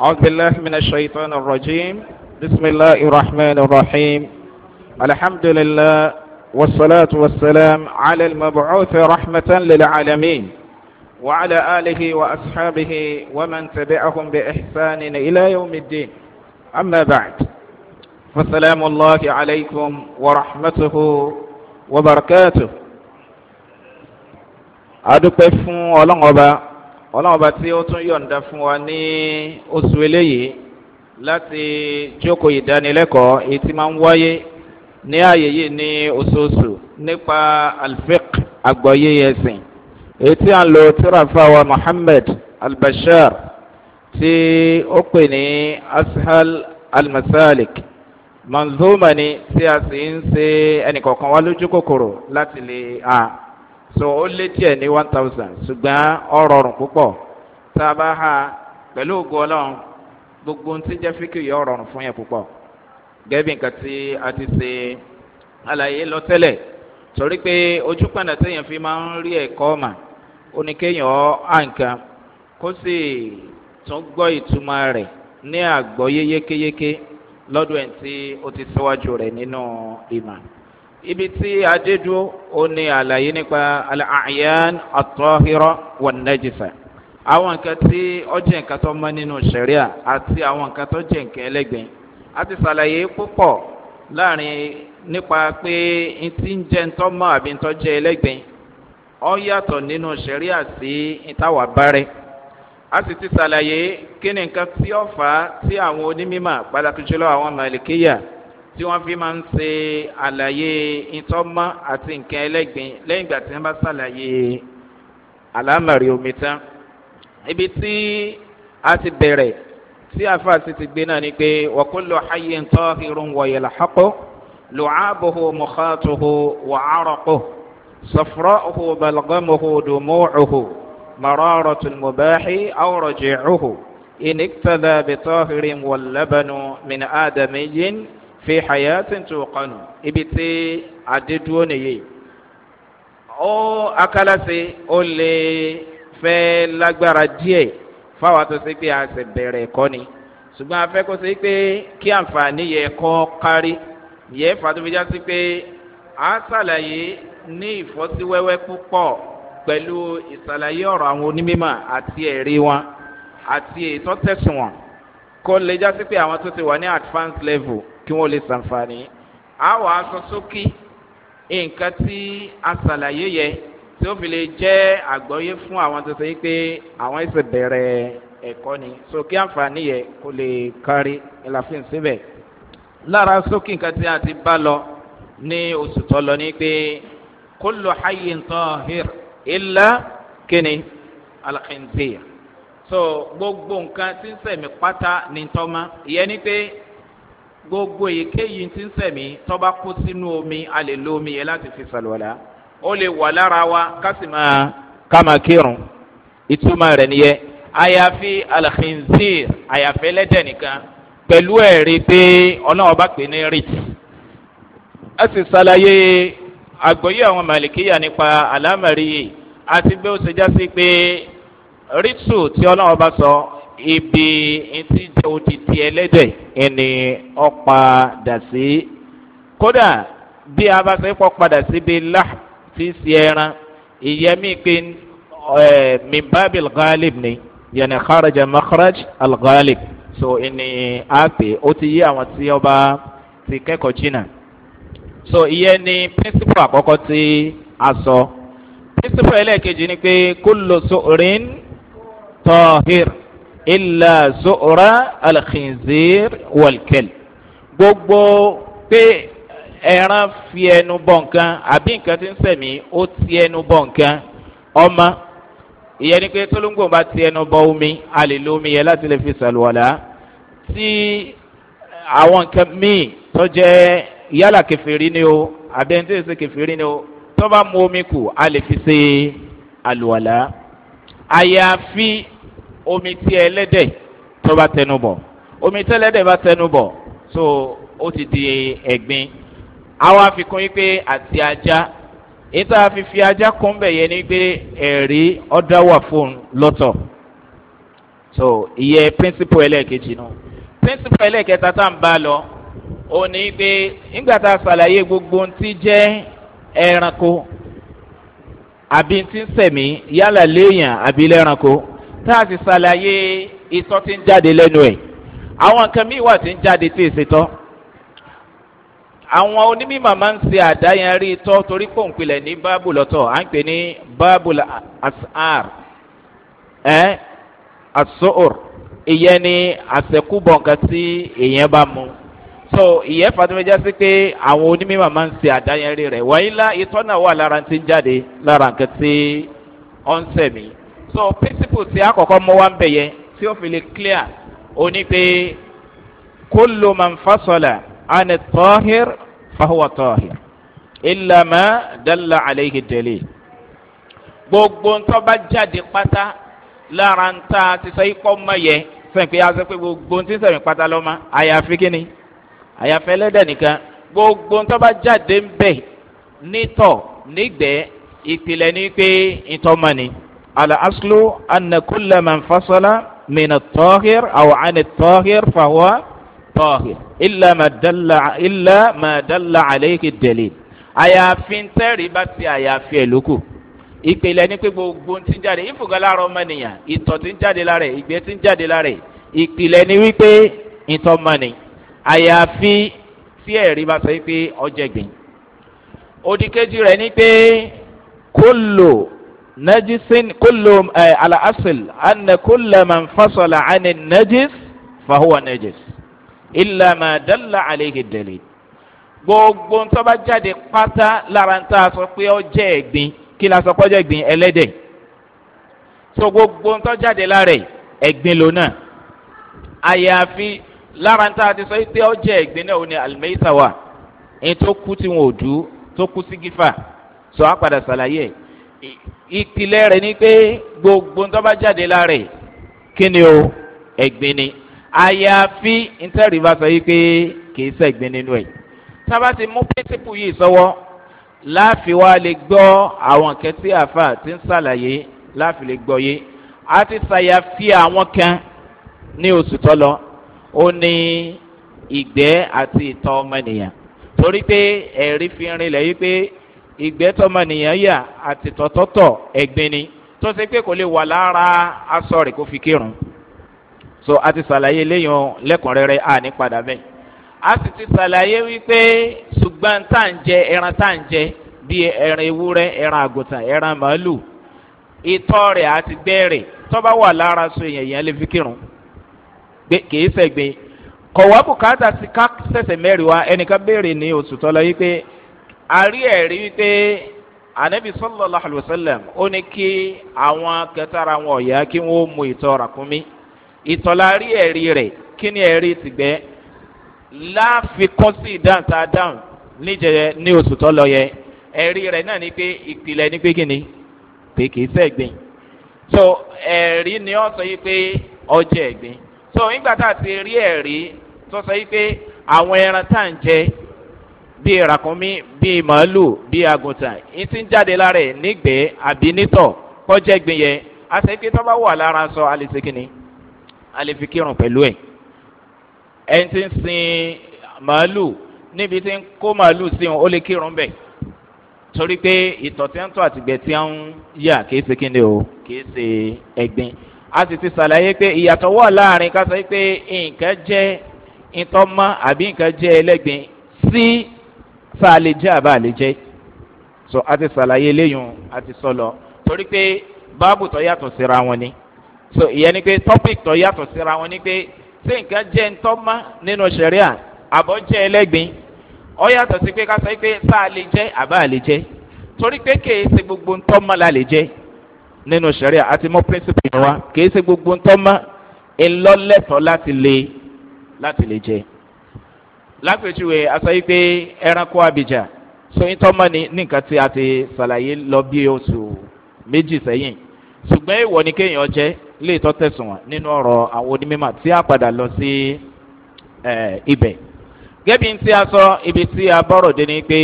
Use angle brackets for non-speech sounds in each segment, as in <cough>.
أعوذ بالله من الشيطان الرجيم بسم الله الرحمن الرحيم الحمد لله والصلاة والسلام على المبعوث رحمة للعالمين وعلى آله وأصحابه ومن تبعهم بإحسان إلى يوم الدين أما بعد فسلام الله عليكم ورحمته وبركاته أدوك فون ọlọ́run bá tí ó tún yọ̀ǹda fún wa ní oṣù eléyìí láti jókòó ìdánilẹ́kọ̀ọ́ èyí tí máa ń wáyé ní ààyè yìí ní oṣooṣù nípa alfiq àgbọ̀yé ẹ̀sìn èyí tí à ń lo tíráfàwà muhammed albashir tí ó pè ní ashal almasalik manzuma ni tí a sì ń ṣe ẹnìkọ̀ọ̀kan wá lójú kòkòrò láti lè hàn so ó lé tiẹ̀ ní one thousand ṣùgbọ́n ọ rọrùn púpọ̀ tá a bá ha pẹ̀lú ògo ọlọ́run gbogbo ohun tí jẹ́ fíkì yọ rọrùn fún yẹn púpọ̀ gẹ́bí nǹkan tí a ti ṣe àlàyé lọ tẹ́lẹ̀ torí pé ojú pàdà téèyàn fi máa ń rí ẹ̀kọ́ mà ó ní kéèyàn á nǹkan kó sì tún gbọ́ ìtumọ̀ rẹ̀ ní àgbọ̀ yékéyéké lọ́dún ẹ̀ tí ó ti síwájú rẹ̀ nínú ìmọ̀ ibi tí a dé dúró ó ní àlàyé nípa àyàn àtọ́hírọ́ wọn nẹ́jìfẹ́ àwọn nǹkan tí ó nǹkan tó mọ́ nínú sẹ̀ríà àti àwọn nǹkan tó jẹ́ nǹkan ẹlẹ́gbẹ̀ẹ́ a ti ṣàlàyé púpọ̀ láàrin nípa pé n ti ń jẹ́ ntọ́ mọ́ àbí ntọ́ jẹ́ ẹlẹ́gbẹ̀ẹ́ ọ yàtọ̀ nínú sẹ̀ríà sí ìtawà bárẹ̀ a sì ti ṣàlàyé kí ni nǹkan tí ó fà á tí àwọn onímọ̀ pàtàkì jùlọ àwọn màlìkéyà tí wọ́n fi máa ń ṣe àlàyé ìtọ́mọ́ àti nǹkan ẹlẹ́gbìn lẹ́yìn ìgbà tí wọ́n bá ṣàlàyé àlámàrí omi tán. ibi tí a ti bẹ̀rẹ̀ tí afa ti ti gbé náà ni pé wàkúlò ayé ń tọ́ irun wọ̀nyẹ̀ làákọ́ lùcábòho mùkàtòho wàcárọ̀kọ́ sọ̀fọ̀rọ̀ho balgọ́mòho dùmùcòho mọ̀rọ̀rọ̀tún mùbáxí àwòrán jẹ̀còho ìnìkítàdà bìtọ́ irin wọ̀lẹ́bẹ̀nu min àdàmẹ́yìn fi hayatin tuqanu ibi tí adédúró nìyí ó akálàsì ó lè fẹ́ lágbára díẹ̀ fáwọn tó ṣe pé a ṣe bẹ̀rẹ̀ ẹ̀kọ́ ni ṣùgbọ́n afẹ́ kó ṣe pé kí àǹfààní yẹ kọ́ kárí yẹ fàtúbíjá sí pé a ṣàlàyé ní ìfọ́síwẹ́wẹ́ púpọ̀ pẹ̀lú ìṣàlàyé ọ̀rọ̀ àwọn onímọ̀ àti ẹ̀rí wọn àti ètò tẹ̀sùn wọn kó lè já sí pé àwọn tó ti wà ní advanced level kí wọ́n lè sàǹfààní. a wà á sọ sókè nǹkan tí a ṣàlàyé yẹ tí ó fi lè jẹ́ àgbọ́yé fún àwọn tó ṣe pé àwọn ẹ̀sẹ̀ bẹ̀rẹ̀ ẹ̀kọ́ ni sókè àǹfààní yẹ kó lè kárí ìlàfín síbẹ̀. lára sókè nǹkan tí a ti bá lọ ní oṣù tó lọ ni pé kólú hayé ntán hir ilá kíni alakínzéyà so gbogbo nǹkan tí ń sẹ̀mí pátá ni tọ́ ma ìyẹn ni pé gbogbo èyíkéyìí ti ń sẹ̀mí tọ́ba kú sínú omi a lè lo omi yẹn láti fi sàlùwàlà ó lè wà lára wa ká sì máa ká máa kírun ìtumọ̀ rẹ̀ nìyẹn àyàfi alhinzir àyàfi ẹlẹ́dẹ̀ nìkan pẹ̀lú ẹ̀rí pé ọlọ́run bá pè ní rit ẹ sì ṣàlàyé àgbọ̀yé àwọn màlìkíyà nípa àlámẹ̀rí àti bí ó ṣe já sí pé ritu tí ọlọ́run bá sọ ibi etí jẹ́ odidi ẹlẹ́dẹ̀ ẹni ọ̀pá dàsí kódà bí a bá fẹ́ kọ́ padà síbi lá ti ṣe ẹran ìyẹ́mí pé mimbabi alghalib ni yẹnì kharaja makharaj alghalib so ẹni a pè ó ti yí àwọn tí ọba ti kẹ́kọ̀ọ́ jìnnà so ìyẹn ni píríncípù àkọ́kọ́ tí a sọ píríncípù ẹlẹ́ẹ̀kejì ni pé kúlò sórin tọ́hìrì ilà zora alkhinzir walkel gbogbo pé ẹran fi ẹnu bọ̀ nǹkan àbí nǹkan ti ń sẹ̀mí ó ti ẹnu bọ̀ nǹkan ọmọ ìyẹn ni pé tólóńgbò bá ti ẹnu bọ omi a lè lo omi yẹn láti lè fi sàlùwàlà tí àwọn nǹkan míì tó jẹ́ yálà kẹfìrí ni o àbí ẹni tó yẹ sẹ kẹfìrí ni o tó bá mu omi kù a lè fi ṣe àlùwàlà àyàfi omi tí ẹlẹ́dẹ̀ tó bá tẹnu bọ̀ omi tí ẹlẹ́dẹ̀ bá tẹnu bọ̀ so ó ti di ẹ̀gbin àwa àfikún yìí pé àti ajá èyí tá a fi fi ajá kún bẹ̀ yẹn ni pé ẹ̀rí ọ̀dà wà fún lọ́tọ̀ so ìyẹn píríncípù ẹlẹ́ẹ̀kejì náà píríncípù ẹlẹ́ẹ̀kẹta tá à ń bá lọ ó ní pé nígbà tá a ṣàlàyé gbogbo ohun tí jẹ́ ẹranko àbí tí ń sẹ̀mí yálà léèyàn àbí lẹ́ranko tá a sì ṣàlàyé ìtọ́ tí ń jáde lẹ́nu ẹ̀ àwọn nǹkan míì wà tí ń jáde tí èsì tọ́ àwọn onímọ̀ máa ń ṣe àdáyanrí tọ́ torí pò ń pilẹ̀ ní báàbù lọ́tọ̀ à ń pè ní báàbù asar ẹ́ asor ìyẹn ni àṣẹkùbọ̀ nǹkan tí èèyàn bá mu so ìyẹn fatimẹjá sí pé àwọn onímọ̀ máa ń ṣe àdáyanrí rẹ̀ wáyé lá ìtọ́ náà wà lára tí ń jáde lára nǹkan tí ọ́n sẹ̀mí so principle ti akọkọ mọ wa bẹ yẹ tí ó fi lè clear ó ní pé kólo máa ń fasọlà àni tọ́hìr fahuwa tọ́hìr ìlànà dala àleyhi délé gbogbo ntọ́ bá jáde pátá lára ń ta ti sọ ikọ́ mọ yẹ sẹ́yìn pé aṣọ pé gbogbo ntí sẹ́yìn pátá lọ́mọ àyàfi kíni àyàfi ẹlẹ́dẹ̀ nìkan gbogbo ntọ́ jáde ń bẹ̀ nítọ̀ ìpìlẹ̀ ní pé ntọ́ mọ الأصل أن كل من فصل من الطاهر أو عن الطاهر فهو طاهر إلا ما دل إلا ما دل عليه الدليل àyàfin tẹ́rì bá ti àyàfin ẹ̀ lóko ìpìlẹ̀ ní pé gbogbo ti ń jáde ìfògà lára ọmọnìyàn ìtọ̀ ti ń jáde lára ẹ̀ ìgbẹ́ ti ń jáde lára ẹ̀ ìpìlẹ̀ ní wípé ìtọ́mọnì àyàfi tí ẹ̀rí bá sọ wípé ọjẹ̀gbìn òdìkejì rẹ̀ ní pé kó lò نجس كل على أصل أن كل من فصل عن النجس فهو نجس إلا ما دل عليه الدليل gbogbo ń jáde pátá lára ń tá sọ pé ọ jẹ́ ẹ̀gbin kí la sọ pé ọ jẹ́ ẹ̀gbin ẹlẹ́dẹ̀ so gbogbo ń jáde lára ẹ̀ ẹ̀gbin ló náà àyàfi lára ń tá ti sọ pé ọ jẹ́ ẹ̀gbin náà ó ní alimẹ́sà tó kú tí wọn ò dú tó kú sí gífà sọ á ẹ̀ ìpìlẹ̀ rẹ̀ ni pé gbogbo ń tọ́ba jáde lára ẹ̀ kí ni o ẹ̀gbin ni àyàfi ìtẹ́rì bá sọ yìí pé kìí sẹ̀gbin nínú ẹ̀ tába ti mú píríncípù yìí sọ́wọ́ láàfin wa lè gbọ́ àwọn nǹkan tí àáfà ti ń ṣàlàyé láàfin lè gbọ́ yé a ti ṣàyàfi àwọn kan ní oṣù tó lọ ó ní ìgbẹ́ àti ìtọ́ ọmọnìyàn torí pé ẹ̀rí fi rinlẹ̀ yìí pé ìgbẹ́tọ́mọnìyàn yà àti tọ̀tọ̀tọ̀ ẹ̀gbin ni tó ṣe pé kò lè wà lára aṣọ rẹ̀ kó fi kírun so a ti ṣàlàyé léyìn lẹ́kùnrẹ́rẹ́ a ní padà bẹ́ẹ̀ a sì ti ṣàlàyé wípé ṣùgbọ́n tá à ń jẹ ẹran tá à ń jẹ bíi ẹran ewúrẹ́ ẹran àgùntàn ẹran màálù ìtọ́ rẹ̀ àti gbẹ́rẹ̀ tọ́ba wà lára aṣọ èèyàn yẹn lè fi kírun kìí sẹ́gbin kọ̀wá bùkátà sí ká sẹ̀sẹ̀ mẹ́rin wa ẹnìkan béèrè ní oṣù tọ́lá yìí pé àrí ẹ̀rí wípé anabi sallallahu alayhi wa sallam ó ní kí àwọn kẹtàrà wọn ọ̀yà kí wọ́n mú ìtọ́ ràkúnmí ìtọ́lárí ẹ̀rí rẹ̀ kí ni ẹ̀rí tìgbẹ́ láfikún sí ìdáǹtà dáhùn níjẹyẹ ní oṣù tó lọ yẹ ẹ̀rí rẹ̀ náà ni pé ìpìlẹ̀ ni pé kí ni pé kì í sẹ́gbìn so ẹ̀rí ni ó sọ yìí pé ọjọ́ ẹ̀gbìn so nígbà tá a ti rí ẹ̀rí tó sọ yìí pé àwọn ẹran tá à ń jẹ bíi rakumi bíi màálù bíi àgùntàn yìí ti ń jáde lára ẹ̀ nígbẹ́ àbí nítọ̀ kọjá gbin yẹn àti pé tó bá wà lára sọ alẹ́sẹ̀kìnní alẹ́fikirun pẹ̀lú ẹ̀ ẹ̀ ti ń sin màálù níbi tí ń kó màálù sí wọn ó lè kírun bẹ̀ torí pé ìtọ̀ tí ń tọ́ àtìgbẹ́ tí ń yà kìí ṣe kíni o kìí ṣe ẹ̀gbin a sì ti ṣàlàyé pé ìyàtọ̀ wà láàrin ká sọ pé nǹkan jẹ́ ìtọ́mọ́ àbí nǹkan jẹ́ ẹlẹ́gbin sí sá a lè jẹ́ àbá a so a ti sàlàyé léyìn a ti sọ lọ torí pé báàbù tó yàtọ̀ síra wọn ni so ìyẹn ni pé topic tó yàtọ̀ síra wọn ni pé ṣé nǹkan jẹ́ ntọ́mọ nínú sẹ̀ríà àbọ̀ jẹ́ ẹlẹ́gbin ọ yàtọ̀ sí pé ká sọ pé sá a lè jẹ́ àbá a torí pé kèé ṣe gbogbo ntọ́mọ la lè jẹ́ nínú sẹ̀ríà àti mọ́ píríncípù yẹn wa kèé ṣe gbogbo ntọ́mọ ńlọ́lẹ́tọ̀ láti lè láti lè jẹ́ lápèjúwe a sọ yìí pé ẹranko abidjan sọyìn tọ́mọ ni ní nǹkan tí a ti ṣàlàyé lọ bí oṣù méjì sẹ́yìn ṣùgbọ́n ìwọ ni kéèyàn jẹ́ lè tọ́ tẹ̀sùn wọn nínú ọ̀rọ̀ àwọn onímọ̀ tí a padà lọ sí ibẹ̀ gẹ́bí tí a sọ ibi tí a bọ̀rọ̀ dé ni pé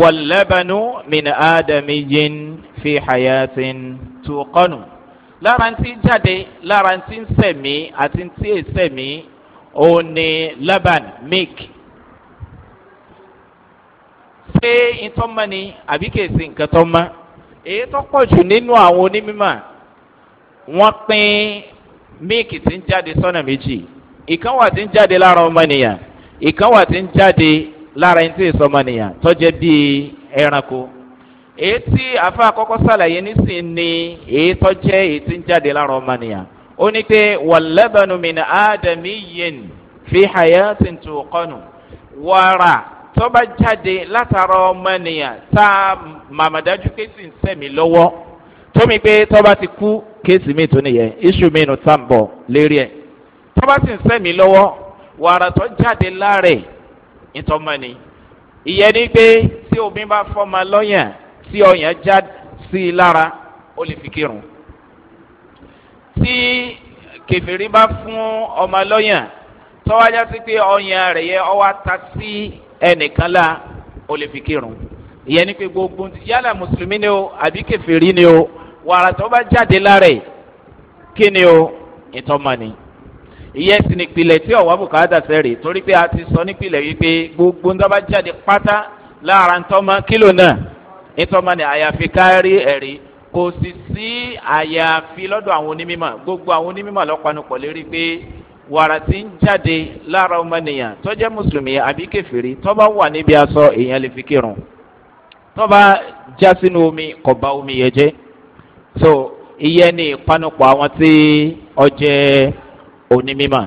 wọ̀lẹ́bẹ̀nu mìíràn ádámiyín fi hayatin tó kọ́nù lára ti jáde lára ti sẹ̀mí àti ti èsẹ̀mí òun ni laban milk ṣé ìtọ́mọ ni àbí kèsì nǹkan tọ́mọ èyí tó pọ̀ jù nínú àwọn onímọ̀ wọ́n pín milk tí ń jáde sọ́nà méjì ìkan wà tí ń jáde lára ọmọnìyàn ìkan wà tí ń jáde lára ẹni tí ì sọmọnìyàn tọ́jẹ́ bíi ẹranko èyí tí àfa àkọ́kọ́ sàlàyé nísìnyí ni èyí tọ́jẹ́ èyí tí ń jáde lára ọmọnìyàn ó ní pé wàlẹ́bẹ̀nu mi ní ádámì yẹn fi hàyà tí tó kọ́nu wàrà tọ́ba jáde látara ọmọnìyàn tá a màmàdájú kéésì ń sẹ́mi lọ́wọ́ tómi pé tọ́ba ti kú kéésì mi tó nìyẹn iṣu mi nù tàǹbọ̀ lérí ẹ̀ tọ́ba sì ń sẹ́mi lọ́wọ́ wàrà tó jáde lára ẹ̀ ìyẹn ni pé tí omi bá fọ́ ma lọ́yàn tí ọyàn já sí i lára ó lè fi kírun tí kẹfìrí bá fún ọmọ lọ́yàn tọ́wájá sí pé ọyàn rẹ̀ yẹ ọwọ́ ata sí ẹnìkan la ó lè fi kírun ìyẹn ni pé gbogbo yálà mùsùlùmí ni o àbí kẹfìrí ni o wàrà tó bá jáde lára ẹ̀ kí ni o ìtọ́mọ ni ìyẹn sì ni ìpìlẹ̀ tí ọ̀wá bùkátà sẹ́rì torí pé a ti sọ nípìlẹ̀ wípé gbogbo ńdá bá jáde pátá lára ńtọ́mọ kílò náà ìtọ́mọ ni àyàfi kárí ẹ̀rí kò sì sí àyàfi lọ́dọ̀ àwọn onímọ̀ gbogbo àwọn onímọ̀ lọ́panupọ̀ lérí pé wàrà tí ń jáde lára ọmọnìyàn tọ́jẹ́ mùsùlùmí àbí kẹfìrí tọ́ba wà níbi aṣọ èèyàn lè fi kírun tọ́ba já sínú omi kò bá omi yẹn jẹ́ so ìyẹn ni ìpanupọ̀ àwọn tí ọjẹ́ onímọ̀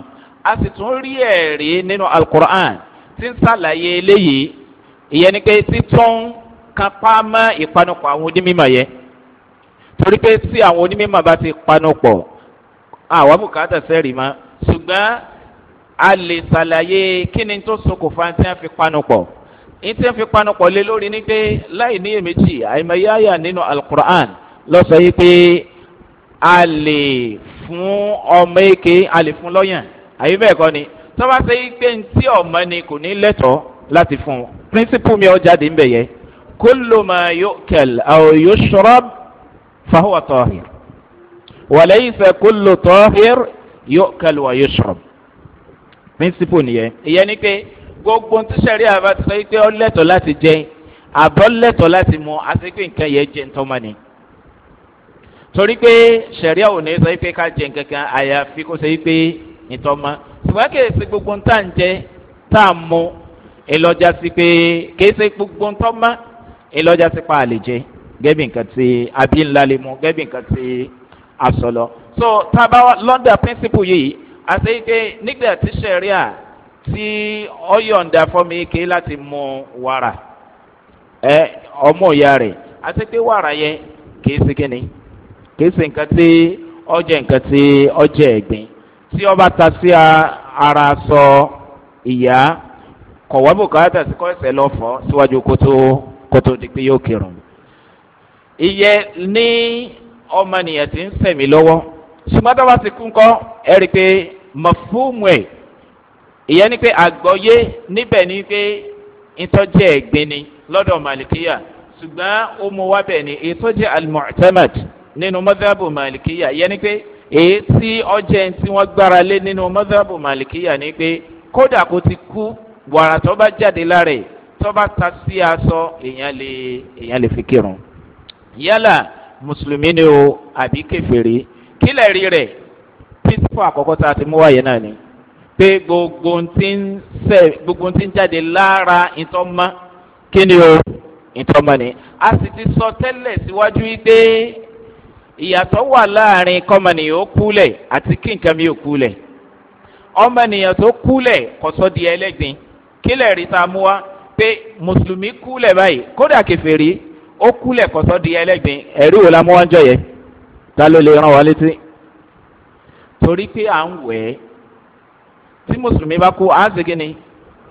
a sì tún rí ẹ̀rí nínú alukur'an tí ń sàlàyé eléyìí ìyẹn ni pé títún kápá mọ́ ìpanupọ̀ àwọn onímọ̀ yẹn torí pé tí àwọn onímọ̀ bá ti panu pọ̀ àwọn bùkátà sẹ́rì mọ́ ṣùgbọ́n a lè ṣàlàyé kí ni tó ṣokùnfà tí wọ́n fi panu pọ̀ ní tí wọ́n fi panu pọ̀ lé lórí ni pé láì ní èméjì àìmọ̀yáyà nínú alukur'an lọ́sọ̀ yìí pé a lè fún ọmọ èké a lè fún lọ́yàn àyè bẹ́ẹ̀ kọ́ ni tọ́ba ṣe yí pé ntí ọmọ ni kò ní lẹ́tọ̀ọ́ láti fún un píríncípù mi ọ jáde ń bẹ̀ yẹ kó àwọn yóò ṣọ́rọ́bù. فهو طاهر وليس كل طاهر يؤكل ويشرب principle nìyẹn يعني كي pé gbogbo tí sẹ́rí àbá ti sọ pé ó lẹ́tọ̀ọ́ láti jẹ àbọ̀ lẹ́tọ̀ọ́ láti mu àti pé nǹkan yẹn jẹ ntọ́mọ ni torí pé sẹ̀ríà ò ní sọ pé ká jẹ nkankan àyàfi kó sọ pé ìtọ́mọ ṣùgbọ́n kì í ṣe gbogbo tá à ń jẹ tá à ń mu ìlọjà sí pé kì í ṣe gbogbo ntọ́mọ ìlọjà sí pa àlè jẹ gẹ́bí nǹkan ti àbí ńlá lè mú gẹ́bí nǹkan ti àsọlọ. so tá a principle lọ́ndà píńsípù yìí àti pé nígbà tí sẹ̀ríà tí ọ yọ̀ǹda fọmọ ike láti mu wàrà ẹ ọmọ ìyá rẹ̀ àti pé wàrà yẹn kìí sí kíni kìí sí nǹkan tí ọjẹ́ nǹkan tí ọjẹ́ ẹ̀gbìn tí ọba ta sí ara sọ ìyá kọ̀wá bùkátà ẹ̀sẹ̀ lọ́fọ̀ọ́ síwájú kótó kótó di yóò kírun ìyẹ ní ọmọnìyàn ti ń sẹ̀mí lọ́wọ́ sùmọ́tàwá ti kún kọ́ ẹ rí i pé mọ̀fúùmù ẹ̀ ìyẹn ni pé àgbọ̀yé níbẹ̀ ni pé ìtọ́jẹ́ ẹ̀gbin ni lọ́dọ̀ màlìkíyà ṣùgbọ́n ó mu wá bẹ̀ ni ìtọ́jẹ́ almuhtamad nínú mọ́tàbù màlìkíyà ìyẹn ni pé èyí tí ọjẹ́ tí wọ́n gbára lé nínú mọ́tàbù màlìkíyà ni pé kódà kó ti kú wàrà tó bá jáde lára ẹ̀ tó bá ta sí aṣọ èèyàn lè èèyàn lè fi kírun yálà mùsùlùmí ni o àbí kẹfẹ́rẹ́ kílẹ̀ rí rẹ̀ písífọ̀ àkọ́kọ́ tá a ti mú wáyé náà ni pé gbogbo ti ń sẹ gbogbo ti ń jáde lára ìtọ́mọ́ kí ni o ìtọ́mọ́ ni a sì ti sọ tẹ́lẹ̀ síwájú pé ìyàtọ̀ wà láàrin kọ́mọnìyàn ó kúlẹ̀ àti kí nǹkan mi ò kúlẹ̀ ọmọnìyàn tó kúlẹ̀ kọ́sọ́ di ẹlẹ́gbin kílẹ̀ rí ta mú wa pé mùsùlùmí kúlẹ̀ báyìí kódà kẹfẹ́ ó kúlẹ̀ kọ́sọ́ di ẹlẹ́gbin ẹ̀rí wo la mú wá ń jọ yẹ ta ló lè ràn wá létí. torí pé à ń wẹ̀ ẹ́ tí mùsùlùmí bá kú à ń segin ni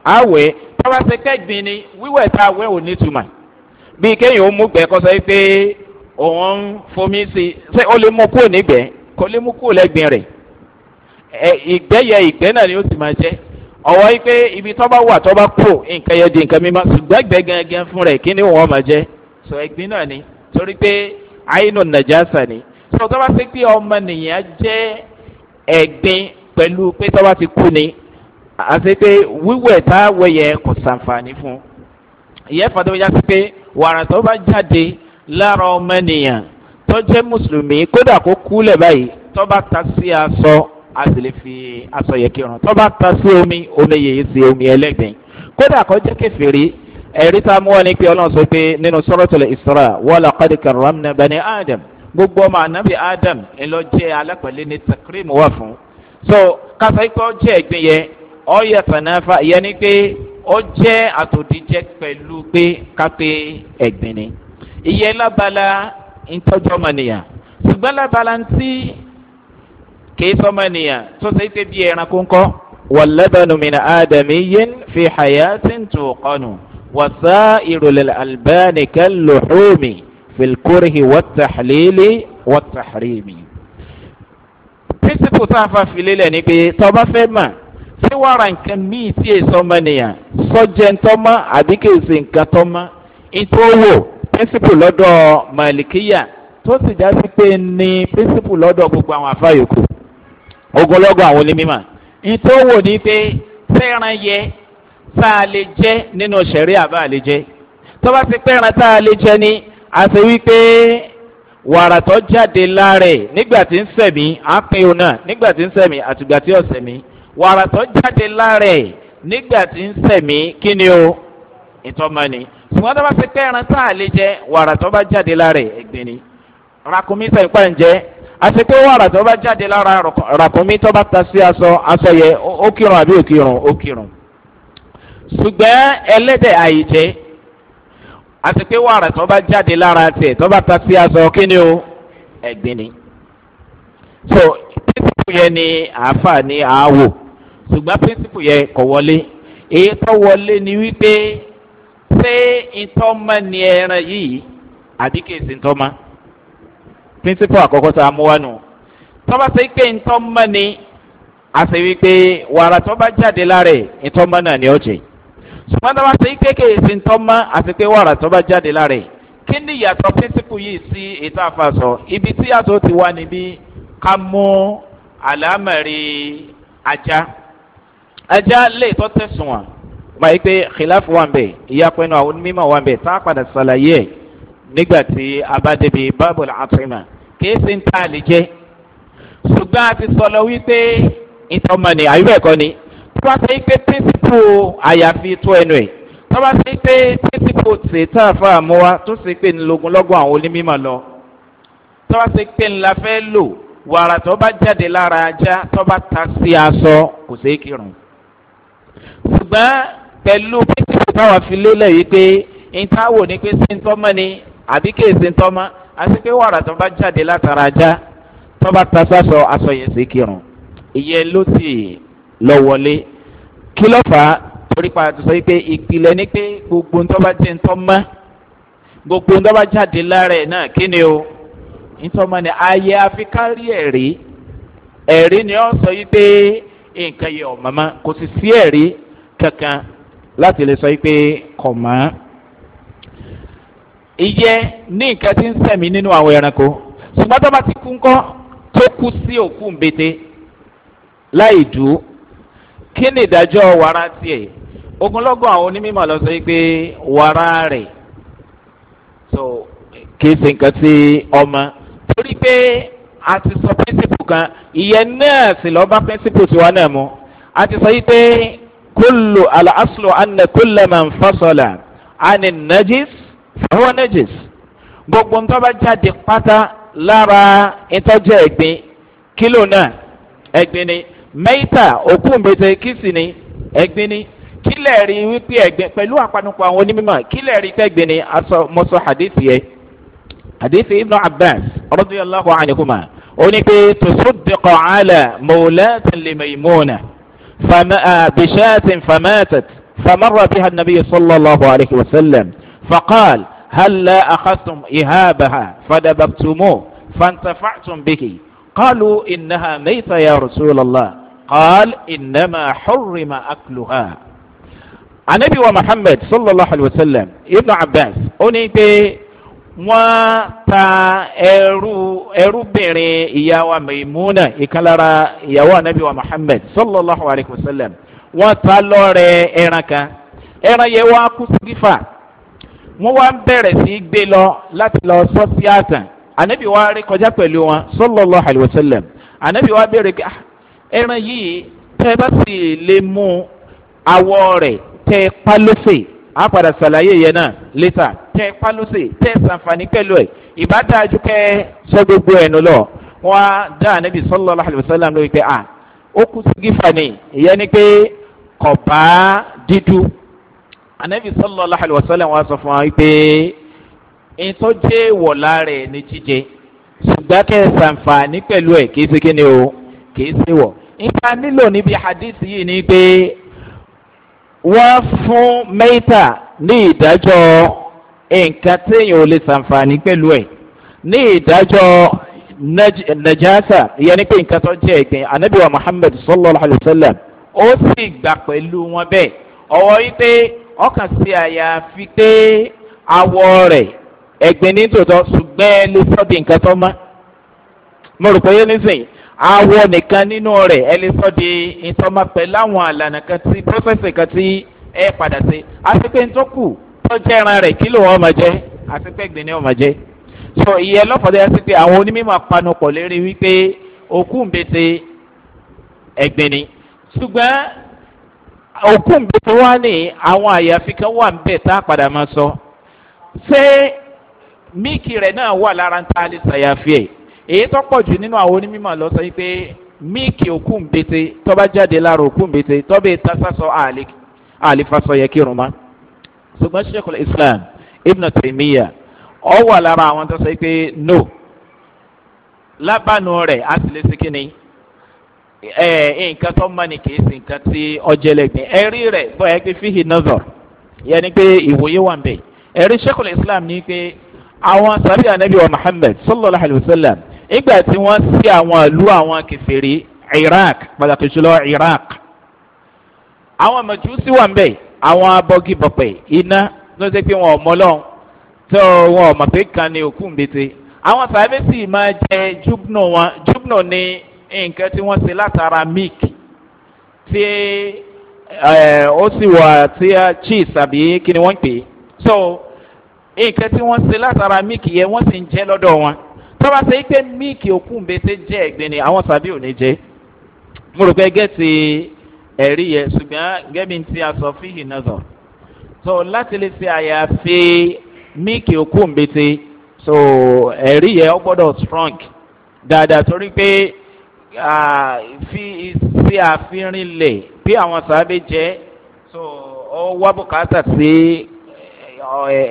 à ń wẹ̀ ẹ́ táwa ṣe kẹ́gbin ni wíwẹ̀ tá a wẹ̀ ò ní tuma bíi kéèyàn ó mú gbẹ kọ́sọ́ yìí pé òun ń fomi sí ṣé ó lè mú kúrò nígbẹ́ kó lè mú kúrò lẹ́gbin rẹ̀ ìgbẹ́ yẹ ìgbẹ́ náà ni ó sì máa jẹ́ ọ̀wọ́ yìí pé ibi tọ́ bá wà tọ́ bá kúrò nǹkan yẹ di nǹkan mímọ́ ṣùgbọ́n ìgbẹ́ gẹ́gẹ́ fún rẹ̀ kí ni òun ọmọ jẹ́ sọ ẹgbin náà ni torí pé àyínú nàjásà ni sọ tó bá ṣe pé ọmọ nìyẹn jẹ́ ẹgbin pẹ̀lú pé tó bá ti kú ni àti pé wíwẹ̀ tá a wẹ̀ yẹn kò sàǹfààní fún ìyẹn fàdé wọ́n yá sí pé wàrà tó bá jáde lára ọmọ nìyẹn tó jẹ́ mùsùlùmí kódà kó kú lẹ̀ báyìí tó bá ta sí aṣọ a sì lè fi aṣọ yẹ kí ọ̀ràn tó bá ta sí omi omi yèyí sí omi ẹlẹ́gbẹ̀ẹ́ kódà kó jẹ́ kẹfìrí ẹ̀rí tá a mú wa ní pé ọlọ́run sọ pé nínú sọ́rọ́tòlẹ̀ ìsọ̀rà wọ́lá kọ́dí karam náà bẹ́ẹ̀ ni adam gbogbo ọmọ anabi adam ńlọ jẹ́ alápẹ̀lẹ́ ní takrim wà fún. so kásá ikọ́ jẹ́ ẹ̀gbin yẹn ọ yẹ fẹ̀nàfà yẹn ni pé ọ jẹ́ àtòdíjẹ́ pẹ̀lú pé kápẹ́ ẹ̀gbin ni. ìyẹn lábala ń tọ́jú ọmọnìyàn ṣùgbọ́n lábala ń tí kìí sọmọnìyàn tó ṣe é pé bí ẹranko ńkọ́ wọ́n lẹ́bẹ̀ẹ́ nùmínà ádámì yẹn fi hàyà tí ń tò kọ́nù. وسائر الألبان كاللحوم في الكره والتحليل والتحريم pírísìpù tá a fa fìlẹ̀ lẹ̀ ni pé tọba fẹ́ mà ṣé wàrà nǹkan míì tí èso ọmọ nìyàn sọ́jẹ́ ntọ́mọ́ àbí kì í ṣe nǹkan tọ́mọ́ ìtòwò pírísìpù lọ́dọ̀ màlìkíyà tó sì já sí pé ní pírísìpù lọ́dọ̀ gbogbo àwọn àfáyòkù ogunlọ́gọ̀ àwọn onímọ̀ ìtòwò ni pé fẹ́ràn yẹ tá a lè jẹ́ nínú sẹ̀rí àbá a lè jẹ́ tọ́ba ti pẹ́ ẹran tá a lè jẹ́ ni àti wípé wàrà tó jáde lára nígbà tí ń sẹ̀mí á pín o náà nígbà tí ń sẹ̀mí àtìgbà tí ò sẹ̀mí wàrà tó jáde lára nígbà tí ń sẹ̀mí kí ni o ìtọ́mọ ni ṣùgbọ́n tọ́ba ti pẹ́ ẹran tá a lè jẹ́ wàrà tó bá jáde lára ẹ̀gbìn ni rakumi sẹ̀ńpà ń jẹ́ àti pé wàrà tó bá jáde lára rakumi tó bá ta sí aṣọ aṣọ yẹ ó kírun àbí òkírun ó kírun ṣùgbọ́n ẹlẹ́dẹ̀ àìjẹ́ àti pé wàrà tó bá jáde lára tiẹ̀ tó bá ta sí aṣọ kí ni o ẹ̀gbin ni. so píríncípù yẹn ni àáfà ni àáwò ṣùgbọ́n píríncípù yẹn kò wọlé èyí tó wọlé ni wípé ṣé ìtọ́mọ ni ẹran yìí àbí kì í ṣe ìtọ́mọ. píríncípù àkọ́kọ́ tá a mú wá nù tó bá ṣe pé ìtọ́mọ ni àṣẹ wípé wàrà tó bá jáde lára ẹ̀ ìtọ́mọ náà ni ó jẹ́ yìí ṣùgbọ́n tó bá ṣe kéékèèké sí ń tọ́ mọ́ àti pé wàrà tó bá jáde lára ẹ̀ kí ni ìyàtọ̀ píńsípù yìí sí ètò àfàsọ ibi tí yàtọ̀ ti wà níbí ká mú àlámẹ̀rí ajá ajá lè tọ́ tẹ̀sùn wọn máa yí pé khilafu wà ń bẹ̀ àwọn onímọ̀ wà ń tá a padà ṣàlàyé nígbà tí a bá débi bábùlù àtìmọ̀ kìí ṣe ń ṣùgbọ́n a ti sọ lọ wípé ìtọ́mọ̀ ni àyùbẹ̀ ni tọ́ba ṣe pé píńsípù àyàfi tó ẹnu ẹ̀ tọ́ba ṣe pé píńsípù tè tá a fà mọ́ wa tó ṣe pé ńlógún lọ́gbọ̀n àwọn onímọ̀ lọ tọ́ba ṣe pé ńlá fẹ́ lò wàrà tọ́ba jáde lára ajá tọ́ba ta sí aṣọ kò ṣe é kírun. ṣùgbọ́n pẹ̀lú píńsípù táwọn fi lélẹ̀ yìí pé ìtawò ni pé ṣe ń tọ́mọ́ ni àbí kí èsì ń tọ́mọ́ àti pé wàrà tọ́ba jáde látara ajá tọ́ba ta sásọ aṣọ yẹn ṣe kírun ìyẹn lọ wọlé kí ló fà á torí pa àti sọ pé ìpìlẹ̀ ni pé gbogbo ńtọ́ba jẹ́ ńtọ́ mọ́ gbogbo ńtọ́ba jáde lára ẹ̀ náà kí ni o ńtọ́ mọ́ ni ayé afikárí ẹ̀rí ẹ̀rí ni ó sọ yí pé nǹkan yẹ ọ̀mọ́mọ́ kò sì sí ẹ̀rí kankan láti lè sọ yí pé kọ̀ mọ́ ìyẹ ní nǹkan tí ń sẹ̀mí nínú àwọn ẹranko ṣùgbọ́n tó bá ti kú ńkọ́ tó kú sí òkú ńbete láì dùn kí ni ìdájọ́ wàrà tiẹ̀ ogunlọ́gọ̀ àwọn onímọ̀ lọ sọ pé wàrà rẹ̀ so kìí ṣe nǹkan sí ọmọ torí pé a ti sọ píríncípù kan ìyẹn náà sì lọ́ọ́ bá píríncípù tiwa náà mu a ti sọ yìí pé kúlù aláṣọ àna kúlù mà ń fọ́sọ̀là àni najis fọwọ́ najis gbogbo ń tọ́ba jáde pátá lára ìtọ́jú ẹ̀gbin kílò náà ẹ̀gbin ni mẹ́ta òkú mbẹ́tẹ́ kìsì ni ẹ̀gbin ni kílẹ̀ rí wípé ẹ̀gbin pẹ̀lú àpanupọ̀ àwọn onímọ̀ kílẹ̀ rí pẹ̀gbin ni aṣọ mọ́sọ hadithi yẹ hadithi ibn abbas rọ́dúyàlláhu anihuma oní pé tùsùdìkọ̀ àlẹ̀ mọ̀lẹ́tì lèmẹ̀mọ́nà bìṣẹ́tì fàmẹ́tẹ̀t فمر بها النبي صلى الله عليه وسلم فقال هل لا أخذتم إهابها فدببتموه فانتفعتم به قالوا إنها ميتة رسول الله قال إنما حرم أكلها anabi wa muhammed sallallahu alayhi wa sallam ibnu abbas ó ní pé wọ́n ta ẹrú ẹrúbìnrin ìyàwó maimuna ìkan lára ìyàwó anabi wa muhammed sallallahu alayhi wa sallam wọ́n ta lọ́rẹ̀ ẹran kan ẹran yẹn wá kú sífà wọ́n wá ń bẹ̀rẹ̀ sí gbé lọ láti lọ sọ́síàtàn anabi wa rí kọjá pẹ̀lú wọn sallallahu alayhi wa sallam anabi wa bẹ̀rẹ̀ pé ah ẹran yìí tẹ́ bá sì lè mú awọ rẹ̀ tẹ́ pálósè a padà ṣàlàyé yẹn náà létà tẹ́ pálósè tẹ́ sànfàní pẹ̀lú ẹ̀ ìbádájú kẹ́ sọ gbogbo ẹ̀nu lọ wọn á dá ànábì sọlọ aláhàlùfẹ́ sálàm lórí pé a ó kú sí gífàní ìyẹn ni pé kọ̀bá dídú ànábì sọlọ aláhàlùfẹ́ sálàm wọn sọ fún wa pé ìtọ́jẹ́ wọ̀lá rẹ̀ ní jíjẹ ṣùgbọ́n kẹ́ sànfàní pẹ̀lú ẹ̀ kì í ṣe kí ni o kì í ṣe wọ̀ nǹkan nílò níbi hadith yìí ni pé wọ́n fún mẹ́ta ní ìdájọ́ nǹkan téèyàn ò lè ṣàǹfààní pẹ̀lú ẹ̀ ní ìdájọ́ najasa ìyẹn ni pé nǹkan tó jẹ́ ẹ̀gbìn anabiwa muhammed sallallahu alayhi wa sallam ó sì gbà pẹ̀lú wọn bẹ́ẹ̀ ọwọ́ yìí pé ọkàn sí àyàfi pé awọ rẹ̀ ẹ̀gbìn nítòótọ́ ṣùgbọ́n ẹ lè sọ́ di nǹkan tó mọ́ mo rò pé yé nísìnyí awọ nìkan nínú rẹ̀ ẹ lè sọ di ìtọ́mọ pẹ̀lú àwọn àlànà kan tí pọ́fẹ́sì kan tí ẹ padà sí àti pé ntọ́kù tó jẹ́ ẹran rẹ̀ kí ló wọ́n máa jẹ́ àti pé gbìn ni wọ́n máa jẹ́ so ìyẹn lọ́fọ̀dé àti pé àwọn onímọ̀ apanupọ̀ lérí wípé òkú ń ẹ̀gbìn ni ṣùgbọ́n òkú ń bètè wá ní àwọn àyàfi kan wà ń bẹ̀ tá a padà máa sọ ṣé míìkì rẹ̀ náà wà lára ń ta àlè èyí tó pọ̀ jù nínú àwọn onímọ̀ lọ sọ pé míìkì òkú ń bete tọ́ba jáde lára òkú ń tọ́ba ta sásọ yẹ kírun ma ṣùgbọ́n sheikul islam ibn taymiya ọ wà lára àwọn tó sọ pé no lábànú rẹ̀ á sì lè ṣe kí ni nǹkan tó mọ́ ni kì í sì nǹkan tí ọjẹ́ lẹ́gbẹ̀ẹ́ ẹ̀rí rẹ̀ gbọ́ ẹ pé fíhì nọ́zọ̀ yẹn ni pé ìwòye wà ń bẹ̀ ẹ̀rí sheikul islam ni pé àwọn sàbíà nàbí wa muhammed sallallahu alayhi wa sallam nígbà tí wọ́n sí àwọn ìlú àwọn kẹfẹ́rẹ́ iraq pàtàkì jùlọ iraq àwọn mọ̀júsí wà ń bẹ̀ àwọn abọ́gibọ̀pẹ̀ iná ló ṣe pé wọn ò mọ́ lọ́hùn tó wọn ò mọ̀ pé kan ní òkú ń bete àwọn sàbẹ́sì máa jẹ júbnù wọn júbnù ní nǹkan tí wọ́n ṣe látara milk tí ó sì wà tí cheese àbí kí ni wọ́n ń pè é so nǹkan tí wọ́n ṣe látara milk yẹn wọ́n sì ń jẹ́ lọ́dọ̀ wọn tọ́ba ṣe pé míìkì òkú mbẹ́sẹ̀ jẹ́ ẹ̀gbin ni àwọn sàbí ò ní jẹ́ mo rò pé gẹ́ẹ̀tì ẹ̀rí yẹ ṣùgbọ́n gẹ́mi ti aṣọ fíhì náà zọ̀ so láti lè ṣe àyàfi míìkì òkú mbẹ́sẹ̀ so ẹ̀rí yẹ ọ gbọ́dọ̀ strong dáadáa torí pé fi ṣe àfihàn lẹ̀ bí àwọn sàbí jẹ́ so ọ wá bùkátà sí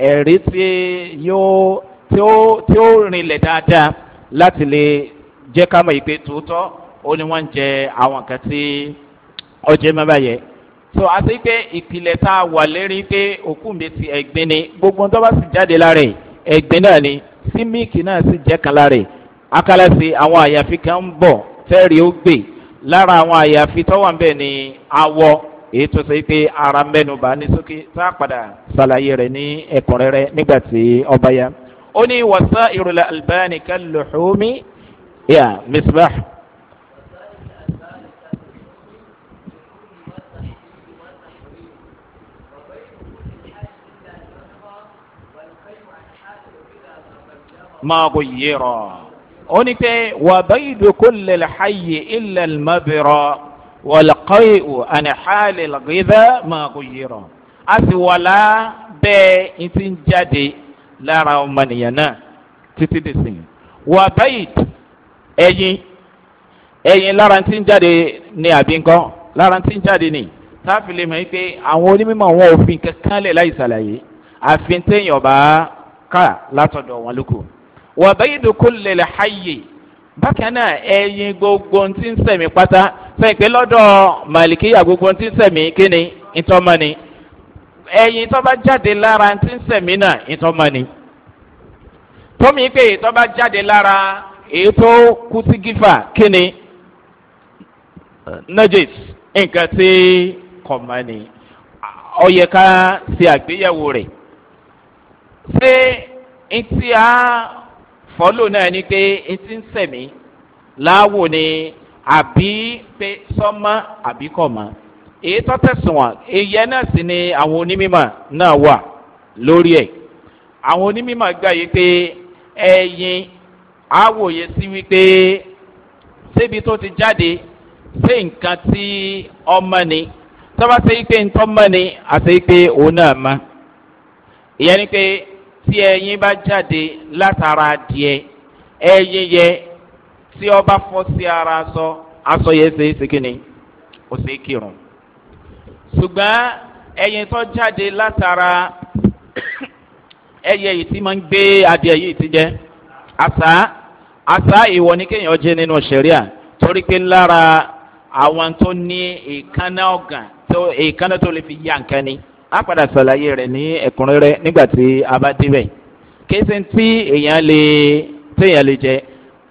ẹ̀rí tí yóò tí ó tí ó rinlẹ̀ dáadáa láti lè jẹ́ ká mọ̀ ìpè tòótọ́ ó ní wọ́n ń jẹ àwọn kan tí ọjẹ́ má báyẹ. so àti pé ìpìlẹ̀ tá a wà lérí pé òkú mi ti ẹ̀gbin ni gbogbo tó bá sì jáde lára ẹ̀ ẹ̀gbin náà ni sí míìkì náà sì jẹ́ kan lára ẹ̀ akálàsì àwọn àyàfi kan ń bọ̀ tẹ́rì ó gbè lára àwọn àyàfi tó ń bẹ̀ ni awọ èyí tó sọ pé ara mẹ́nu ní sókè tá a padà ṣàlàyé rẹ̀ ní ẹ̀kúnrẹ́rẹ́ nígbà tí ọba ya ó ní wàsá ìrùlẹ̀ albani kálùhùmí yà misbah. máàbò yẹrọ ó ní pé wàbẹ́yìdù kò lè xayé ilẹ̀ mabirọ wàlqayu ànàxàlẹ̀ lọ́gídà máàbò yẹrọ. a sì wàlá bẹ́ẹ̀ lára ọmọnìyàn náà títí di sìn wà báyìí ẹyin ẹyin lára tí ń jáde ní àbínkọ́ lára tí ń jáde ní táfìlì mọ̀ pé àwọn onímọ̀ wọn òfin kankan lè láì ṣàlàyé àfin téèyàn ọba ká látọ̀dọ̀ wọn lóko wà báyìí dùkú lè lè háyè bákan náà ẹyin gbogbo ti ń sẹ̀mí pátá fẹ́ pé lọ́dọ̀ màlìkíyà gbogbo ti ń sẹ̀mí kíni ìtọ́mọ́ni ẹyin tó bá jáde lára ti ń sẹ̀mí náà ìtọ́ mọ́ ni tómi pé tó bá jáde lára èyí tó kú sí gífà kíni nugget nǹkan tí kò mọ́ ni ọ yẹ ká ṣe àgbéyẹ̀wò rẹ̀ ṣé etí a fọ́lò náà ni pé etí ń sẹ̀mí láwò ni àbí pé sọ́mọ́ àbí kò mọ́ èyí tó tẹ̀sùn wọn ìyẹn náà sì ni àwọn onímọ̀ náà wà lórí ẹ̀ àwọn onímọ̀ gbà yìí pé ẹyin àwòye sí wípé síbi tó ti jáde sí nǹkan tí ọmọ ni tọ́ba ṣe pé ntọ́ mọ́ ni àti pé òun náà mọ́ ìyẹn ni pé tí ẹyin bá jáde látara adìẹ ẹyin yẹ tí ọba fọ́ sí ara aṣọ aṣọ yẹn ṣe é ṣe kí ni ó ṣe é kírun ṣùgbọ́n ẹyin tó jáde látara ẹyẹ yìí tí máa ń gbé adìẹ yìí ti jẹ àṣà àṣà ìwọ ni kéèyàn jẹ nínú sẹríà torí pé lára àwọn tó ní ìkànnà ọ̀gàn tó ìkànnà tó lè fi yá nǹkan ni a padà ṣàlàyé rẹ ní ẹkùnrẹrẹ nígbà tí a bá débẹ kéésì tí èèyàn lè téèyàn lè jẹ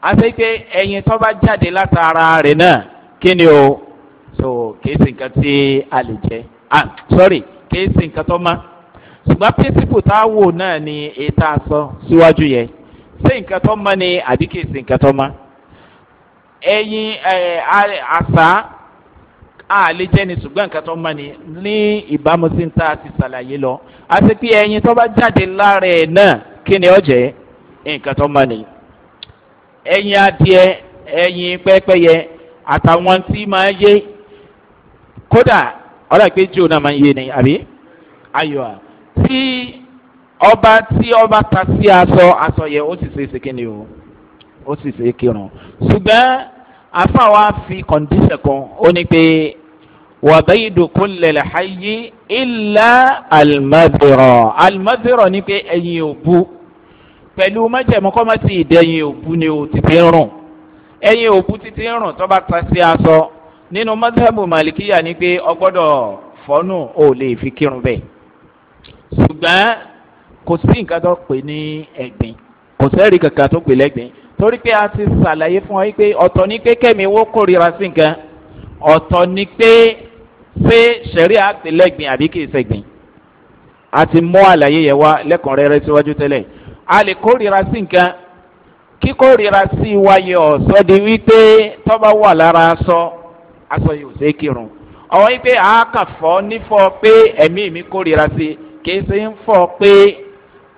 àti pé ẹyin tó bá jáde látara rẹ náà kí ni o so kìí sì nǹkan tí a lè jẹ ah sorry kìí sì nǹkan tó má ṣùgbọ́n píríncípù tá a wò náà ni èyí tá a sọ síwájú yẹn ṣé nǹkan tó má ni àbí kìí sì nǹkan tó má ẹyin àṣà a lè jẹ ni ṣùgbọ́n nǹkan tó má ni ní ìbámu sí ń tá a ti ṣàlàyé lọ àti pé ẹyin tó bá jáde lára ẹ̀ náà kí ni ọ jẹ́ nǹkan tó má ni ẹyin adìẹ ẹyin pẹ́pẹ́yẹ àtàwọn tí máa yé kódà ọ̀rọ̀ pé jù náà máa ń yé ni àbí ayọ̀ à tí ọba tí ọba ta sí aṣọ aṣọ yẹn ó sì ṣe é ṣe kí ni o ó sì ṣe é kírun ṣùgbọ́n afáwa fi kọ̀ǹdíṣẹ̀ kan ó ní pé wàbẹ́yìdò kò lẹ̀lẹ̀ ayé ilà alimadiro alimadiro ní pé ẹ̀yin ò bu pẹ̀lú májẹ̀mọ́kọ́mọ́tì ìdẹ́yìn ò bu ni o ti fi ń rùn ẹ̀yin ò bu ti ti ń rùn tọ́ba ta sí aṣọ nínú mọ́tàbù màlìkíyà ni pé ọgbọ́dọ̀ fọ́nù ò lè fi kírun bẹ́ẹ̀ ṣùgbọ́n kò sí nǹkan tó pè ní ẹ̀gbìn kò sẹ́ẹ̀rì kankan tó pè lẹ́gbìn torí pé a ti ṣàlàyé fún ọ pé ọ̀tọ̀ ni pé kẹ́mi wó kórira sí nǹkan ọ̀tọ̀ ni pé ṣé ṣẹ̀rí àpè lẹ́gbìn àbí kì í ṣẹ̀gbìn a ti mú àlàyé yẹn wá lẹ́kùnrẹ́rẹ́ síwájú tẹ́lẹ̀ a lè kórira sí nǹkan kíkórira sí wáyé ọ̀sọ́ di wípé tọ́ba wà lára aṣọ. So aṣọ yìí ò ṣe é kírun ọwọ́ yìí pé àákàfọ́ nífọ̀ pé ẹ̀mí mi kórira sí i kìí ṣe ń fọ́ pé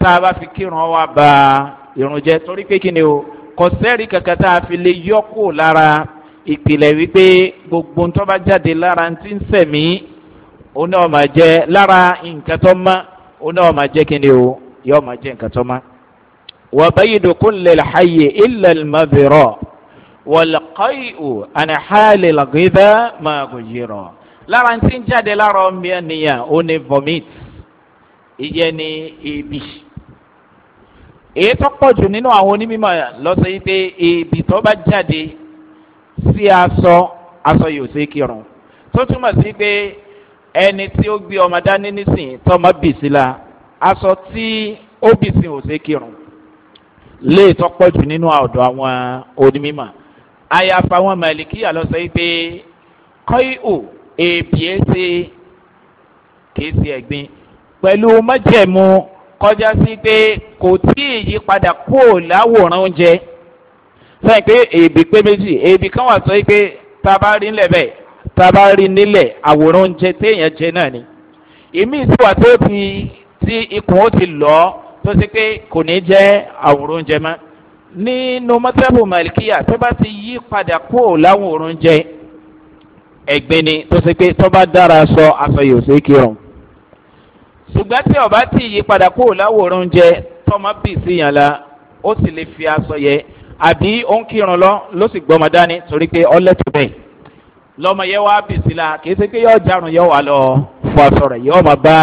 tá a bá fi kírun wa ba irun jẹ́ torí pé kí ni o kò sẹ́ẹ̀rì kankan tá a fi lè yọ kó lára ìpìlẹ̀ wípé gbogbo ń tọ́ba jáde lára ń ti ń sẹ̀mí ó náà máa jẹ́ lára nǹkan tó mọ́ ó náà máa jẹ́ kí ni o yóò máa jẹ́ nǹkan tó mọ́. wàbẹ́yìí dòkó lè láàyè ilẹ̀ mọ́bìrọ̀ wọlọ́kọ́ìhù àníhàlẹ̀ lọ́gẹ́dẹ́ máa kò yírọ̀ lára tí ń jáde lára ọmọ ènìyàn ó ní vomit ìyẹn ní ebi èyí tó pọ̀ jù nínú àwọn onímọ̀ lọ́sọ̀ yìí pé ebi tó bá jáde sí aṣọ aṣọ yóò ṣe kírun tó túmọ̀ sí pé ẹni tí ó gbé ọmọ dání nísìnyí tọmọ bìsí la aṣọ tí ó bìsí ò ṣe kírun lè tó pọ̀ jù nínú ọ̀dọ̀ àwọn onímọ̀ àyàfà wọn maliki àlọ́sọ yìí pé kọ́ìhù èèpì ẹ̀ ṣe kìí ṣe ẹ̀gbin pẹ̀lú májẹ̀mú kọjá sí pé kò tí ì yí padà kúò láwòrán oúnjẹ sẹ́yìn pé èèbì pé méjì èèbì kan wà sọ pé tá rí nílẹ̀ bẹ́ẹ̀ rí nílẹ̀ àwòrán oúnjẹ téèyàn jẹ náà ni èmi ìsìwà tó ti tí ikùn ó ti lọ́ tó ṣe pé kò ní jẹ́ àwòrán oúnjẹ mọ́ nínú mọ́tẹ́bù màlìkíyà tó bá ti yí padà kó láwọn òórùn jẹ ẹ̀gbin ni tó ṣe pé tó bá dára sọ aṣọ yóò ṣe kírun ṣùgbọ́n tí ọba ti yí padà kó láwọn òórùn jẹ tọmọ bì sí yàn la ó sì lè fi aṣọ yẹ àbí ó ń kírun lọ ló sì gbọmọ dání torí pé ọlẹ́tọ̀ bẹ́ẹ̀ lọmọ yẹ wá bì sí la kì í ṣe pé yọ jarun yọ wà lọ fọ aṣọ rẹ yọ ma bá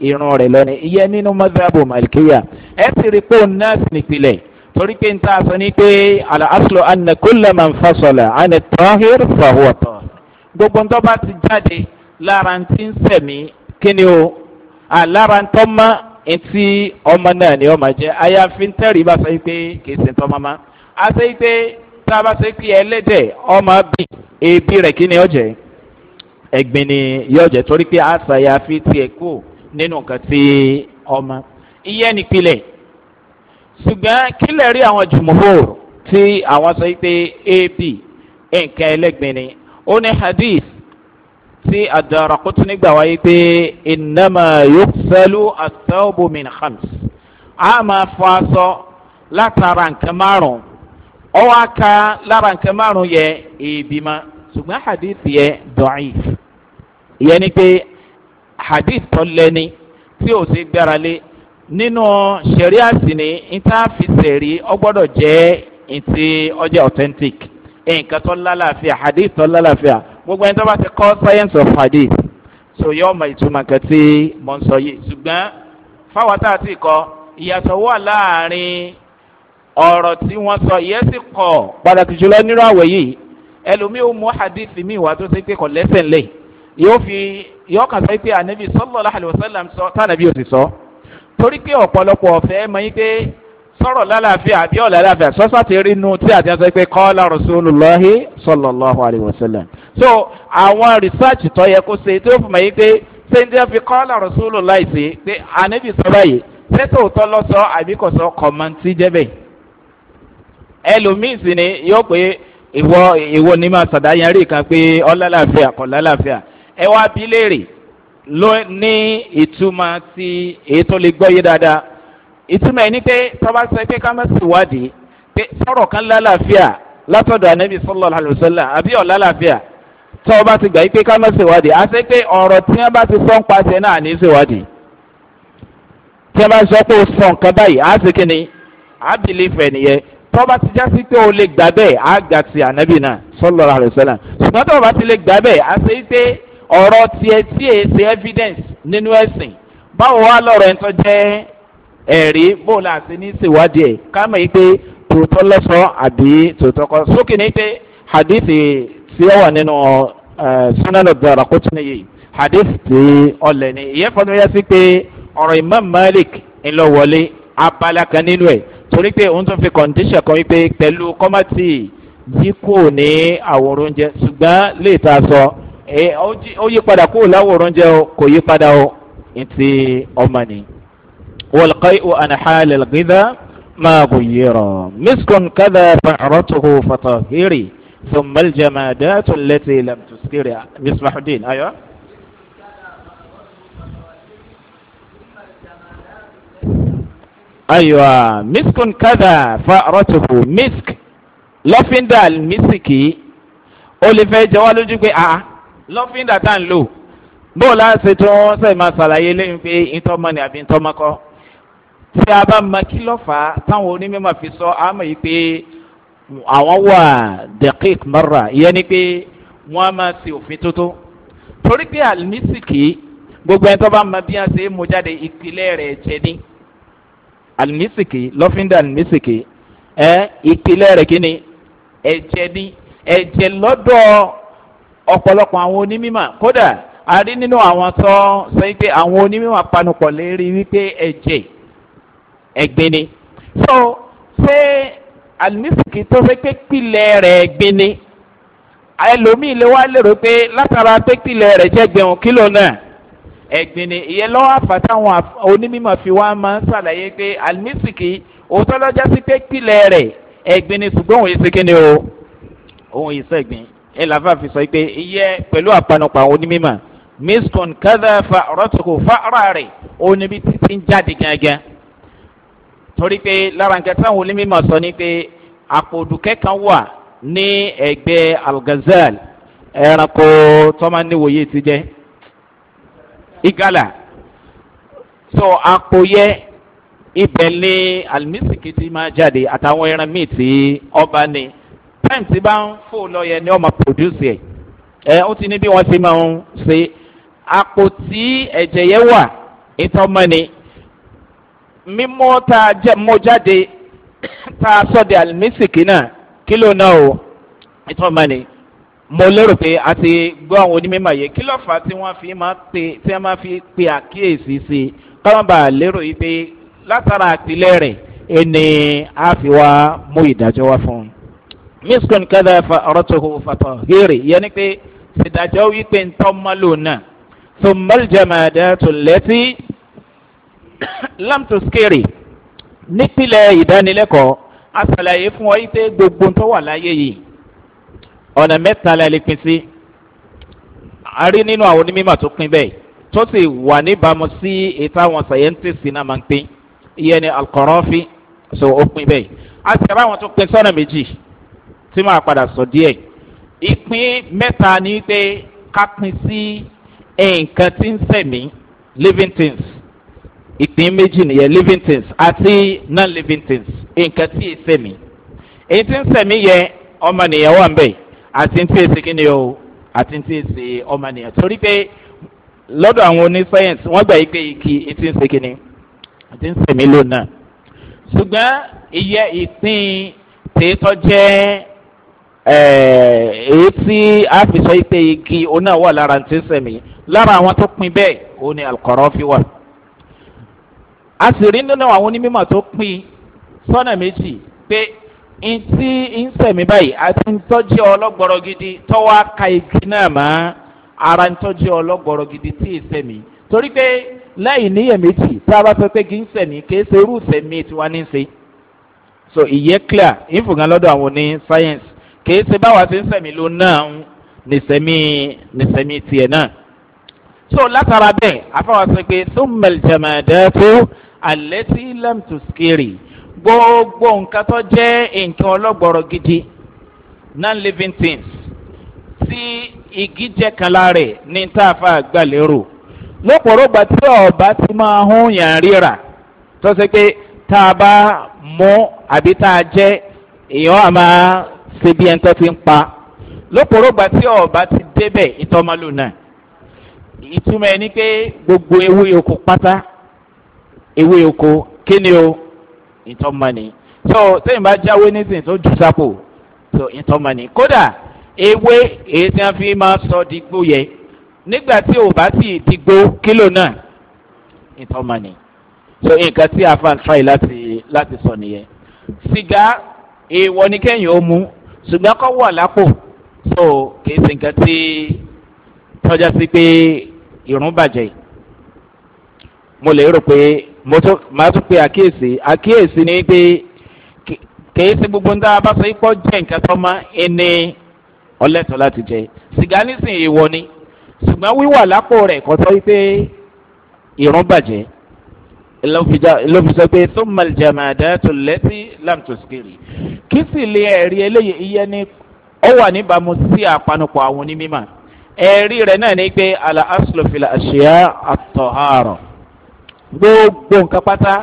irun rẹ lọ ni ìyẹn nínú mọ́tẹ́bù màlìkíyà ẹ sì rí pé òun náà sì nípìnlẹ̀ torí pé n ta sọ ni pé alaaslo anna kulla man fasola ana tahir fahuwa tahir gbogbo ntọ́ bá ti jáde lára ti ń sẹ̀mí kíni o àlára ntọ́ mọ́ etí ọmọ náà ni ọmọ jẹ́ àyàfi ntẹ́rì bá sọ pé kì í ṣe ntọ́ mọ́mọ́ a sọ pé tá a bá sọ pé ẹlẹ́dẹ̀ ọmọ bì ebi rẹ̀ kíni ọ̀jẹ̀ ẹ̀gbin ni yọ̀jẹ̀ torí pé àṣà àyàfi tiẹ̀ kú nínú nǹkan ti ọmọ ìyẹn nípìnlẹ̀ ṣùgbọ́n kí lè rí àwọn jùmọ̀hóòr tí àwọn sọ pé ab nǹkan ẹlẹ́gbin ni ó ní hadith tí àdàràkútù nígbà wáyé pé ìnáma yóò sẹ́lú àtọ́bùmìn hams a máa fọ aṣọ látara nǹkan márùn-ún ọwọ́ aka lára nǹkan márùn-ún yẹ èèbì ṣùgbọ́n hadith yẹ dọ̀ọ́yì ìyẹn ni pé hadith tó lẹ́ni tí ò sí gbára lé nínú sẹ̀ríà sì ni ìtàfisẹ̀rí ọgbọ́dọ̀ jẹ́ ìtì ọjà authentic nǹkan tó lálàáfíà hadith tó lálàáfíà gbogbo ẹni tó bá ti kọ́ science of hadith so yóò mọ ìtumọ̀ kan tí mo ń sọ yìí ṣùgbọ́n fáwọn tá a ti kọ ìyàtọ̀ wà láàrin ọ̀rọ̀ tí wọ́n sọ ìyẹn sì kọ̀ pàtàkì jùlọ nírọ̀ àwẹ̀ yìí ẹlòmíì ó mú hadith mi wá tó ṣe pé kò lẹ́sẹ̀ ńlẹ̀ yóò fi yóò kàn sọ pé ànábì sọ́lọ́lá àlùfáà sọ́lá torí pé ọ̀pọ̀lọpọ̀ ọ̀fẹ́ mọ̀ yín pé sọ̀rọ̀ lálàáfíà àbí ọ̀là lálàáfíà sọ́sà ti rí inú tí àti àti pé kọ́lá rasulillahi sallallahu alayhi wa sallam. so àwọn research tó yẹ kó ṣe tó fún mi yín pé ṣé ń dẹ́ fi kọ́lá rasulillahi ṣe pé ànábì sọ báyìí ṣé tòótọ́ lọ sọ àbí kò sọ kọ̀mọ̀ntì jẹ́bẹ̀. ẹlòmíì sì ni yóò pé ìwọ ìwọ ni máa sàdáyẹn rí kan pé ọ̀là ló ní ìtumọ̀ ti èyí tó lè gbọ́ yé dáadáa ìtumọ̀ yìí ni pé tọ́ba sọ pé ká má sì wádìí pé sọ̀rọ̀ kan lálàáfíà látọ̀dọ̀ anabi sọlọ alùsọlá àbí ọ̀la lálàáfíà tọ́ba ti gbà yí pé ká má sì wádìí àti pé ọ̀rọ̀ tí wọ́n bá ti sọ ń pàṣẹ náà ní sì wádìí tí wọ́n bá sọ pé o sọ nǹkan báyìí á sì kí ni á bìlífẹ̀ nìyẹn tọ́ba ti já sí pé o lè gbà bẹ́ẹ̀ á gbà ti anabi náà sọlọ alùsọlá ṣùgbọ́n tọ́ba ti lè gbà bẹ́ẹ̀ á sì pé ọ̀rọ̀ tiẹ̀ tí ṣe evidence nínú ẹ̀sìn báwo wá lọ́rọ̀ ẹ̀ tó jẹ́ ẹ̀rí bó la ṣe ní ṣèwádìí ẹ̀ ká mọ̀ yí pé tòótọ́ lọ́sọ̀ àbí tòótọ́ kọ́ sókè ní pé hadithi tí ó wà nínú sunanu dara kó tún yìí hadith tí ọlẹ̀ ni ìyẹn fọdún yẹ sí pé ọ̀rọ̀ imam malik ńlọwọlé abala kan nínú ẹ̀ torí pé òun tún fi condition kan wípé pẹ̀lú kọ́mátì yìí kò ní àwòrán oúnjẹ ṣùgbọ́n lè ta sọ ẹ ó yí padà kó láwòrán jẹ o kò yí padà o ètè ọmọ ni. والقيء عن حال الغذاء ما غير مسك كذا فعرته فطهري ثم الجمادات التي لم تسكري مصباح الدين ايوه ايوه مسك كذا فعرته مسك لو فين ده المسكي ó lè fẹ́ jẹ́ wá lójú pé a lọ́fíńdà tá à ń lò bóò láti tó wọ́n sẹ̀ máa ṣàlàyé lẹ́yìn pé ìtọ́mọ ni àbí ìtọ́mọ kọ́ tí a bá ma kí ló fà á táwọn onímọ̀ fi sọ á mọ̀ yìí pé àwọn wà dẹ́kík mọ́ra ìyẹn ni pé wọ́n á máa ṣe òfin tótó torí pé àlùmísìkì gbogbo ẹni tó bá ma bí wọ́n ṣe é mú jáde ìpìlẹ̀ rẹ̀ jẹ́ ní àlùmísìkì lọ́fíńdà àlùmísìkì ẹ ìpìlẹ̀ rẹ̀ kí ni ẹ̀jẹ̀ ní ẹ̀jẹ̀ lọ́dọ̀ ọ̀pọ̀lọpọ̀ àwọn onímọ̀ kódà a rí nínú àwọn sọ sọ pé àwọn onímọ̀ panupọ̀ lérí wípé ẹ̀jẹ̀ ẹ̀gbin ni. so ṣé alimisiki tó fẹ́ pé pilẹ̀ rẹ̀ ẹ̀gbin ni ẹlòmíì lè wá lérò pé látara pé pilẹ̀ rẹ̀ jẹ́ gbẹ̀hùn kílò náà ẹ̀gbin ni ìyẹn lọ́wọ́ àfàtàwọn onímọ̀ fi wá máa ń ṣàlàyé pé alimisiki òótọ́ lọ́jọ́ sí pé pilẹ̀ rẹ̀ ẹ̀gbin ni ṣùgbọ́n òun yìí ṣe kí ni o òun yìí ṣẹ̀gbin ẹ làfà fi sọ pé iyẹ pẹ̀lú àpanupọ̀ àwọn onímọ̀ miscon kẹ́dà fa rọ́tùkù fa ara rẹ̀ ó níbi títí ń jáde gángan torí pé lára nǹkan táwọn onímọ̀ sọ ni pé àpòdùkẹ́ kan wà ní ẹgbẹ́ algazal ẹranko tọ́mọ́níwòye ti jẹ́ igala so àpò yẹ ibẹ̀ lé alimisiki ti máa jáde àtàwọn ẹran míì tí ọba ni time tí bá ń fò lọ yẹn ni ọmọ produce ẹ̀ ẹ ó ti ní bí wọ́n ṣe máa ń ṣe àpò tí ẹ̀jẹ̀ yẹn wà ìtọ́mọ́ni mímọ́ tá a jẹ́ mọ́ jáde <coughs> tá a sọ́dẹ̀ àlùmísìkì náà kí ló náà o ìtọ́mọ́ni mo lérò pé a ti gbọ́ àwọn onímọ̀ yẹn kí ló fà á tí wọ́n fi máa pe tí wọ́n máa fi pe àkíyèsí sí i káwọn bá a lérò yìí pé látara àtìlẹ́rìn ẹni a fi wá mú ìdájọ́ wá fún un miskun kada fa ọrọtuhu fatọ hiri yẹni pé sidajọ wípé ntọ́mọ́lò náà thumbal jamada tulẹti <coughs> lamtuskiri nípìnlẹ̀ ìdánilẹ́kọ̀ọ́ asàlàyé fún ọ wípé gbogbo ntọ́ wà láyé yìí ọ̀nà mẹ́ta la lè pin sí a rí nínú àwọn onímọ̀ tó pin bẹ́ẹ̀ tó sì wà níbàámu sí ètò àwọn sàyẹ́ntìsì pin ìyẹn ni so ó pin bẹ́ẹ̀ a sì rá àwọn tó tí màá padà sọ díẹ̀ ìpín mẹ́ta ni pé ká pin sí nǹkan tí ń sẹ̀mí living things ìpín méjì nìyẹn living things àti non living things nǹkan tí ì sẹ̀mí èyí tí ń sẹ̀mí yẹ ọmọnìyàn wà ń bẹ̀ àti tí èsì kí ni o àti tí èsì ọmọnìyàn torí pé lọ́dọ̀ àwọn oníṣẹ́yẹ̀nsì wọ́n gbà yí pé igi ń ṣe kí ń sẹ̀mí lónà ṣùgbọ́n ìyẹ ìpín tèétọ́ jẹ́ èyí tí a fi sọ pé igi oná wà lára ti sẹ̀mí lára àwọn tó pin bẹ́ẹ̀ ó ní alukọ̀rọ̀ fi wà. a sì rí nínú àwọn onímọ̀ tó pin sọ́nà méjì pé n tí ń sẹ̀mí báyìí àti ń tọ́jú ọlọ́gbọ̀rọ̀ gidi tọ́wọ́ ka igi náà mọ́ ara ń tọ́jú ọlọ́gbọ̀rọ̀ gidi tí ì sẹ̀mí torí pé lẹ́yìn níyẹn méjì tá a bá fẹ́ pé kí ń sẹ̀mí kì ṣe irú sẹ̀mí tiwa ní í ṣe. so ìyẹ́ clear ìfògàn àwọn oní sáyẹ́nsì kìí ṣe báwa ti ń sẹ̀mí ló náà nìsẹ̀mí nìsẹ̀mí tiẹ̀ náà. so látara bẹ́ẹ̀ afáwa sọ pé sọ́mẹ̀lì jẹ̀mẹ̀dẹ́tù alẹ́ tí lẹ́mtù skiri gbogbo nǹkan tó jẹ́ nǹkan ọlọ́gbọ̀rọ̀ gidi non-living things tí igi jẹ́ kan lára ní táàfà gbàlérò lọ́pọ̀lọpọ̀ tí ọba ti máa hún yàn ríra tó ṣe pé tá a bá mú àbí tá a jẹ́ èèyàn àmà ṣe bí ẹni tó ti ń pa lóporógbà tí ọba ti débẹ̀ ìtọ́mọ́lò náà ìtumọ̀ ẹni pé gbogbo ewé oko pátá ewé oko kíni o ìtọ́mọ́ni so sẹ́yìn bá jáwé nísìnyí tó jù sápò so ìtọ́mọ́ni kódà ewé èyí tí wọ́n fi máa sọ dìgbò yẹ nígbà tí ò bá sì dìgbò kílò náà ìtọ́mọ́ni so nǹkan tí a fà ń try láti láti sọ nìyẹn sìgá èèwọ̀ ni kẹ́yìn ó mú ṣùgbọ́n kọ́ wà lápò so kì í sì nǹkan tí tọ́já sí pé ìrún bàjẹ́ mo lè rò pé mo tó máa tún pe àkíyèsí àkíyèsí ni pé kì í sí gbogbo ń dára bá sọ jẹ́ nǹkan tó mọ́ ẹni ọlẹ́tọ̀ láti jẹ sìgá nísìnyí wọ ni ṣùgbọ́n wíwà lápò rẹ̀ kọ́ sọ pé ìrún bàjẹ́ ló fi sọ pé tó màlìjà màdá tó lẹ́tí lamtoskiri kí sì lè ẹ̀rí eléyìí iye ní ó wà níbàámu sí àpanupọ̀ àwọn onímọ̀ ẹ̀rí rẹ̀ náà ni pé àlà aslofila àṣeyà àtọ̀hárọ̀ gbogbo nǹkan pátá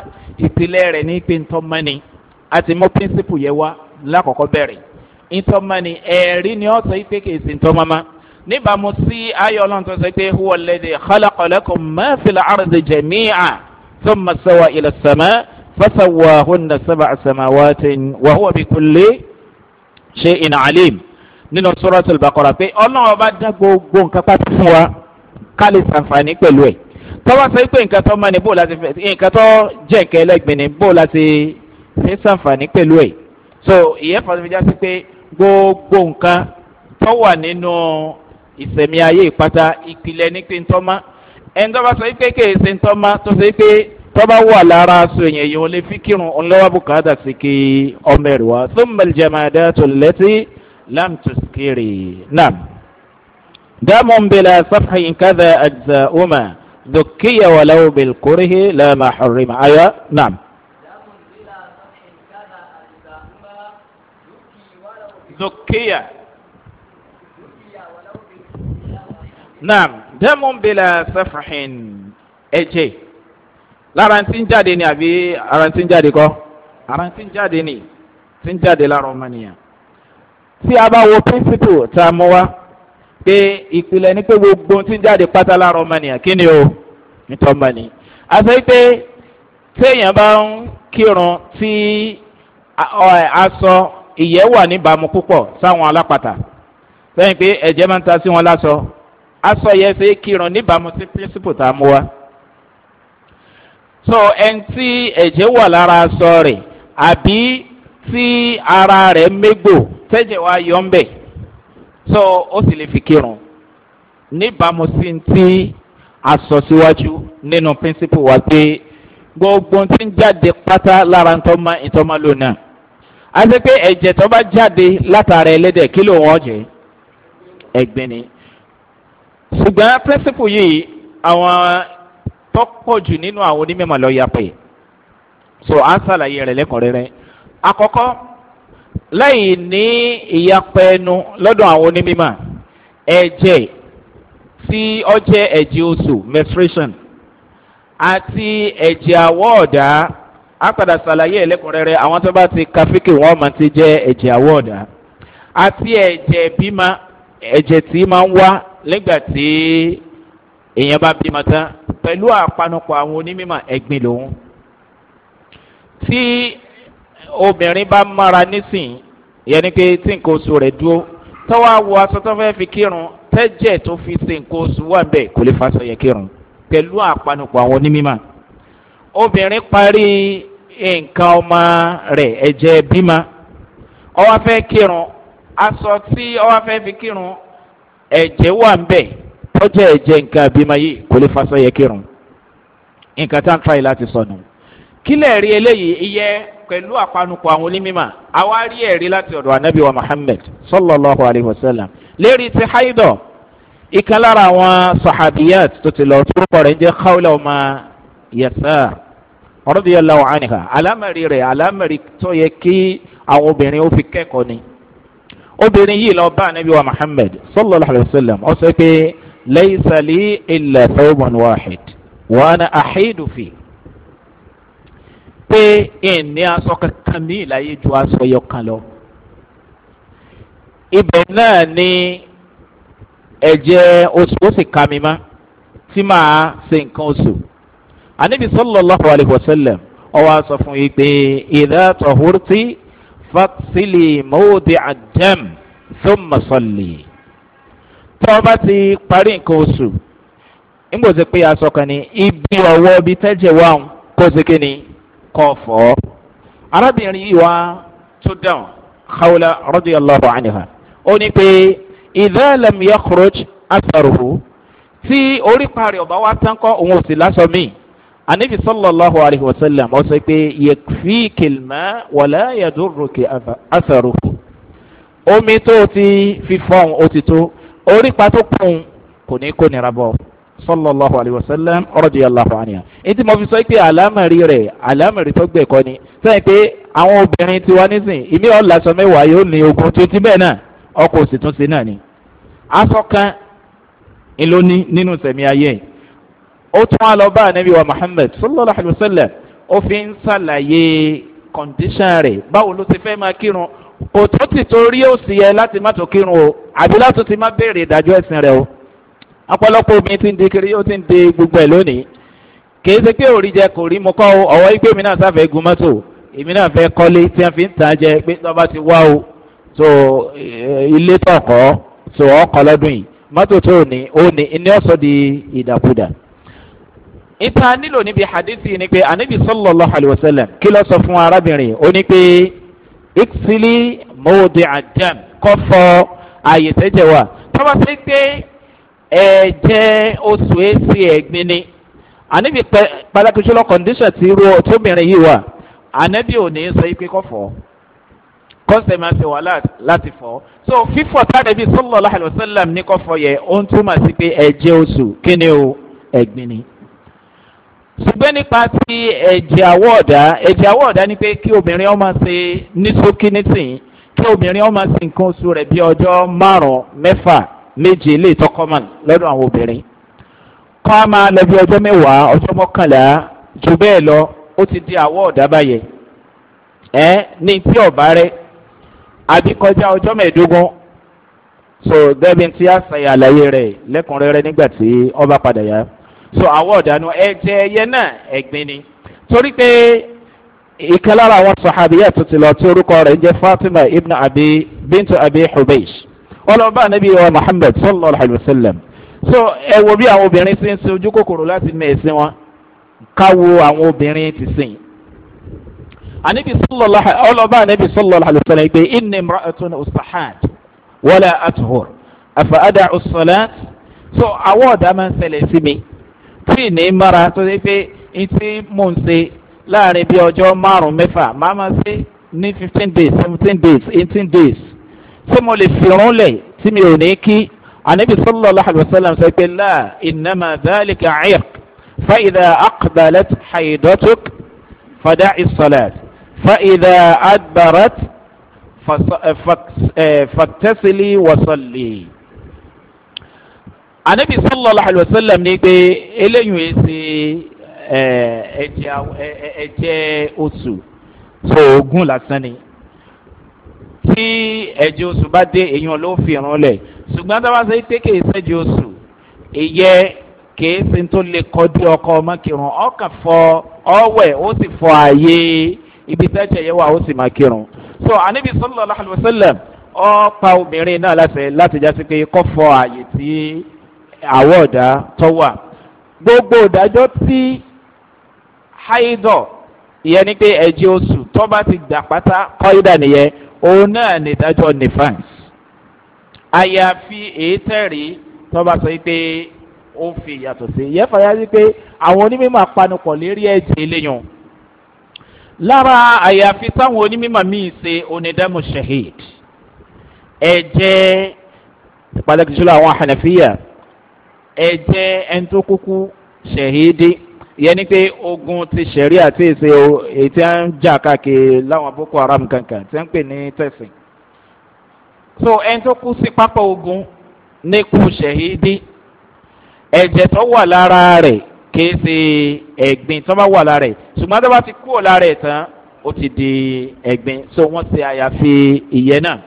ìpìlẹ̀ rẹ̀ ní pé ntọ́mọ́ni àti mọ́ píńsípù yẹn wá lákọ̀ọ́kọ́ bẹ̀rẹ̀ ntọ́mọ́ni ẹ̀rí ni ó sọ pé kì í níbàámu sí ayọ̀ ọlọ́run tó sọ pé huwọ́lẹ́dẹ̀ kọ́lákọ́lẹ́kùn ثم استوى إلى السماء فسواهن سبع سماوات وهو بكل شيء عليم nínú sọ́rọ́tò ìbàkọ́ra pé ọlọ́run ọba dá gbogbo nǹkan pátá fún wa ká lè ṣàǹfààní pẹ̀lú ẹ̀ tọ́wọ́ sọ pé nǹkan tó máa ní bó láti fẹ́ nǹkan tó jẹ́ nǹkan ẹlẹ́gbìn ní bó láti fi ṣàǹfààní pẹ̀lú ẹ̀ so ìyẹn fàtí fi já sí pé gbogbo nǹkan tó wà nínú ìsẹ̀mí ayé ìpátá ìpìlẹ̀ ní pé ń tọ́ máa sọ yìí pé kéèsì ntọ́ma tó sọ pé tọ́ba wà lára aṣọ èèyàn yìí wọ́n lè fi kírun ọlọ́wà bùkátà sí kí ọmọ ẹ̀rọ wa lara aso yen yii wole jẹ̀mọ̀dá tó to n tó to leti lam tó kiri nam. دم بلا صفح كذا أجزاؤما ذكية ولو بالكره لا ما حرم أيا نعم ذكية نعم dẹ́mu bela sẹ́fìhìn ẹ̀jẹ̀ lára ti ń jáde ni àbí ara ti ń jáde kọ́ ara ti ń jáde ni ti ń jáde lára ọmọ nìyẹn tí a bá wo píńsípù tá a mú wá pé ìpìlẹ̀ ni pé gbogbo ti ń jáde pátá lára ọmọ nìyẹn kí ni o nítorí ọmọ nìyẹn àti pé téèyàn bá ń kírun tí aṣọ ìyẹ́ wà níbàámu púpọ̀ sáwọn alápàtà sẹ́yìn pé ẹ̀jẹ̀ máa ń ta sí wọn lásọ aṣọ yẹn ṣe é kírun níbàámu sí pírísìpù tá a mú wa. so ẹni tí ẹ̀jẹ̀ wà lára aṣọ rẹ̀ àbí tí ara rẹ̀ mégbò tẹ́jẹ̀ wá yọ ń bẹ̀ so ó sì lè fi kírun níbàámu sí ti aṣọ síwájú nínú pírísìpù wa pé gbogbo tí ń jáde pátá lára ntọ́mọ ìtọ́mọ lónà àti pé ẹ̀jẹ̀ tó bá jáde látara ẹlẹ́dẹ̀ kí ló wọ́n jẹ́ ẹ̀gbìn ni ṣùgbọ́n pẹ́sìpù yìí àwọn tó pọ̀ jù nínú àwọn onímọ̀ lọ yàpẹ̀ so à ń ṣàlàyé rẹ̀ lẹ́kọ̀ọ́rẹ́rẹ́ àkọ́kọ́ láì ní ìyapẹ̀ ẹnu lọ́dọ̀ àwọn onímọ̀ ẹ̀jẹ̀ tí ọ jẹ́ ẹ̀jẹ̀ oṣù menstruation àti ẹ̀jẹ̀ àwọ̀ ọ̀dà á padà ṣàlàyé ẹ̀lẹ́kùnrẹ́rẹ́ àwọn tó bá ti kàfíkì wọ́n máa ti jẹ́ ẹ̀jẹ̀ àwọ̀ ọ̀dà àti ẹ̀jẹ̀ bímọ ẹ̀jẹ̀ tí máa ń wá nígbà tí èèyàn bá bímọ tán pẹ̀lú àpanupọ̀ àwọn onímọ̀ ẹ̀gbin lòun tí obìnrin bá mara nísìn yẹn ni pé tí nǹkan oṣù rẹ̀ dúró tọ́wọ́ àwọ̀ aṣọ tó fẹ́ fi kírun tẹ́jẹ̀ tó fi ṣe nǹkan oṣù wà bẹ́ẹ̀ kò lè fàṣọ yẹn kírun pẹ̀lú àpanupọ̀ àwọn onímọ̀ obìnrin parí nǹkan ọmọ rẹ̀ ẹ̀jẹ̀ bímọ ọwọ́ fẹ́ kírun aṣọ tí ọwọ́ fẹ́ fi kírun ẹ̀jẹ̀ wà ń bẹ̀ tọ́jú ẹ̀jẹ̀ nǹkan àbímáyé kò lè fa sọ́yẹ kírun nǹkan tá à ń fàyè láti sọnù kílẹ̀ rí eléyìí iyẹ pẹ̀lú àpanupọ̀ àwọn onímọ̀ àwa rí ẹ̀rí láti ọ̀dọ̀ anabi wa muhammed sallallahu alayhi wa sallam lérí ti haidọ̀ ìkan lára àwọn sahabiyat tó ti lọ tó kọ̀ rẹ̀ ń jẹ́ kawla ọmọ yasar ọ̀rọ̀dìyàlá wa anìkà alámẹ̀rí rẹ̀ alámẹ̀rí tó yẹ kí àwọn obìnrin ó fi kẹ́kọ̀ọ́ ni obìnrin yìí lọ bá anabi wa muhammed sallallahu alayhi wa sallam ọ sọ pé laisali ilẹ̀ fẹ́wọ̀n wahid wọn àhídù fi pé ìní aṣọ kankan mi láyé ju aṣọ yọ kan lọ ibẹ̀ náà ni ẹ̀jẹ̀ oṣù ó sì ka mi má tí màá ṣe nǹkan oṣù anabi sallallahu alayhi wa sallam ọ wá sọ fún yìí pé ìdá tọ̀húrtì fatsili mawudi adam thumma sọlì tó o bá ti parí nǹkan oṣù nígbà tó pé aṣọ kan ní ibi ọwọ́ bíi tẹ́jẹ̀ wà ń kó o ṣe kí ni kọ́ fọ́ arábìnrin yìí wá tó dáhùn hawla radiyallahu anha ó ní pé ìdá lam yakhruj tí orí parí ọba wa tán kọ́ òun ò sì lásọ míì anabi sallallahu alayhi wa sallam ọsọ pé yẹfi kìlmá wàlá yàdúrókè àfẹrù omi tó ti fi fọ́n ó ti tó orí pàtó kùn kò ní kó nira bọ́ sallallahu alayhi wa sallam ọ̀rọ̀dì allahu anha ètí mo fi sọ pé àlámàrí rẹ̀ àlámàrí tó gbẹ̀kọ́ ni sẹ́yìn pé àwọn obìnrin tiwa nísìn ìmí ọ̀làṣọ mẹ́wàá yóò ní ogun tó ti bẹ́ẹ̀ náà ọkọ̀ òsì tún sí náà ni aṣọ kan ìlóní nínú sẹ̀mí ayé yìí ó tún á lọ bá anabi wa muhammed sallallahu alayhi wa sallam ó fi ń ṣàlàyé kọ̀ǹdíṣàn rẹ̀ báwo ló ti fẹ́ máa kírun kò tó ti torí òsì yẹ láti má tó kírun o àbí láti ti má béèrè ìdájọ́ ẹ̀sìn rẹ o ọ̀pọ̀lọpọ̀ omi ti ń di kiri ó ti ń di gbogbo ẹ̀ lónìí kìí ṣe pé òrí jẹ kò rí mo kọ́ o ọ̀wọ́ igbe mi náà sáfẹ́ gun mọ́tò èmi náà fẹ́ kọ́lé tí wọ́n fi ń tàn jẹ pé tọ́ba ti wá o tó eh, ilé tọ̀kọ́ tó ọkọ̀ lọ́dún yìí mọ́tò tó ní ó ní ní ọ̀sọ́ di ìdàkudà ìta nílò níbi hadithi ni pé anabi sallallahu alayhi wa sallam kí ló sọ fún arábìnrin ó ní pé ìksílì mòdì àjàm kọ́ fọ ààyè tẹ́jẹ̀ wà tọ́wọ́ sí pé ẹ̀jẹ̀ oṣù èsì ẹ̀gbin ni anabi pàtàkìjọ́lọ́ kọ́ndíṣàn ti ru tóbìnrin yìí wà anabi ò ní sọ pé kọ́ kọ́sẹ̀ máa ṣe wàhálà láti fọ́ so fífọ́ tàbí sallallahu alayhi ní kọ́ yẹ ó ń túmọ̀ sí pé ẹ̀jẹ̀ oṣù kí o ẹ̀gbin ni ṣùgbọ́n nípa ti ẹ̀jẹ̀ àwọ̀ ọ̀dá ẹ̀jẹ̀ àwọ̀ ọ̀dá ni pé kí obìnrin ọmọ ṣe ní sókí nítìyín kí obìnrin ọmọ ṣe nǹkan oṣù rẹ̀ bí ọjọ́ márùn-ún mẹ́fà méje ilé ìtọ́kọ́mọ̀ lọ́dọ̀ àwọn obìnrin kọ́ á máa lọ bí ọjọ́ mẹ́wàá ọjọ́ mọ́kànlá jù bẹ́ẹ̀ lọ ó ti di àwọ̀ ọ̀dá báyẹ̀ ẹ́ ní tí ọ̀bá rẹ̀ àbí kọjá ọjọ́ mẹ́ẹ̀ẹ́dógún so gẹ́gẹ́ bí ti àṣàyàn àlàyé rẹ̀ lẹ́kùnrẹ́rẹ́ nígbà tí ọba padà yá so àwọ̀ ọ̀dànù ẹ̀jẹ̀ ẹyẹ náà ẹ̀gbin ni torí pé ìkan lára àwọn sàhàbíyà tó ti lọ tí orúkọ rẹ̀ ń jẹ́ fatima ibn abi bintu abi hubeish ọlọ́ba anabi wa muhammed sallallahu alayhi wa sallam so ẹ wo bí àwọn obìnrin ṣe ń sin ojú kòkòrò láti mẹ ẹsìn wọn ká wo àwọn obìnrin ti sìn anabi sallallahu ọlọ́ba anabi sallallahu alayhi wa sallam pé inni imra'atun usahad wala atuhur afa ada usalat so àwọ̀ ọ̀dà máa ń ṣẹlẹ̀ sí mi tí ì ní mara tó ṣe pé n tí mò ń ṣe láàrin bí ọjọ́ márùn-ún mẹ́fà máa ma ṣe ní fifteen days seventeen days eighteen days tí mo lè fìrún lẹ̀ tí mi ò ní kí anabi sallallahu alayhi wa sallam sọ pé láà ìnáma dálíkà ayẹk fàìdà àkàdàlẹ́t xayidọ́tuk fàdà ìsọlẹ́t fàìdà àdbàrẹ́t fàtẹ́sílì eh, wàsọ̀lì anabi sallallahu alayhi wa sallam ni pé eléyìí ẹ ṣe ẹ̀jẹ̀ oṣù so oògùn lásán ni tí ẹ̀jẹ̀ oṣù bá dé èèyàn ló fi ràn lẹ̀ ṣùgbọ́n tá a bá ṣe pé kì í ṣẹ́jẹ̀ oṣù ìyẹ́ kì í ṣe tó lè kọjú ọkọ ọmọ kírun ọkàn fọ ọwẹ́ ó sì fọ ààyè ibi tẹ́jẹ̀ yẹn wà ó sì máa kírun so anabi sallallahu alayhi wa sallam ọ pa obìnrin náà láti jásí pé kọ́ fọ ààyè tí àwọ̀ ọ̀dà tọ́wà gbogbo ìdájọ́ tí haidọ̀ ìyẹn ni pé ẹ̀jẹ̀ oṣù tọ́ba ti gbà pátá kọ́ídà nìyẹn òun náà ní ìdájọ́ nìfàǹs àyàfi èétẹ́rì tọ́ba sọ pé ó fi ìyàtọ̀ sí ìyẹn fàyà sí pé àwọn onímọ̀ apanupọ̀ lérí ẹ̀jẹ̀ eléyàn lára àyàfi táwọn onímọ̀ míì ṣe onídàmú shahid ẹ̀jẹ̀ pàtàkì jùlọ àwọn àhànàfíyà ẹ jẹ́ ẹni tó kúkú ṣẹ̀hídé yẹn ni pé ogun ti ṣẹ̀rí àti èsè ètí à ń jà káàkiri láwọn boko haram kankan tí wọ́n ń pè ní tẹ̀sìn. so ẹni tó kú sí pápá ogun ní kú ṣẹ̀hídé tó wà lára rẹ̀ kìí ṣe ẹ̀gbin tó bá wà lára rẹ̀ ṣùgbọ́n tó bá ti kúrò lára ẹ̀ tán ó ti di ẹ̀gbin so wọ́n ṣe àyàfi ìyẹn náà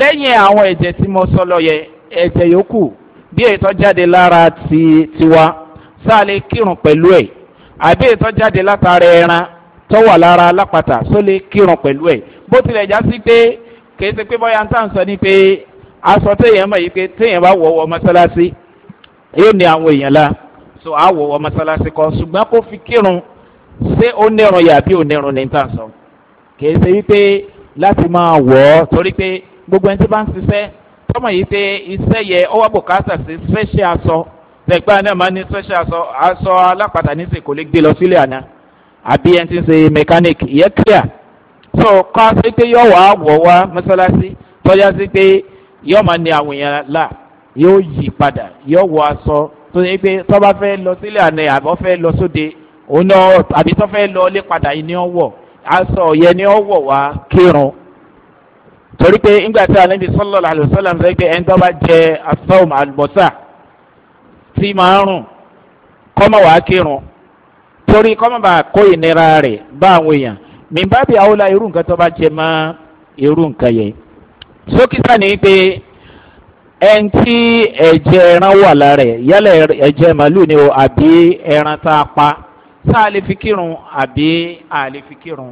lẹ́yìn àwọn ẹ̀jẹ̀ tí mo sọ lọ yẹ ẹ̀jẹ̀ yòókù bí ètò jáde lára ti tiwa sáàlẹ̀ kírun pẹ̀lú ẹ̀ àbí ètò jáde látara ẹran tó wà lára alápàtà sólè kírun pẹ̀lú ẹ̀ bó tilẹ̀ já sí pé kì í ṣe pé bọ́yá ń tà ń sọ ni pé aṣọ téèyàn mọ̀ yìí pé téèyàn bá wọ̀ wọ mọ́sálásí yóò ní àwọn èèyàn la so á wọ̀ wọ mọ́sálásí kan ṣùgbọ́n kó fi kírun ṣé ó nírun yà bí ò nírun ní tà ń sọ kì í ṣe wípé láti máa wọ̀ ọ́ torí pé gbogbo ẹni tí bá ń ṣiṣẹ́ tọmọ yìí pé iṣẹ́ yẹ ọwọ́ bùkátà sí special aṣọ lẹ́gbàá náà máa ní special aṣọ aṣọ alápàtà ní sèkò lè gbé lọ sílé àná àbí ẹni tí ń ṣe mechanic ìyẹn clear so kọ́ sí pé yọ wàá wọ̀ wá mọ́ṣáláṣí tọ́já sí pé yọ máa ní àwọn èèyàn là yóò yí padà yọ wọ aṣọ tó yẹ pé tọ́ba fẹ́ lọ sílé àná àbọ̀ fẹ́ lọ sóde òun náà àbí tọ́ lọ lé padà yìí ni ọ aṣọ yẹn ni ọ wọ̀ kírun torí pé ńgbà tí alẹ́bí sọ́lọ́ àlùsọ́làm sọ pé ẹni tó bá jẹ asọ́ọ̀m àlùbọ́sà tí máa ń rùn kọ́mọ̀ wàá kírun torí kọ́mọ̀ bá kó ìnira rẹ̀ bá àwọn èèyàn mìbábi àwòlá irú nǹkan tó bá jẹ mọ́ irú nǹkan yẹn sókítà ni pé ẹni tí ẹ̀jẹ̀ ẹran wà lára ẹ̀ yálà ẹ̀jẹ̀ màlúù ni o àbí ẹran tá a pa tá a lè fi kírun àbí a lè fi kírun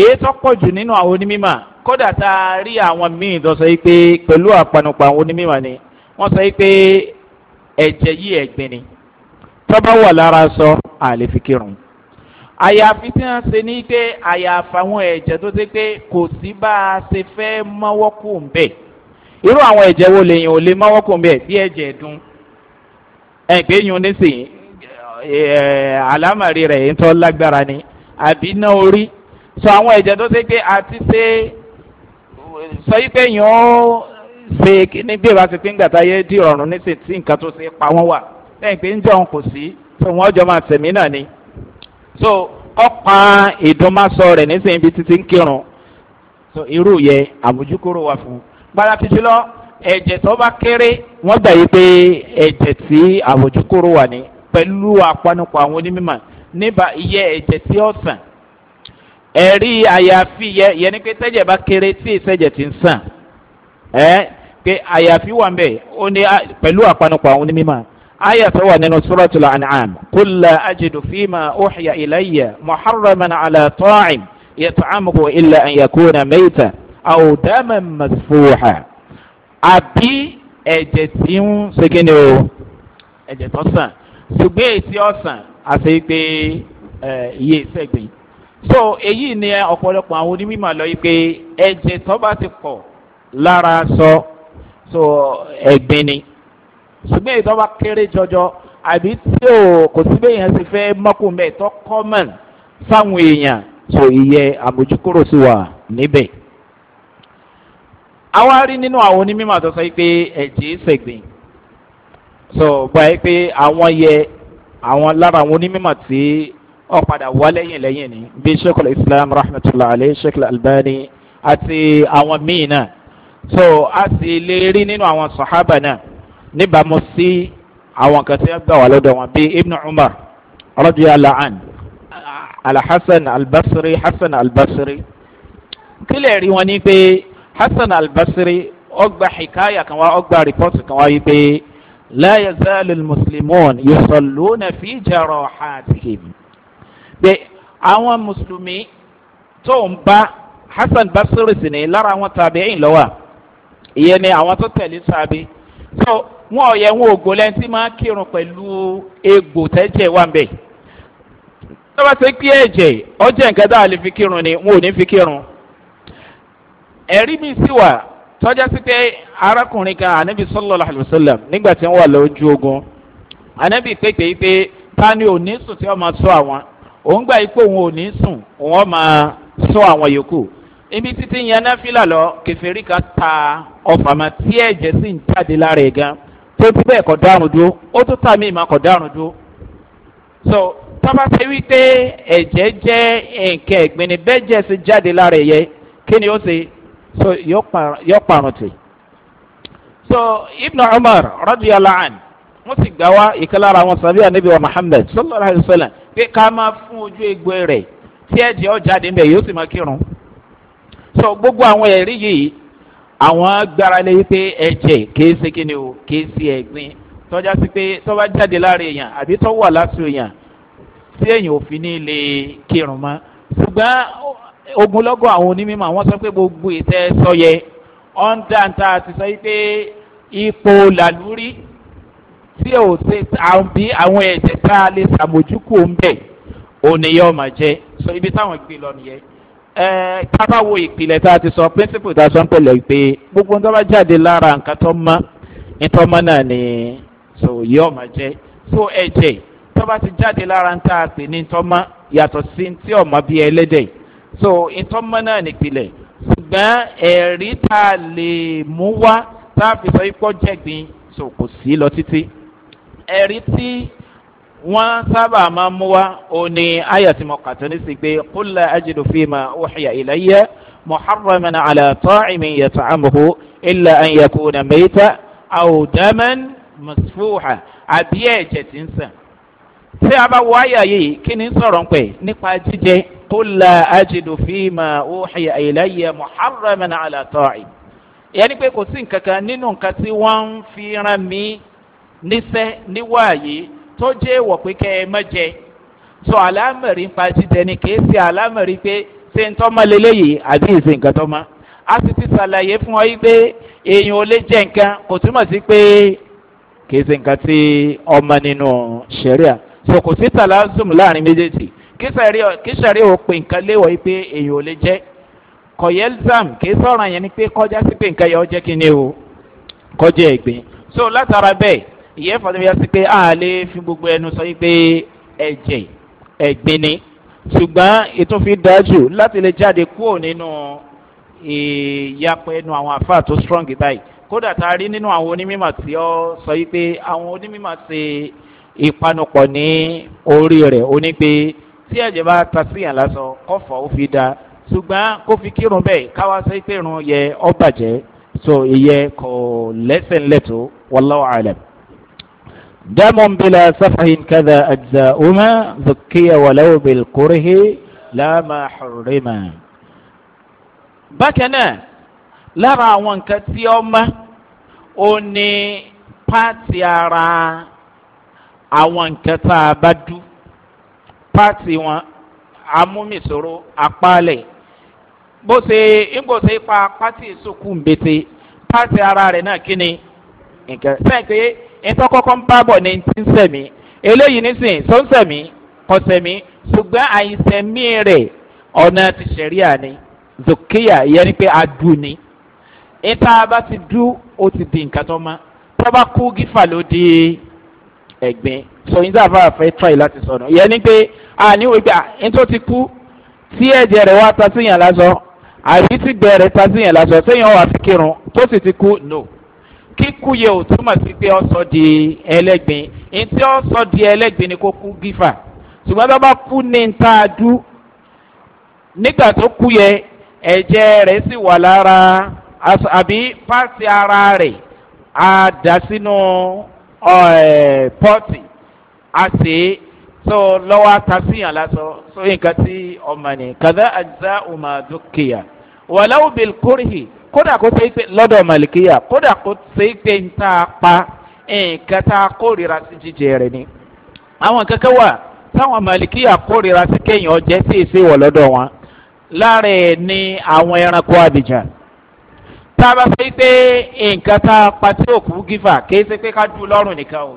èyí tó pọ̀ jù nínú àwọn onímọ̀ kódà tá a rí àwọn míì tó sọ yìí pé pẹ̀lú àpanupọ̀ àwọn onímọ̀ ni wọ́n sọ yìí pé ẹ̀jẹ̀ yìí ẹ̀gbin ni tọ́ba wà lára sọ àlè fi kírun àyàfi tí wọ́n ṣe ní pé àyàfà àwọn ẹ̀jẹ̀ tó ṣe pé kò sí bá a ṣe fẹ́ mọ́wọ́ kù ń bẹ̀ irú àwọn ẹ̀jẹ̀ wo lèyìn ò lè mọ́wọ́ ń bẹ̀ bí ẹ̀jẹ̀ dùn ẹ̀gbẹ́ yun nísìnyí eh, àlámàrí rẹ̀ ń tọ́ lágbára ni àbí náà orí sọ àwọn ẹ̀jẹ̀ tó ṣe pé àti ṣe sọ yí pé yàn ó ṣe kíní bí ìbá ti pín gbàtà yé di ọ̀run ní sèǹtì nǹkan tó ṣe pa wọ́n wà lẹ́yìn pé ń jẹun kò sí tó wọ́n jọ máa tẹ̀mí náà ni. so ọ̀pá ìdúnmáṣọ rẹ̀ nísìnyí bí títí ń kírun so irú yẹ àbójúkúrò wà fún un. gbàdàkì jùlọ ẹ̀jẹ̀ tó bá kéré wọ́n gbà yí pé ẹ̀jẹ̀ tí àbójúkúrò wà ní pẹ̀lú àpanupọ̀ àwọn onímọ̀ níbà iye ẹ̀jẹ̀ tí ọ̀sán ẹ̀rí àyàfi yẹ yẹ ni pé sẹ́jẹ̀ bá kéré tí sẹ́jẹ̀ ti ń sàn ẹ́ pé àyàfi wà mbẹ́ ó ní pẹ̀lú àpanupọ̀ àwọn onímọ̀ ayàtọ̀ wà nínú sọ́rọ́tù lànàm kúlẹ̀ àjèdò fíìmà òhìyà ìlẹ́yẹ muharraman alatọ́ọ̀ìm yẹtọ̀ àmukù ilẹ̀ àyàkúnà mẹ́ta àwòdámẹ̀ mẹ́fúwà àbí ẹ̀jẹ̀ tí ń segin o ẹ̀jẹ̀ tó sàn ṣùgbọ́n èsì ọ̀sán àti pé iye ìṣẹ́gbìn so èyí ni ọ̀pọ̀lọpọ̀ àwọn onímọ̀ lọ yìí pé ẹ̀jẹ̀ tó bá ti pọ̀ lára sọ so ẹ̀gbin ni ṣùgbọ́n èyí tó bá kéré jọjọ àbí tí o kò sí bẹ́ẹ̀ yẹn ti fẹ́ mọ́kùn bẹ́ẹ̀ tó common sáwọn èèyàn so ìyẹ àmójúkúrò sí wà níbẹ̀. àwa rí nínú àwọn onímọ̀ tó sọ yìí pé ẹ̀jẹ̀ ṣègbìn so bọ́ ẹ pé àwọn yẹ àwọn lára àwọn onímọ̀ tí ọ̀padà wá lẹ́yìn lẹ́yìn ni bí sheikul islam rahmatulah alayhi sheikul albani àti àwọn míì náà so a sì lè rí nínú àwọn sọ̀hábà náà níbàámu sí àwọn kan tí wọ́n gbà wá lọ́dọ̀ wọn bíi ibn umar rọ́jò alahan alhassan albasiri hassan albasiri kílẹ̀ rí wọn ni pé hassan albasiri ọgbà xikaya kan wá ọgbà rìpọ́tì kan wá yí pé láyé zálil mùsùlùmọ́ọ̀n yóò sọ lónà fi jẹ́rọ̀ xaatihim. de àwọn mùsùlùmí tó ń bá hasan basiri sì ní lára àwọn tàbí ẹ̀yìn lọ́wọ́ ìyẹn ni àwọn tó tẹ̀lé tàbí so wọn ò yẹ wọn ò gòlẹ́ tí máa kírun pẹ̀lú egbò tẹ́jẹ̀ wà ń bẹ̀ tó bá ṣe pé ẹ̀jẹ̀ ọjọ́ nǹkan dáa lè fi kírun ni wọn ò ní fi kírun ẹ̀rí mi sì wà tọ́já sí pé arákùnrin kan anabi sọlọ́lá alùsọ́lá nígbà tí wọ́n wà ogun anabi pépè pé ta ni ò ní sùn tí wọ́n máa sọ àwọn o gbà yí pé òun ò ní sùn òun máa sọ àwọn yòókù ibi títí yẹn náfìlà lọ kan ta ọfà máa tí ẹ̀jẹ̀ sì ń jáde lára ẹ̀ gan tó dúró ó tà mí so tọ́ba ṣe ẹ̀jẹ̀ jẹ́ nǹkan ẹ̀gbìn ni bẹ́ẹ̀ jẹ́ so yọ parun tì. so ibn umar rọ́bìyàlá wọ́n sì gbà wá ìkẹlára àwọn sàbí ànábì wa muhammed sallallahu alayhi wa sallam pé ká máa fún ojú egbò rẹ̀ tí ẹ̀jẹ̀ ọjà dé mbẹ̀ yóò sì máa kírun. sọ gbogbo àwọn ẹ̀rí yìí àwọn gbára lé pé ẹ̀jẹ̀ kìí ṣe kíni o kìí ṣe ẹ̀gbin tọ́já sí pé tọ́ba jáde lára èèyàn àbí tọ́ wà lásù èèyàn tí èèyàn ò fi ní lè kírun mọ́. ṣùgbọ́n ogunlọ́gọ̀ àwọn onímọ̀ àwọn sọ pé gbogbo ìtẹ́ sọ yẹ ọ̀ ń dáńtà àti yìí pé ipò làlúrí tí o ṣe bí àwọn ẹ̀jẹ̀ tá a lè ṣàmójúkú ń bẹ̀ òní yóò máa jẹ́ so ibi táwọn gbé lọ nìyẹn ẹ tábà wo ìpìlẹ̀ tá a ti sọ píríncípù tá a sọ ń pẹ̀lẹ̀ pé gbogbo tó bá jáde lára nǹkan tó mọ́ nítorí mọ́ náà ni so yóò máa jẹ́ so ẹ̀jẹ̀ tó bá ti jáde lára ń tá a pè ní ntọ́mọ́ yàtọ̀ sí ti ọ̀mọ́ bíi ẹlẹ́dẹ̀ so ntọ́mọ́ náà nìpìlẹ̀ ṣùgbọ́n ẹ̀rí tá a lè mú wá tá a fi sọ ikọ́ jẹ̀gbin so kò sí lọ títí ẹ̀rí tí wọ́n sábà máa mú wa ó ní àyà tí mo kàtó ní sí pé kúlẹ̀ ajínigbò fi ma ó xìyà ìlẹ́yẹ muharraman ala tọ́ọ̀mì yẹtọ̀ àmuhu ilà an yakuna mẹ́ta àwùdámẹ́n masfuha àbí ẹ̀jẹ̀ tí ń sàn. tí a bá wọ àyà yìí kí ni sọ̀rọ̀ ń pẹ̀ nípa jíjẹ kúlẹ̀ ajínigbò fi ma ìlẹ́yẹ muharraman ala tọ́ọ̀mì. yẹn pé kò sí nǹkan kan nínú nǹkan tí wọ́n fi ràn mí níṣẹ́ níwáàyè tó jẹ́ pé kẹ́ ẹ mọ́ jẹ sọ ń pa jíjẹ ni kì í ṣe àlámẹ̀rí pé ṣé ń tọ́ mọ́ leléyìí àbí ìṣe nǹkan tọ́ mọ́ a sì ti ṣàlàyé fún ọ yìí pé èèyàn ò lè jẹ nǹkan kò túmọ̀ sí pé kì í ṣe nǹkan tí ọmọ nínú sẹ̀ríà so kò sí tàlásùm láàrin méjèèjì kí sẹ̀rí ò pè nǹkan léwọ̀ yìí pé èèyàn ò lè jẹ́ kọ̀yẹ́lzam kì í sọ̀rọ̀ yẹn ni pé kọjá sí pé nǹkan yẹn ó jẹ́ kí ni o kọjá ẹ̀gbìn so látara bẹ́ẹ̀ ìyẹn fàtẹ́fẹ́ yá sí pé a lè fi gbogbo ẹnu sọ yìí pé ẹ̀jẹ̀ ẹ̀gbin ni ṣùgbọ́n ètò fi dájú láti lè jáde kúrò nínú ìyapẹ́ ẹnu àwọn àfáà tó strong báyìí kódà tá a rí nínú àwọn onímọ̀ tí ó sọ yìí pé àwọn onímọ̀ ṣe ìpanupọ̀ ní orí rẹ̀ ó ní pé tí ẹ̀jẹ̀ bá ta síyàn lásán kọ́fọ̀ ó fi da ṣùgbọ́n kó fi kírun bẹ́ẹ̀ káwá sẹ́yìn pé irun yẹ ọ bàjẹ́ so ìyẹ kò lẹ́sẹ̀ ńlẹ̀ tó wọ́n lọ́wọ́ àlẹ́. دم بلا سفه كذا أجزاؤما ذكي ولو بالكره لا ما حرما بكنا lára àwọn nǹkan tí ọ mọ ó ní páàtì ara àwọn nǹkan tá a bá dú páàtì wọn amúmìsòro apálẹ̀ bó ṣe ńgbò ṣe pa páàtì ìsókù ń bete páàtì ara rẹ̀ náà kí ni nǹkan sẹ́yìn pé ìtọ́ kọ́kọ́ ń bábọ̀ ní ti ń sẹ̀mí eléyìí nísìn tó ń sẹ̀mí kọ́ sẹ̀mí ṣùgbọ́n àìsẹ̀mí rẹ̀ ti ṣẹ̀ríà ni zokiya ìyẹn ni pé adu ni ìta bá ti dú ó ti di nǹkan tó mọ́ kú gífà ló di ẹ̀gbin so yín sáfà fẹ́ try láti sọ̀nà ìyẹn ni pé àníwò gbà ní tó ti kú tí ẹ̀jẹ̀ rẹ̀ wá ta síyàn lásọ àbí tí gbẹ̀rẹ̀ ta síyàn lásọ séyàn wà fi kírun tó sì ti kú no kíkú yẹ ò túmọ̀ sí pé ọ̀sọ́ di ẹlẹ́gbin ntí ọ̀sọ́ di ẹlẹ́gbin ni kò kú gífà ṣùgbọ́n tó bá kú ní ntaadu nígbà tó kú yẹ ẹ̀jẹ̀ rẹ̀ sì wà lára àbí pàṣẹ ara rẹ̀ á dà sínú pọ́ọ̀tì á sì so lọ́wọ́ àtàsíyàn lásán so nǹkan tí ọmọ ni kàdá àjẹsà ọmọ àdókèyà wàlẹ́wò bìlkúrìhì kódà kó ṣe pé lọ́dọ̀ màlìkíyà kódà kó ṣe pé ń tá pa nǹkan tá a kórira sí jíjẹ rẹ̀ ni. àwọn kankan wà táwọn màlìkíyà kórira sí kéèyàn ọjẹ́ sí ìṣèwọ̀ lọ́dọ̀ wọn lára ẹ̀ ní àwọn ẹranko àbìjà. tá a bá ṣe pé nǹkan tá a pa tí òkú gífà kì í ṣe pé ká dú lọ́rùn nìkan o.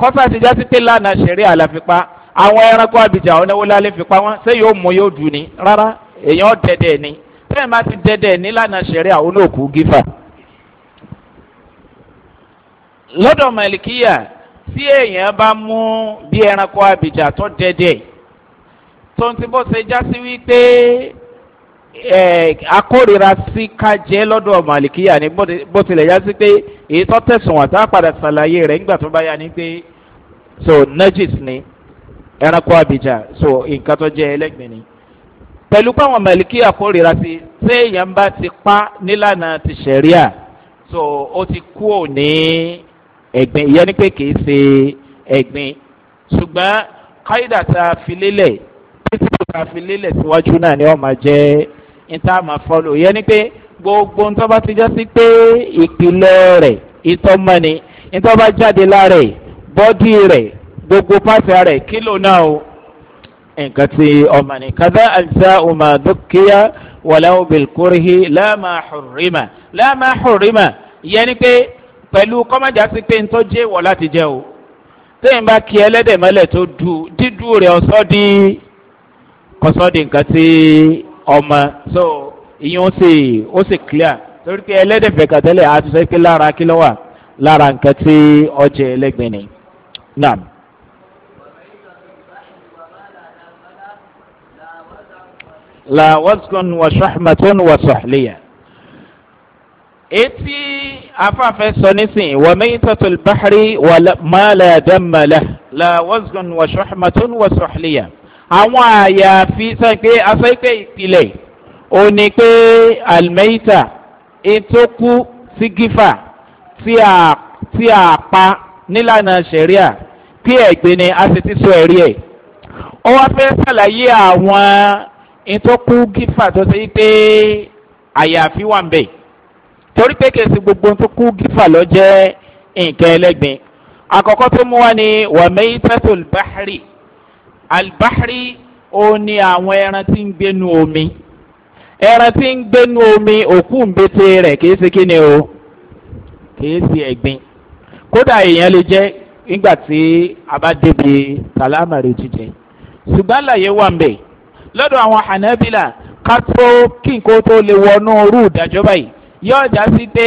kọ́sà ti já sí pé lánàá ṣeré àlàfipá àwọn ẹranko àbìjà ọ̀nà wo fipá wọn ṣé yóò mú yóò dùn ni rárá èèyàn dẹ̀dẹ̀ ni bẹ́ẹ̀ má ti dẹ́dẹ̀ nílànà sẹ̀rí àwọn olóòkú gífà. lọ́dọ̀ màlìkíyà tí èèyàn bá mú bí ẹranko àbìjà tó dẹ́dẹ̀ tó ń ti bó ṣe akórira sí ká jẹ́ lọ́dọ̀ ni bó tilẹ̀ já sí pé èyí tó tẹ̀sùn wà tá a padà ṣàlàyé rẹ̀ nígbà tó bá yá ni pé so najis ni ẹranko àbìjà so nǹkan tó jẹ́ pẹ̀lú pé àwọn mẹ̀lìkì àkórira sí ṣé èèyàn ti pa nílànà ti sẹ̀ríà so ó ti kú ò ní ẹ̀gbìn ìyẹn ni pé kìí ṣe ẹ̀gbìn ṣùgbọ́n káyidà tá a títí tá a fi síwájú náà ni wọ́n máa jẹ́ níta máa fọ́lò ìyẹn ni pé gbogbo ń tọ́ba ti jásí pé ìpìlẹ̀ rẹ̀ ìtọ́mọ́ni ń tọ́ba jáde lára rẹ̀ bọ́dí rẹ̀ gbogbo pàṣẹ rẹ̀ kílò náà o nǹkan tí ọmọ ní kàdá àlùsá ọmọ dúkìá wàláwò bìlkúrìhì láàmà xurìmà láàmà xurìmà ìyẹn ni pé pẹ̀lú kọ́mọ̀jà sí pé ntọ́ jẹ́ wọ̀ láti jẹ́ o tẹ́yìn bá kí ẹlẹ́dẹ̀ mọ́lẹ̀ tó du dídú rẹ̀ ọ̀sọ́ di kọ́sọ́ di nǹkan tí ọmọ so ìyẹn ó sì ó sì clear torí pé ẹlẹ́dẹ̀ fẹ̀ kàtẹ́lẹ̀ àtúnṣe pé lára kí lọ́wọ́ lára nǹkan tí ọjẹ́ ẹlẹ́gbẹ̀ẹ́ ni. naam. la waskun wa sahmatun wa sahliya. etí afáfẹ́ sọ nísìnyí wà mẹ́tọ́tò báxírí wà mọ́lá dẹ́mẹ́lẹ́ la waskun wa sahmatun wa sahliya. àwọn àyàfi sọ pé aṣọ ìpè ìpìlẹ̀ ò ní pé àlùmẹ́yìtà ètò kú sí tí a pa nílànà sẹ̀ríà kí ẹ̀gbin ni a sì ti sọ ẹ̀rí ẹ̀. ó wá fẹ́ sàlàyé àwọn ìtọ́kù gífà tó ṣe pé àyàfi wà ń bẹ̀ torí pé kèsì gbogbo tó kú gífà lọ jẹ́ nǹkan ẹlẹ́gbin tó mú wa ni wàmẹ́yì tẹ́tù albahari albahari ó ní àwọn ẹran tí ń gbénu omi ẹran tí ń gbénu omi òkú ń bété rẹ̀ kìí ṣe kí ni o kìí ṣe kódà èèyàn lè jẹ́ nígbà tí a bá débi sàlámà rẹ̀ jíjẹ ṣùgbọ́n àlàyé wà ń lọ́dọ̀ àwọn hanabila ká tó kí nǹkan tó lè wọnú orú ìdájọ́ báyìí yóò já sí pé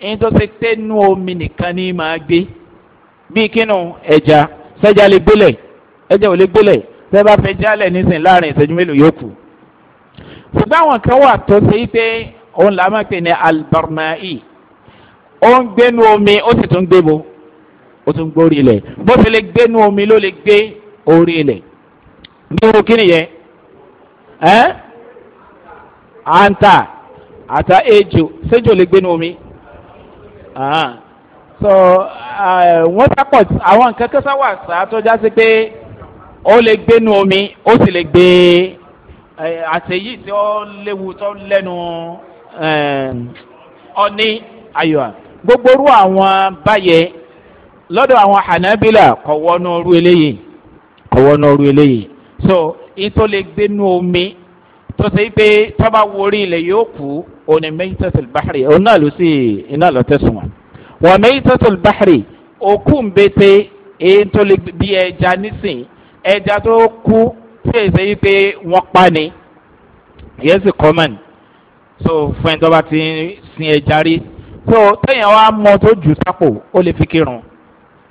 ẹni tó ṣe pé nú omi nìkan ni màá gbé bí kínú ẹja sẹ́jà lè gbélẹ̀ ẹja ò lè gbélẹ̀ tẹ́ bá fẹ́ jálẹ̀ nísìn láàrin ìṣẹ́jú mélòó yóò kù. ṣùgbọ́n àwọn kan wà tó ṣe pé òun là máa pè ní albarmai ó ń gbénu omi ó sì tún gbébo ó tún gbórí ilẹ̀ bó ti lè gbénu omi ló lè gbé orí ilẹ̀ ní irú kí Ẹ? anta ata ejo sejo le gbe gbénu omi so wọ́n sápọ̀ àwọn nǹkan kẹsà wà sá tó pe sí pé ó lè o omi ó sì lè gbé àtẹ̀yí tí ó léwu tó lẹ́nu ọní ayọ̀ gbogbo orú àwọn báyẹ lọ́dọ̀ àwọn hànábìlà kọ̀wọ́nú orú eléyìí kọ̀wọ́nú ru eléyìí so ìtò lè gbénu omi tó ṣe pé tọ́ba worí ilẹ̀ yóò kú òní mẹ́tẹ́sìl báhárì òun náà ló sì iná lọ tẹ̀sùn wọn. wọ́n mẹ́tẹ́sìl báhárì òkú ń bete èyí tó lè bí ẹja nísìn ẹja tó kú tí èyí ṣe pé wọ́n pa ni yẹn sì so fún ẹ tọ́ba ti sin ẹja rí so tẹ̀yìn wa mọ tó jù sápò ó lè fi kírun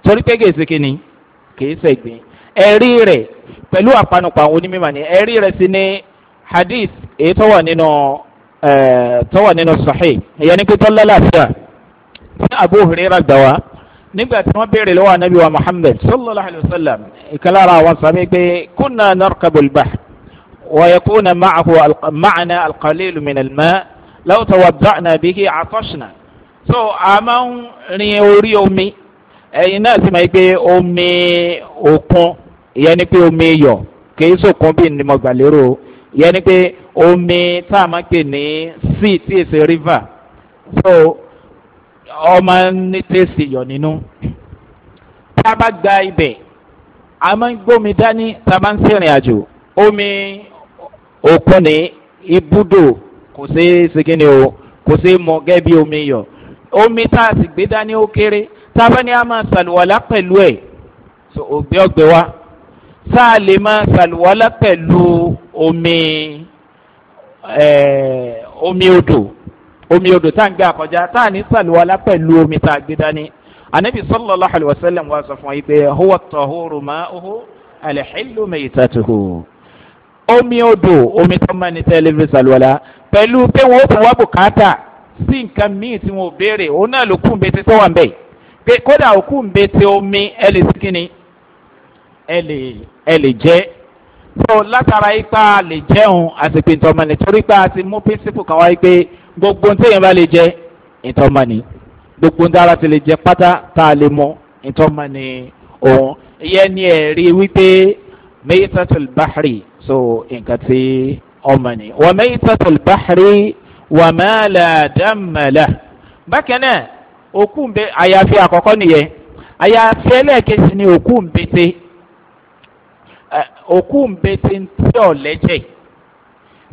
torí pé kèsì kìíní kèé sẹ̀gbìn ẹ̀rí rẹ̀ pẹ̀lú àpanupọ̀ àwọn onímọ̀ ni ẹ̀rí rẹ̀ sí ní hadith èyí tọ́wà nínú tọ́wà nínú sahih ìyẹn ní pété lálàáfíà ní abu hurera gbawa nígbà tí wọ́n béèrè lọ́wọ́ anabi wa muhammed sallallahu alayhi wa sallam ìkàlára àwọn sàmì pé kúnà narkabul bah ويكون معه معنى القليل من الماء لو توضعنا به عطشنا so a máa ń rin orí omi ẹ̀yin náà sì máa gbé omi òkun ìyẹn ni pé omi iyọ̀ kìí sòkun bíi ni mo gbà lérò ìyẹn ni pé omi tá a máa pè ní sea tí èsè river so ọmọ ní tẹ́sí iyọ̀ nínú tá a bá gba ibẹ̀ a máa ń gbómi dání tá a máa ń sìnrìn àjò omi òkun ní ibùdó kò sí sikini o kò sí mọ gẹ́gẹ́ bí omi iyọ̀ omi tá a sì gbé dání ó kéré tá a bá ní a máa sàlùwàlá pẹ̀lú ẹ̀ so ògbé ọ̀gbẹ́ wa. tá a lè máa omi omi odò omi odò tá à ń gbé omi tá a gbé dání anabi sallallahu alayhi wa sọ fún wa yìí pé huwa tahuru omi odò omi tó máa ní tẹ́lifí ṣàlùwálá pẹ̀lú pé wọ́n tún wá bùkátà sí nǹkan míì tí wọ́n béèrè òun náà ló kú ń ẹ lè jẹ́ so látara ipa lè jẹun àti pé ntọ́mọ̀nì torí pé a ti mú píńsípù kan wáyé pé gbogbo ntẹ́yìn bá lè jẹ ntọ́mọ̀nì gbogbo ndára ti lè jẹ pátá tá a lè mọ ntọ́mọ̀nì òun ìyẹn ni ẹ̀ rí wípé mẹ́yìtàtùl báhárì so nǹkan tí ọmọnì wọ́n mẹ́yìtàtùl báhárì wọ́n mẹ́lẹ̀ dẹ́mẹ̀lẹ̀ bákan náà òkú ń bẹ àyàfi àkọ́kọ́ nìyẹn àyàfi ẹlẹ́ẹ̀kejì ni òkú ń bẹ tẹ́ Eh, òkú ń bẹ ti ń tí ọ̀lẹ́jẹ̀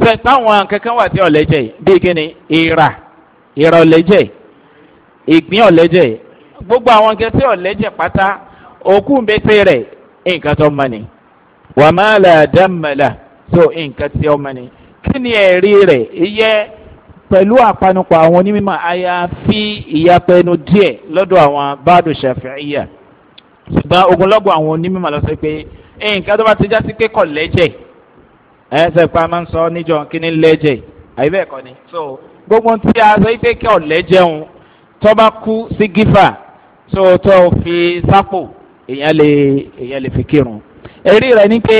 sọ táwọn kankan wà tí ọ̀lẹ́jẹ̀ bíi kí ni ìrà ìrà ọ̀lẹ́jẹ̀ ìgbín ọ̀lẹ́jẹ̀ gbogbo àwọn nǹkan tí ọ̀lẹ́jẹ̀ pátá òkú ń bẹ ti rẹ̀ nǹkan tó mọ ni wàmálà dàmàlà so nǹkan tí ọmọ ni kí ni ẹ̀rí rẹ̀ yẹ pẹ̀lú àpanupọ̀ àwọn onímọ̀ àyàfi ìyapẹnu díẹ̀ lọ́dọ̀ àwọn báàdù ṣàfihàn ṣùgbọ́n ogunlọ́gọ̀ àwọn onímọ̀ lọ pé nǹkan tó bá ti já sí pé kọ̀ lẹ́jẹ̀ ẹ ṣe pa máa ń sọ níjọ kíní lẹ́jẹ̀ àbí bẹ́ẹ̀ kọ́ ni. so gbogbo tí a sọ pé kọ̀ lẹ́jẹun tó bá kú sí gífà tó tó fi sápò èèyàn lè èèyàn lè fi kírun. èrí rẹ̀ ni pé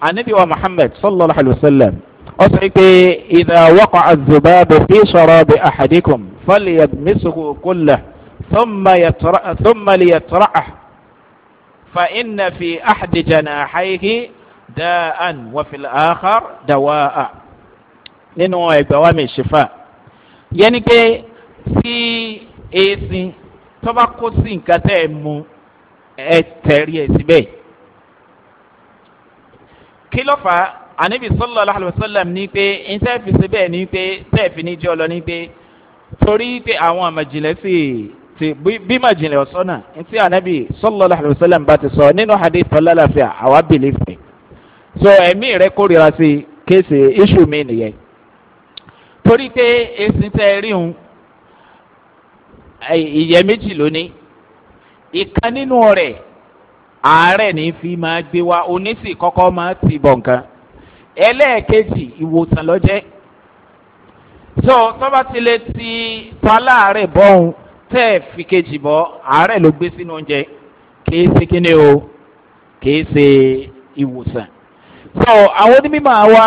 anabiwa muhammed sallallahu alayhi wa sallam ó sọ pé ìdá wọ́kọ̀ azubaabu fi sọ̀rọ̀ bí ahadikum fọ́lì yàgbẹ́sọ̀kọ̀ kúlẹ̀ ثم يطرأ ثم ليطرأه فإن في أحد جناحيه داء وفي الآخر دواء nínú ẹgbẹ́ wa mi ṣèfà yẹni pé tí èsì tó bá kó sí nǹkan tẹ́ ẹ mú ẹ tẹ̀rí ẹ síbẹ̀ kí ló fà á ànábì sọlọ aláhàlùwẹ̀ sọlọm ní pé ntẹ́ fi síbẹ̀ ní pé tẹ́ fi ní jọ́ lọ ní pé torí pé àwọn àmàjìnlẹ̀ sí i ti bí má jìnlẹ̀ ọ̀sọ́nà ntí ànábì sọlọ́lá àlùsọ́lẹ̀m bá ti sọ nínú hadith tọ́lálàfíà àwa bìlì fẹ̀. so ẹ̀mí rẹ kórira sí kéèsì iṣu mi nìyẹn. torí pé esin tẹ rí un ìyẹ́ méjì lónìí ìkan nínú rẹ̀ àárẹ̀ ní fi máa gbé wa onísì kọ́kọ́ máa ti bọ̀ nǹkan ẹlẹ́ẹ̀kejì ìwòsàn lọ́jẹ́ so tọ́ba ti lè ti tọ́ aláàárẹ̀ bọ́hùn tẹ́ ẹ̀ fi kejì bọ́ àárẹ̀ ló gbé sínú oúnjẹ kìí ṣe kíni o kìí ṣe ìwòsàn. so àwọn onímọ̀ wa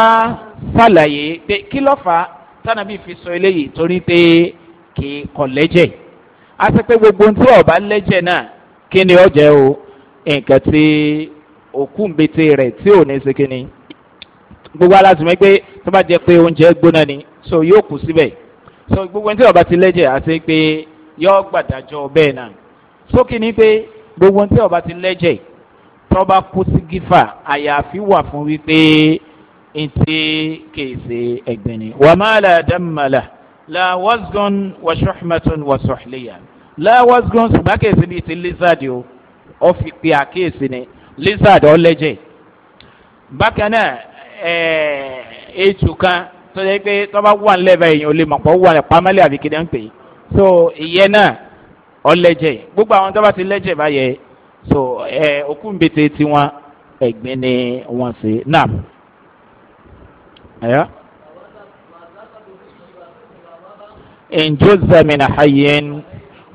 ṣàlàyé pé kí ló fà á tánàbí fi sọ eléyìí torí pé kìí kọ̀ lẹ́jẹ̀ á sọ pé gbogbo ohun tí ọ̀bá lẹ́jẹ̀ náà kíni ó o nǹkan tí òkú ń bete rẹ̀ tí ò ní ṣe kíni gbogbo alásùnmọ́ pé tó bá jẹ pé oúnjẹ gbóná ni so yóò kù síbẹ̀ so gbogbo ohun tí ọ̀bá ti lẹ́jẹ̀ á pé yọ gbàdájọ bẹ́ẹ̀ náà sókè ní pé gbogbo tí ọba ti lẹ́jẹ̀ tọ́ba kú sí gífà àyàfi wà fún wípé ntí kèsè ẹ̀gbẹ̀ni wàmàlà dàmàlà làwọ́sgọ́n wàṣọ́hmẹ́tọ́n wàṣọ́hléyà làwọ́sgọ́n ṣùgbọ́n kèsè bíi ti lizard o ọ fi pe àkèsè ni lizard ọ lẹ́jẹ̀ bákan náà ẹ̀ẹ́ ètù kan tọ́jà pé tọ́ba wà ń lẹ́bàá èèyàn ò lè mọ̀ pọ̀ wà pamẹ́lẹ́ àbíkẹ́dẹ́ ń pè é so ìyẹn náà ọlẹ́jẹ̀ gbogbo àwọn tó bá ti lẹ́jẹ̀ báyẹn so ẹ òkú ń bete tiwọn ẹ̀gbin ni wọ́n ṣe náà. ẹ̀yọ́. إن جز من حي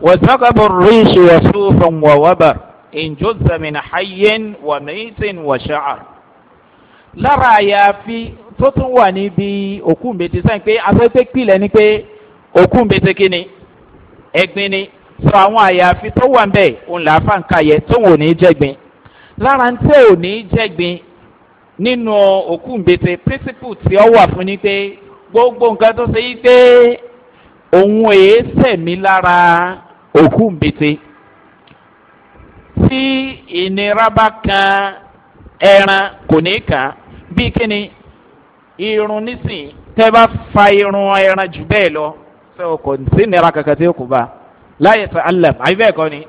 وثقب الريش وصوفا ووبر إن جز من حي وميت وشعر lára àyàfi tó tún wà níbi òkú ń bete sáyẹn pé afẹ́fẹ́ pilẹ̀ ni pé òkú ń bete kí ni ẹ̀gbin ni sọ àwọn àyàfi tó wà mbẹ́ òun là á fà ń ka yẹ tó wò ní jẹ́gbin lára ń tẹ́ ò ní jẹ́gbin nínú òkú mbete pírísípù tí ọ wà fún ni pé gbogbo nǹkan tó ṣe yí pé òun èé sẹ̀mí lára òkú mbete tí ìnira kan ẹran kò ní kàn bí kíni irun nísìn tẹ́ bá fa irun ẹran jù bẹ́ẹ̀ lọ so kò sí nira kankan tí ó kù bá láyé sọ alẹ àbí bẹ́ẹ̀ kọ́ ni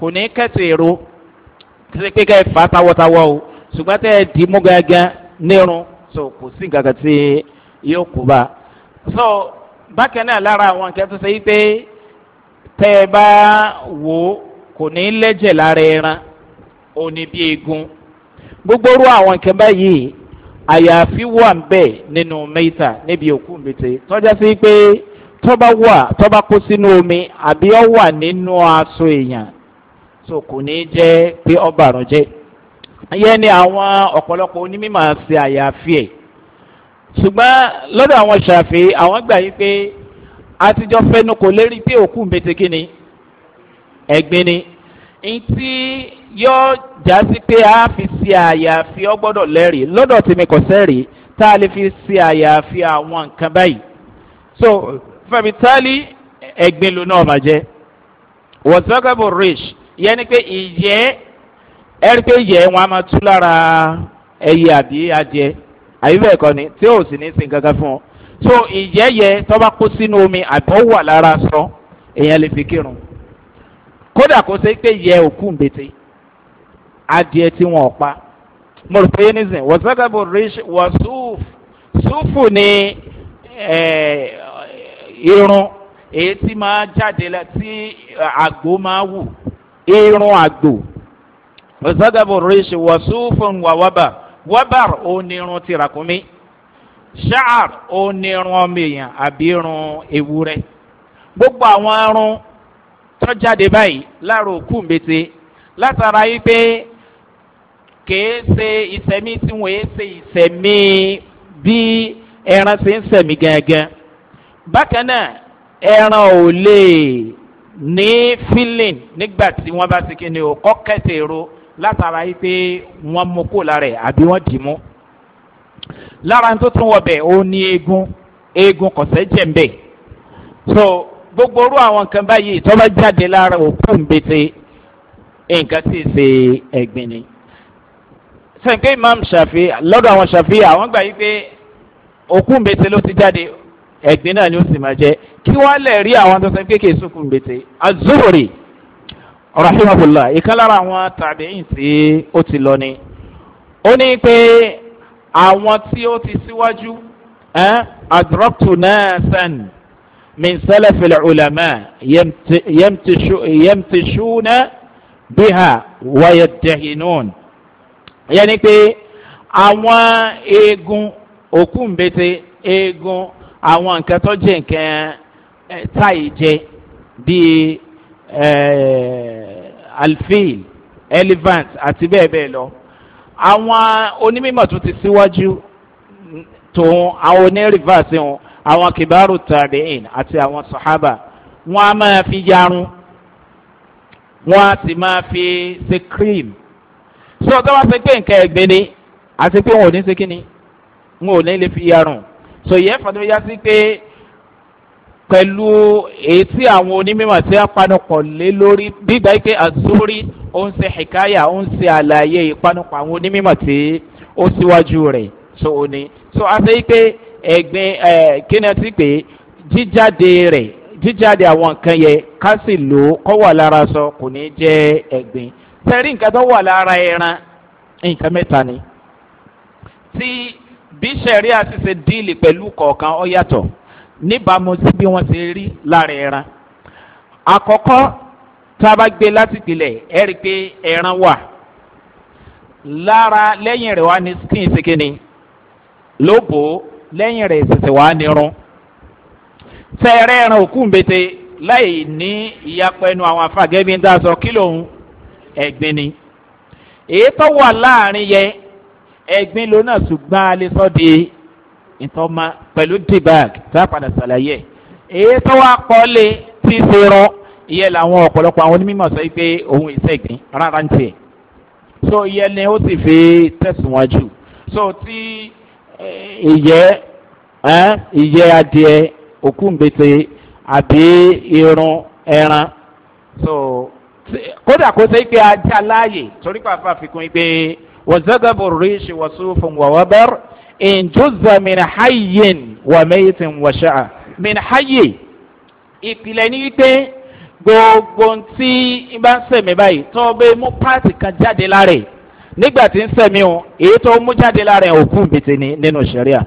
kò ní kẹ́sì èrò kí pé kẹ́ fà tawọ́tawọ́ o ṣùgbọ́n tẹ́ ẹ dì mú gángan nírun so kò sí kankan tí yóò kù bá so bákan náà lára àwọn nǹkan tó ṣe yí pé tẹ́ ẹ bá wò ó kò ní lẹ́jẹ̀ lára ẹran òní bí egun gbogbo ru àwọn nǹkan báyìí àyàfi wà ń bẹ̀ nínú mẹ́ta níbi òkú mi ti tọ́já sí pé tọ́ba wa, tọ́ba kó sínú omi àbí ọ wà nínú aṣọ èèyàn tó kò ní jẹ́ pé ọba àrùn jẹ́ yẹn ni àwọn ọ̀pọ̀lọpọ̀ onímọ̀ ṣe àyàfi ẹ̀ ṣùgbọ́n lọ́dọ̀ àwọn ṣàfi àwọn gbà yí pé àtijọ́ fẹnu kò lérí pé òkú mbẹ́tẹ́kì ni ẹ̀gbin ni ntí yóò jásí pé a fi ṣe àyàfi ọ gbọ́dọ̀ lẹ́rìí lọ́dọ̀ tèmi kò sẹ́rìí tá a lè fi ṣe àyàfi àwọn nǹkan báyìí so fẹmi tálí ẹgbin ló náà máa jẹ rich yẹ ni pé ìyẹ ẹni pé ìyẹ wọn a máa tú lára ẹyẹ àbí adìẹ àbí bẹ́ẹ̀ kọ́ ni tí ò sì ní sin kankan fún ọ so ìyẹ yẹ tọ́ba kó sínú omi àbí wà lára sọ èèyàn lè fi kírun kódà kó sẹ́ pé ìyẹ òkú mbètè adìẹ tí wọn pa mo rò pé yẹn nísìnyí wọtọkẹbù rich wọ súùfù súùfù Eh, irun èyí tí máa jáde la tí àgbo máa wù irun àgbo ọ̀sádàbò rèéṣì wàsúùfún wà wábà wábàr onírun ti ràkúnmí ṣáàr onírun ọmọ èèyàn àbí irun ewúrẹ́ gbogbo àwọn arun tó jáde báyìí láàrò òkú mbètè látara yìí pé kèé ṣe ìsẹ̀mí tí wọ́n ṣe ìsẹ̀mí bí ẹran ṣe ń sẹ̀mí gángan bákan náà ẹran ò lè ní fílìn nígbà tí wọ́n bá ti kí ni o kọ́ kẹ́sẹ̀ ro látara yìí pé wọ́n mú kó lára ẹ̀ àbí wọ́n dì mú lára tó tún wọ̀ bẹ̀ ó ní eegun eegun kọ̀sẹ́ jẹ̀ ń bẹ̀ so gbogbo orú àwọn nǹkan báyìí tó bá jáde lára òkú ń bete nǹkan tí ì ṣe ẹ̀gbìn ni sẹ́ńkẹ́ imam ṣàfi lọ́dọ̀ àwọn ṣàfi àwọn gbà yí pé òkú ń ló ti jáde ẹ̀gbin náà ni ó sì máa jẹ́ kí wọ́n lè rí àwọn tó sọ pé kì í sunkún gbèsè azúrì rahimahullah ìkan lára àwọn tàbí ẹ̀yìn tí ó ti lọ ni ó ní pé àwọn tí ó ti síwájú adrọ́pù náà sàn min sẹ́lẹ̀fẹ̀lẹ̀ ọ̀làmà yẹmtìṣúná bíhà wáyẹ̀dẹ̀hìnún yẹn ni pé àwọn eegun òkú ń bẹ́tẹ̀ eegun àwọn nǹkan tó jẹ́ nǹkan táyì jẹ bíi alfil elephant àti bẹ́ẹ̀ bẹ́ẹ̀ lọ àwọn onímọ̀ tó ti síwájú tòun àwọn onírìfàsì wọn àwọn kìbárù tàbíìn àti àwọn sàhábà wọn a máa fi yarun wọn a sì máa fi ṣe cream sọ tó wá sí pé nǹkan ẹ̀gbin ni àti pé wọn ò ní ṣe kí ni wọn ò ní lè fi yarun so ìyẹn fàdó yá sí pé pẹ̀lú èyí tí àwọn onímọ̀ tí a panupọ̀ lé lórí gbígbà pé azuri ó ń ṣe hikaya ó ń ṣe àlàyé ìpanupọ̀ àwọn onímọ̀ tí ó síwájú rẹ̀ so ó ní so a ṣe pé ẹ̀gbin ẹ̀ a ti pè jíjáde rẹ̀ jíjáde àwọn nǹkan yẹ ká sì lò ó kọ́ sọ kò ní jẹ́ ẹ̀gbin tẹ̀rí nǹkan wà lára ẹran nǹkan mẹ́ta ni tí bí sẹ̀rí àṣìṣe díìlì pẹ̀lú kọ̀ọ̀kan ọ yàtọ̀ níbàámu sí bí wọ́n ti rí lára ẹran àkọ́kọ́ tá a bá gbé látìpìlẹ̀ ẹ rí i pé ẹran wà lára lẹ́yìn rẹ̀ wá ní skin sikini ló bò ó lẹ́yìn rẹ̀ ṣẹ̀ṣẹ̀ wá nírun tẹ́ẹ̀rẹ́ ẹran òkú mbete láì ní ìyapẹ́nu àwọn afagẹ́bí ń dá sọ kí lòun ẹ̀gbin ni èyí tó wà láàrin yẹn ẹ̀gbin ló náà ṣùgbọ́n a lè sọ di ìtọ́mà pẹ̀lú dibag tá a padà ṣàlàyé èyí tó wá kọ́lé tí ń ṣe rọ ìyẹn làwọn ọ̀pọ̀lọpọ̀ àwọn onímọ̀ sọ pé òun ìṣègbìn rárá ń tiẹ̀ so ìyẹn ni ó sì fi tẹ̀sùn so tí eh, ìyẹ́ eh, ìyẹ́ adìẹ òkú ńgbèsè àbí irun ẹran so kódà kó sẹ́yìn pé ajá láàyè torí pàápàá fi kún pé. وزقب الريش وصوف ووبر إن جز من حي وميت وشاء من حي ìpìlẹ̀ ní wípé gbogbo tí bá ń sẹ̀mí báyìí tó bẹ mú páàtì kan jáde lára ẹ̀ nígbà tí ń sẹ̀mí o èyí tó mú jáde lára ẹ̀ òkú bìtì ni nínú sẹ̀ríà.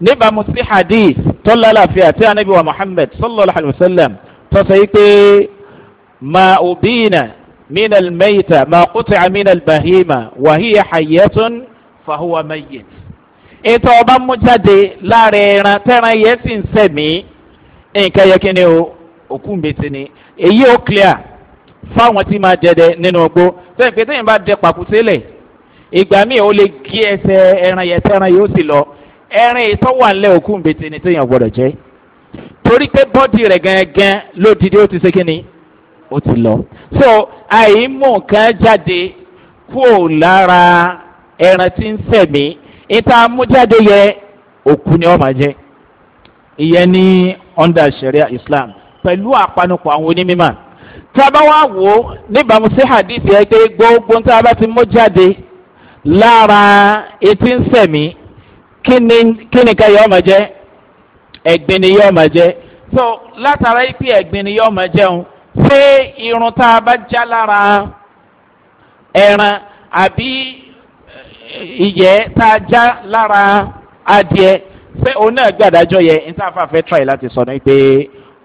níbàámu sí hadith tó lálàáfíà tí anabi wa muhammed sallallahu alayhi wa sallam tó sọ yìí pé ma òbí من الميتة ما قطع من البهيمة وهي حية فهو ميت ètò ọba mú jáde lára ẹran tẹ́ran yẹn sì ń sẹ̀mí nǹkan yẹ kí ni o òkú mbèsè ni èyí ó clear fáwọn tí máa dẹdẹ nínú ọgbó sẹ́yìn pé sẹ́yìn bá dẹ pàkútélẹ̀ ìgbà míì ó lè gé ẹsẹ̀ ẹran yẹn tẹ́ran yóò sì lọ ẹran ètò wà ńlẹ̀ òkú mbèsè ni sẹ́yìn ọ̀gbọ́dọ̀ jẹ́ torí pé bọ́dì rẹ̀ gangan lódìdí ó ti ṣe kí ni ó ti lọ. so àìmú nǹkan jáde kúrò lára ẹran tí ń sẹ̀mí ìta mújáde yẹ òkú ni ọmọ jẹ ìyẹn ní under sharia islam pẹ̀lú àpanupọ̀ àwọn onímọ̀ tábà wá wò ó níbàámu sí hadith yẹn pé gbogbo ń tábà ti mú jáde lára etí ń sẹ̀mí kí ni ká yọ ọmọ jẹ ẹ̀gbin ni yọ ọmọ jẹ so látara ipi ẹ̀gbin ni yọ ọmọ jẹun ṣé irun tá a bá já lára ẹran àbí eh, ìyẹ́ tá a já lára adìẹ ṣé òun náà gbàdájọ́ yẹ níta fàfẹ́ try láti sọ ní pé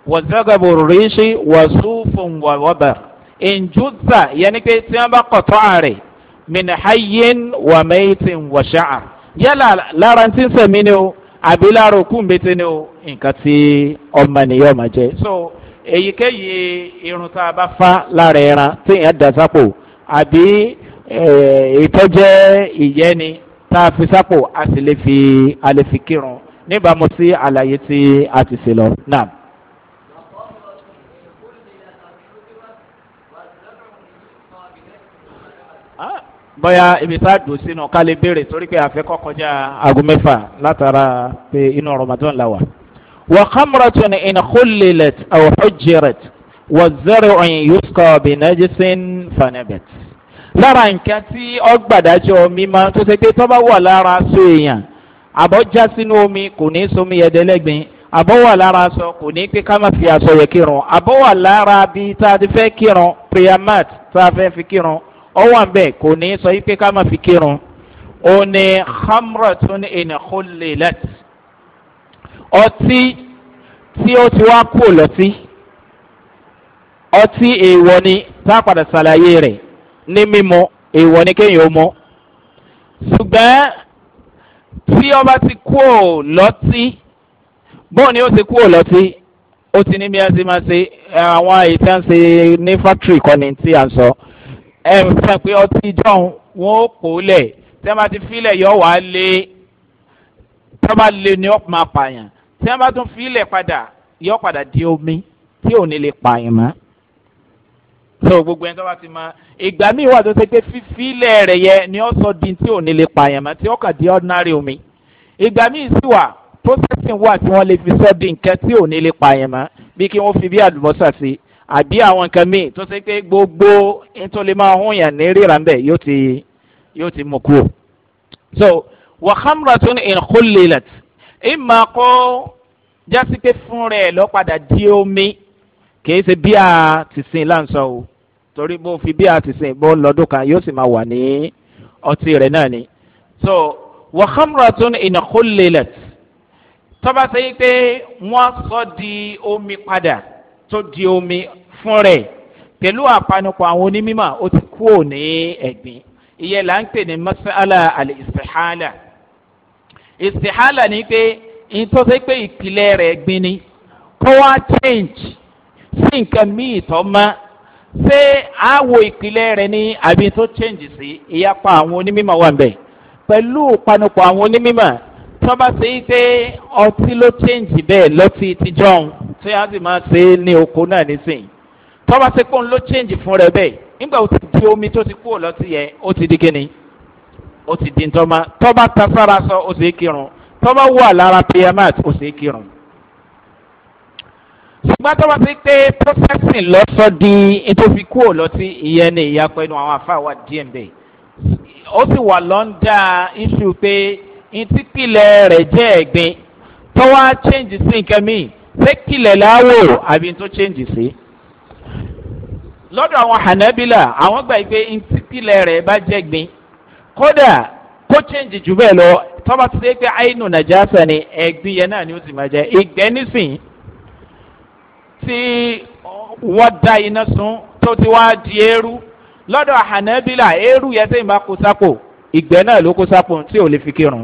wọ́sẹ̀gàbò ríṣì wọ́sùfùn wọ́wọ́bà ìjúzà yẹn ni pé tí wọ́n bá kọ̀tọ́ àrè mìnàháyín wàmẹ́yìntìn wọ̀ṣáà yálà lára tí sẹ̀mí ni o àbí lára òkú mbẹ́tẹ́ ni o nǹkan tí ọmọ nìyẹn ọmọ jẹ. so èyíkéyìí irun tá a bá fa lára ẹran tí èèyàn dà sápò àbí ìtọ́jẹ́ ìyẹ́ni tá a fi sápò a sì lè fi a lè fi kírun níbàámu sí àlàyé tí a ti ṣe lọ náà. Ah, bóyá ibi tá a dùn sínú ká lè béèrè torí pé a fẹ́ kọ́ kọjá aago mẹ́fà látara pé inú ramadan la wà. وخمرة إن خللت أو حجرت والزرع يسقى بنجس فنبت lára nǹkan tí ọgbàdájọ mímọ tó ṣe pé tọ́ba wà lára aṣọ èèyàn àbọ̀ já sínú omi kò ní sómi ẹ̀dẹ́lẹ́gbin àbọ̀ wà lára aṣọ kò ní pé ká má fi aṣọ yẹ kírun àbọ̀ wà lára bí tá a ti fẹ́ kírun priamat tá a fẹ́ fi kírun ọwọ́ àbẹ̀ kò ní sọ pé ká má fi kírun. ó ní hamratun in khulilat ọtí tí ó ti wá kú lọtí ọtí èèwọ̀ ni tá a padà ṣàlàyé rẹ̀ ní mímu èèwọ̀ ni kéèyàn ó mu ṣùgbọ́n tí ọba ti kú lọtí bóun ni ó ti kú lọtí ó ti ní bí a ti máa ṣe àwọn ètò à ń ṣe ní fátírì kọ́ni tí à ń sọ ẹ fẹ́ pé ọtí jọ̀hún wọn ó kó lẹ̀ tẹ́ bá ti fílẹ̀ yọ wá lé tọ́ bá lé ni ó máa pààyàn tí wọ́n bá tún fi ilẹ̀ padà yọ padà di omi tí ò ní lè pààyàn mọ́ so gbogbo ẹni tó bá ti máa ìgbà míì wà tó ṣe pé fífi ilẹ̀ rẹ̀ yẹ ni ó sọ di tí ò ní lè pààyàn mọ́ tí ó kà di ordinary omi ìgbà míì sì wà processing wà tí wọ́n lè fi sọ di nǹkan tí ò ní lè pààyàn mọ́ bí kí wọ́n fi bí àdùmọ́sà sí àbí àwọn nǹkan míì tó ṣe pé gbogbo tó lè máa ní ríra ń bẹ̀ yóò ti mú kúrò so wàhámùrà tún ìnkúlélẹ̀tì ìmọ̀ kó jásí pé fún rẹ̀ lọ padà di omi kìí ṣe bí a ti sìn láǹṣọ o torí bó fi bí a bó lọ́dún kan yóò sì máa wà ní ọtí rẹ̀ náà ni. so wàhámùrọ̀tún ìnàkólélẹ̀t tọ́ba ṣe yí pé wọ́n sọ di omi padà tó di omi fún rẹ̀ pẹ̀lú àpanupọ̀ àwọn onímọ̀ ó ti kú òní ẹ̀gbìn ìyẹn là ń pè ní masala alẹ́ ìsèhálà istihala ni pé ìtọ́sẹ́ pé ìpìlẹ̀ rẹ̀ gbin ni kó wá change sí nǹkan míì tó mọ́ ṣé àwọ̀ ìpìlẹ̀ rẹ̀ ní àbí tó change sí ìyapa àwọn onímọ̀ wà bẹ́ẹ̀ pẹ̀lú panupọ̀ àwọn onímọ̀ tó bá ṣe é pé ọtí ló change bẹ́ẹ̀ lọ́tí ti jọun tí a sì máa ṣe é ní oko náà nísìnyí tó bá ṣe pé òun ló change fún rẹ bẹ́ẹ̀ nígbà tó omi tó ti kúrò lọ́tí yẹ ó ti di kíni ó ti di ntọ́ba tọ́ba ta sára sọ ó sì kírun tọ́ba wà lára priamat ó sì kírun. ṣùgbọ́n tọ́ba ti pé processing lọ́sọ̀ di ètòfi kúò lọ sí ìyẹn ní ìyapẹ́ inú àwọn afáwà díẹ̀ ó sì wà lọ́ńdà iṣu pé ìtìpìlẹ̀ rẹ̀ jẹ́ ẹ̀gbin tọ́wọ́ change sí nǹkan mi ṣé kìlẹ̀ láwò àbí tó change sí. lọ́dọ̀ àwọn hanabila àwọn gbà pé ìtìpìlẹ̀ rẹ̀ bá jẹ́ gbin kódà kó change jù bẹ́ẹ̀ lọ tọ́ba ti ṣe pé àìnù nàjàsà ni ẹ̀gbin yẹn náà ni ó sì máa jẹ ìgbẹ́ nísìn tí wọ́n da iná sun tó ti wá di eérú lọ́dọ̀ àhànẹ́bílà eérú yẹn tẹ́yìn bá kó sápò ìgbẹ́ náà ló kó sápò tí ò lè fi kírun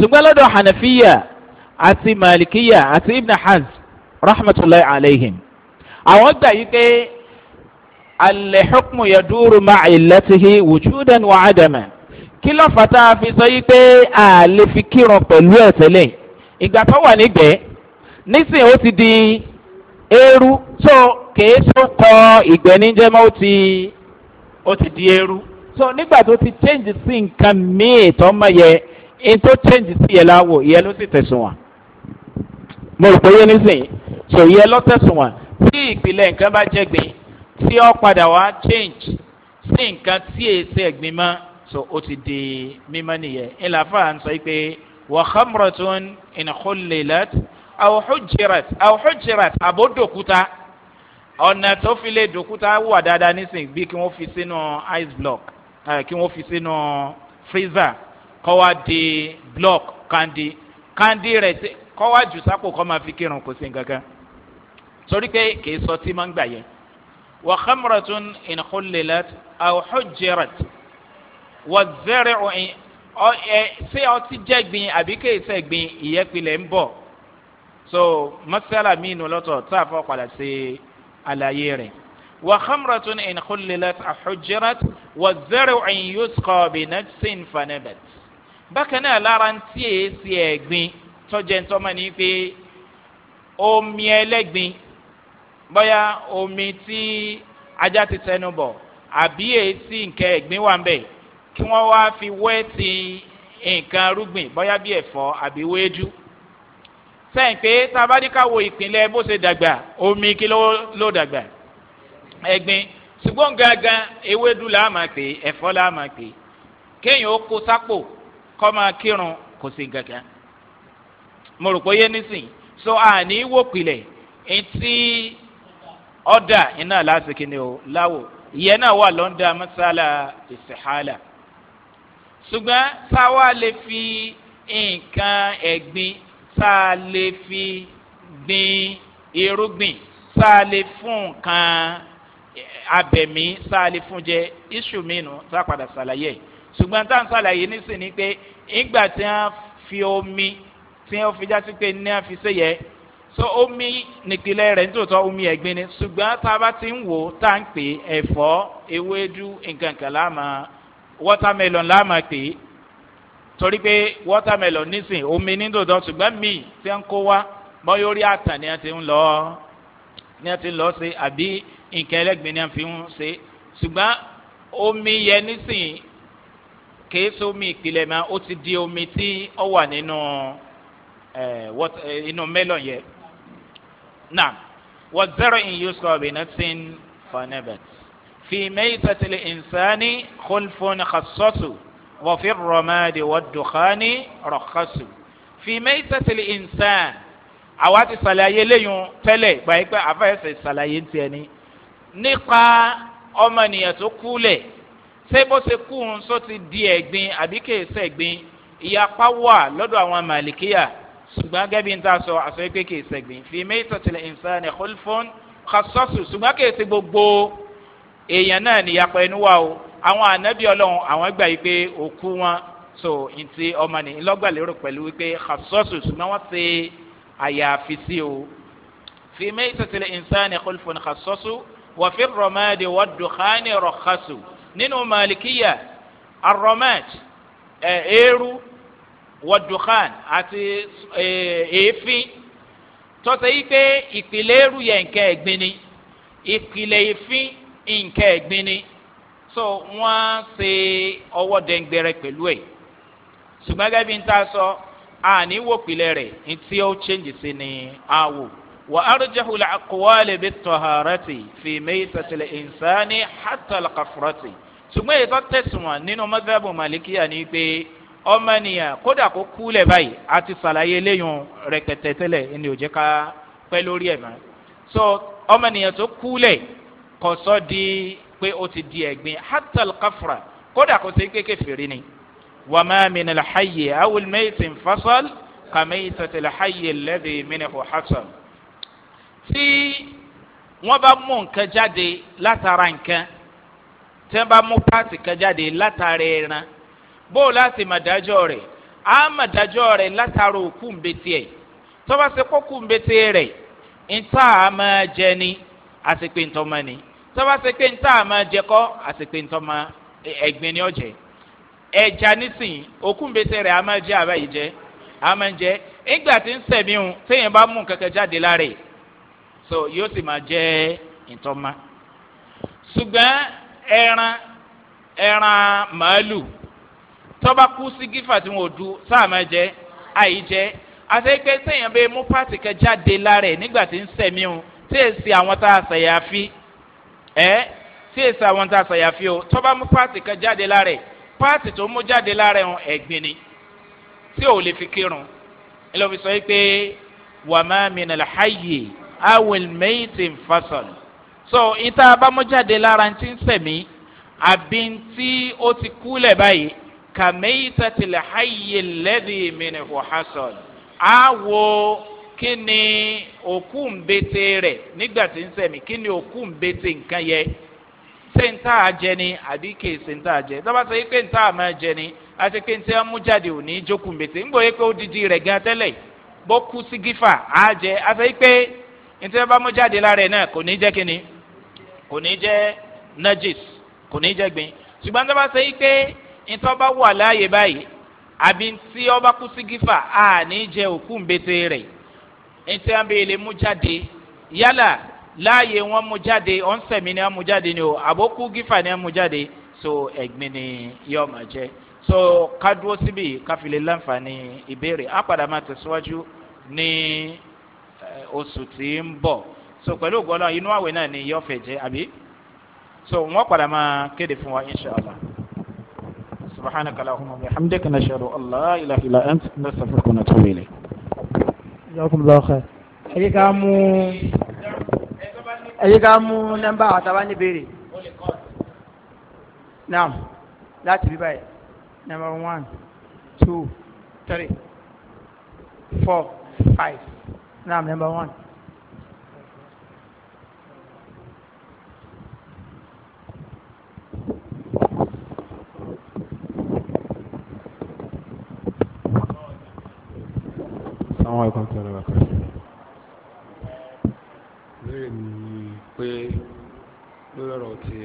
ṣùgbọ́n lọ́dọ̀ hànàfíyà àti màlìkíyà àti ibn hans rahmatulahi alayhim àwọn gbà yí pé alẹ́xọ́kùnmù yẹ dúró máa ìlẹ́tìhí wùjúdàn wà ádàmà kí ló fà tá a fi sọ yìí pé a lè fi kírun pẹ̀lú ẹ̀ tẹ́lẹ̀ ìgbà tó wà nígbẹ́ nísìnyí ó ti di eérú tó kèé tó kọ ìgbẹ́ níjẹ́ mọ́ ó ti ó ti di eérú tó nígbà tó ti change sí nǹkan míì tó mọ̀ yẹ in tó change sí yẹ láwò ìyẹn ló sì tẹ̀sùn wọn mo rò pé yé nísìnyí tó ìyẹn ló tẹ̀sùn wọn tí ìpìlẹ̀ nǹkan bá jẹ́ gbìn tí ó padà wá change sí nǹkan tí èsì ẹ̀gbin mọ́ so ó ti di mímọ́ nìyẹn ńlá fáà ń sọ pé wà hamratun ìnkúlélẹ́t àwòhùjìrẹ̀t àwòhùjìrẹ̀t àbódòkúta ọ̀nà tó fi lè dòkúta wà dáadáa nísìnyí bí kí wọ́n fi sínú ice block kí wọ́n fi sínú freezer kọ́ wá di block kandi kandi rẹ̀ kọ́ wá jù sápò kọ́ máa fi kírun kò sí nǹkan kan torí pé kì í sọ tí máa ń gbà yẹn. وخمرة إن خللت أو حجرت والزرع ṣé ọtí jẹ́ gbin àbí kéèsẹ́ gbin ìyẹ́pilẹ̀ ń bọ̀ so masala miinu lọ́tọ̀ tá a fọ́ padà sí àlàyé rẹ̀ وخمرة إن خللت أو حجرت والزرع إن يسقى بنجس فنبت bákan náà lára ń tí èsì ẹ̀gbin tọ́jẹ́ ń tọ́mọ ní pé omi ẹlẹ́gbin bóyá omi tí ajá ti tẹnu bọ̀ àbí èsì nǹkan ẹ̀gbin wà ń bẹ̀ kí wọ́n wá fi wẹ́ẹ̀tì nǹkan rúgbìn bóyá bí ẹ̀fọ́ àbí wéédú sẹ́yìn pé tabadika wo ìpínlẹ̀ bó ṣe dàgbà omi kí ló ló dàgbà ẹ̀gbin ṣùgbọ́n gangan ewédú là máa pè ẹ̀fọ́ là máa pè kéèyàn ó kó sápò kọ́ máa kírun kò sí gangan mo rò pé yé nísìn so àní wò pilẹ̀ etí ọ̀dà iná lásìkò ni o láwò ìyẹn náà wà lọ́ndà mọ́sálà ìsìhálà ṣùgbọ́n táwa lè fi nǹkan ẹ̀gbin tá a lè fi gbin irúgbìn tá a lè fún nǹkan abẹ̀mí tá a lè fún jẹ iṣu mi nù tá a padà ṣàlàyé ṣùgbọ́n tá a ń ṣàlàyé nísìnyí pé ìgbà tí wọ́n fi omi tí wọ́n fi jásí pé ní wọ́n fi so omi nìpìlẹ̀ rẹ̀ nítòótọ́ omi ẹ̀gbin ni ṣùgbọ́n tá a bá ti ń wò tá ń pè ẹ̀fọ́ ewédú nǹkan láàmà watermelon láàmà pè é torí pé watermelon nísìn omi nítòótọ́ ṣùgbọ́n mi ti ń kó wá bọ́yọ̀ orí àtàn ni a ti ń lọ ni a ti ń lọ ṣe àbí nǹkan ẹlẹ́gbin ni a fi ń ṣe ṣùgbọ́n omi yẹ nísìn kìí ṣe omi ìpìlẹ̀ mọ́ ó ti di omi tí ó wà nínú eh, inú mélòó yẹn. نعم والزرع يسقى بنفس فنبت في ميتة الإنسان خلف خصص وفي الرماد والدخان رخص في ميتة الإنسان àwáti sàlàyé léyìn tẹ́lẹ̀ gbàyè pé àfẹ́sẹ̀ sàlàyé ń tiẹ̀ ni nípa ọmọnìyàn tó kú lẹ̀ ṣé bó ṣe kú ń sọ ti di ẹ̀gbin àbí kèé sẹ̀gbin ìyapa wà lọ́dọ̀ àwọn màlìkíyà ṣùgbọ́n gẹ́bí ń ta sọ àṣọ pé kì í sẹ̀gbìn fi mẹ́tọ̀ tilẹ̀ ìsàn ẹ̀kọ́lfọ́n kàṣọ́sù ṣùgbọ́n kì í ti gbogbo èèyàn náà níyàpọ̀ ẹnu wa o àwọn ànábì ọlọ́run àwọn gbà yìí pé òkú wọn so ntí ọmọ ní ńlọ́gbàlérò pẹ̀lú wípé kàṣọ́sù ṣùgbọ́n wọ́n ṣe àyàfi sí o fi mẹ́tọ̀ tilẹ̀ ìsàn ẹ̀kọ́lfọ́n kàṣọ́sù wọ́fi rọ̀mẹ́dì wọ́dùkánì wọ́dùkán àti èéfín tọ́sẹ̀ yìí pé ìpìlẹ̀ eru yẹ nǹkan ẹ̀gbin ni ìpìlẹ̀ èéfín nǹkan ẹ̀gbin ni so wọ́n ṣe ọwọ́ dẹ́ngbẹ̀rẹ̀ pẹ̀lú ẹ̀ ṣùgbọ́n gẹ́gẹ́ bí n ta sọ àní wò pìlẹ̀ rẹ̀ ntí ó change sí ni àwò wà á rújẹ́hu la kọ́wálé bí tọ́hárẹ́tì fi mẹ́sàtìlẹ̀ ìnsáni hàtàlẹ̀ ṣùgbọ́n èyí wọn nínú mọ́tàbù màlíkíyà ni pé ọmọnìyàn kódà kó kú lẹ̀ báyìí a ti ṣàlàyé eléyìí rẹpẹtẹ tẹ́lẹ̀ ẹni ò jẹ́ ká pẹ́ lórí ẹ̀ mọ́ so ọmọnìyàn tó kú lẹ̀ kò sọ di pé ó ti di ẹ̀gbin hatal kafra kódà kó ṣe kéke fèrè ni wà má mìíràn làhàyè awul mẹ́tìn fasal kàmẹ́yì tètè làhàyè lẹ́dí mìíràn kò hasan. tí wọ́n bá mú nǹkan jáde látara nǹkan tí wọ́n bá mú pààtì kan jáde látara ẹran. bóò láti mà dájọ́ rẹ̀ á mà dájọ́ rẹ̀ látara òkú ńbẹ́tì ẹ̀ tọ́ba ṣe kókú ńbẹ́tì rẹ̀ nta a máa jẹ ni àti pé ńtọ́mọ ni tọ́ba ṣe pé ńta á máa jẹ kọ́ àti pé egbeni ẹ̀gbin ni ọ̀jẹ̀ ẹja nísìnyí òkú ńbẹ́tì rẹ̀ á máa jẹ àbáyé jẹ á máa jẹ tí ń sẹ̀mí téèyàn so yóò sì máa jẹ ṣùgbọ́n ẹran ẹran màálù tọ́ba kú sí gífà tí wọ́n du sáàmà jẹ́ àyí jẹ́ àti pé sẹ́yìn bẹ́ẹ̀ mú pàtì kan jáde lára ẹ̀ nígbà tí ń sẹ̀mí o tí èsì àwọn tá a sẹ̀yà fi ẹ́ tí èsì àwọn tá a sẹ̀yà fi o tọ́ba mú pàtì kan jáde lára pàtì tó mú jáde lára ẹ̀ ẹ̀gbin ni tí ò lè fi kírun ẹ lọ́ fi sọ pé wàmà mìíràn láàyè awil mẹ́yìntì fasọ̀n so ìta abámújáde lára ti ń sẹ̀mí àbí tí ó ti kú lẹ̀ báyìí kàmẹ́yìtàtìlẹ̀ hayè lẹ́dí mìnìhù hasan á wo kí ni òkú ń bete rẹ̀ nígbà tí ń sẹ̀mí kí ni òkú ń bete nǹkan yẹ sèǹtà àjẹ ni àbí kè sèǹtà àjẹ dábàá sọ pé ǹtà àmọ́ àjẹ ni àti pé ǹtà mú jáde òní jókòó mbètè ńgbò yẹ pé ó didi rẹ̀ gan tẹ́lẹ̀ bó kú sí gífà àjẹ àti pé ǹtà bá mú jáde lára ẹ̀ náà kò ní jẹ́ kínní kò ní jẹ́ najis kò ní jẹ́ gbin ṣùgbọ́n dábàá sọ pé ntọ́ba wà láàyè báyìí àbí tí ọba kú sí gífà á ní jẹ òkú ńbete rẹ̀ ntẹ́ wọn mú jáde yálà láàyè wọn mú jáde ọ̀nsẹ̀mí ni wọn mú jáde ni o àbókú gífà ni wọn mú jáde so ẹ̀gbin ni yóò máa jẹ so kádúró síbi káfílẹ̀ láǹfààní ìbéèrè á padà máa tẹ̀síwájú ní eh, oṣù tí ń bọ̀ so pẹ̀lú ògbọ́n náà inú àwẹ̀ náà ni yóò fẹ̀ jẹ́ àbí so wọ́n padà máa kéde fún wa inṣàlá. سبحانك اللهم وبحمدك نشهد ان لا اله الا انت نستغفرك ونتوب اليك جزاكم الله خير ẹyí ká mú ẹyí ká mú nọ́mbà àtàwọn ní béèrè naam láti bí báyìí number one two three four five naam number one. Assalamu alaikum warahmatullahi wabarakatuh. lórí mi pé lórí ọ̀rọ̀ ti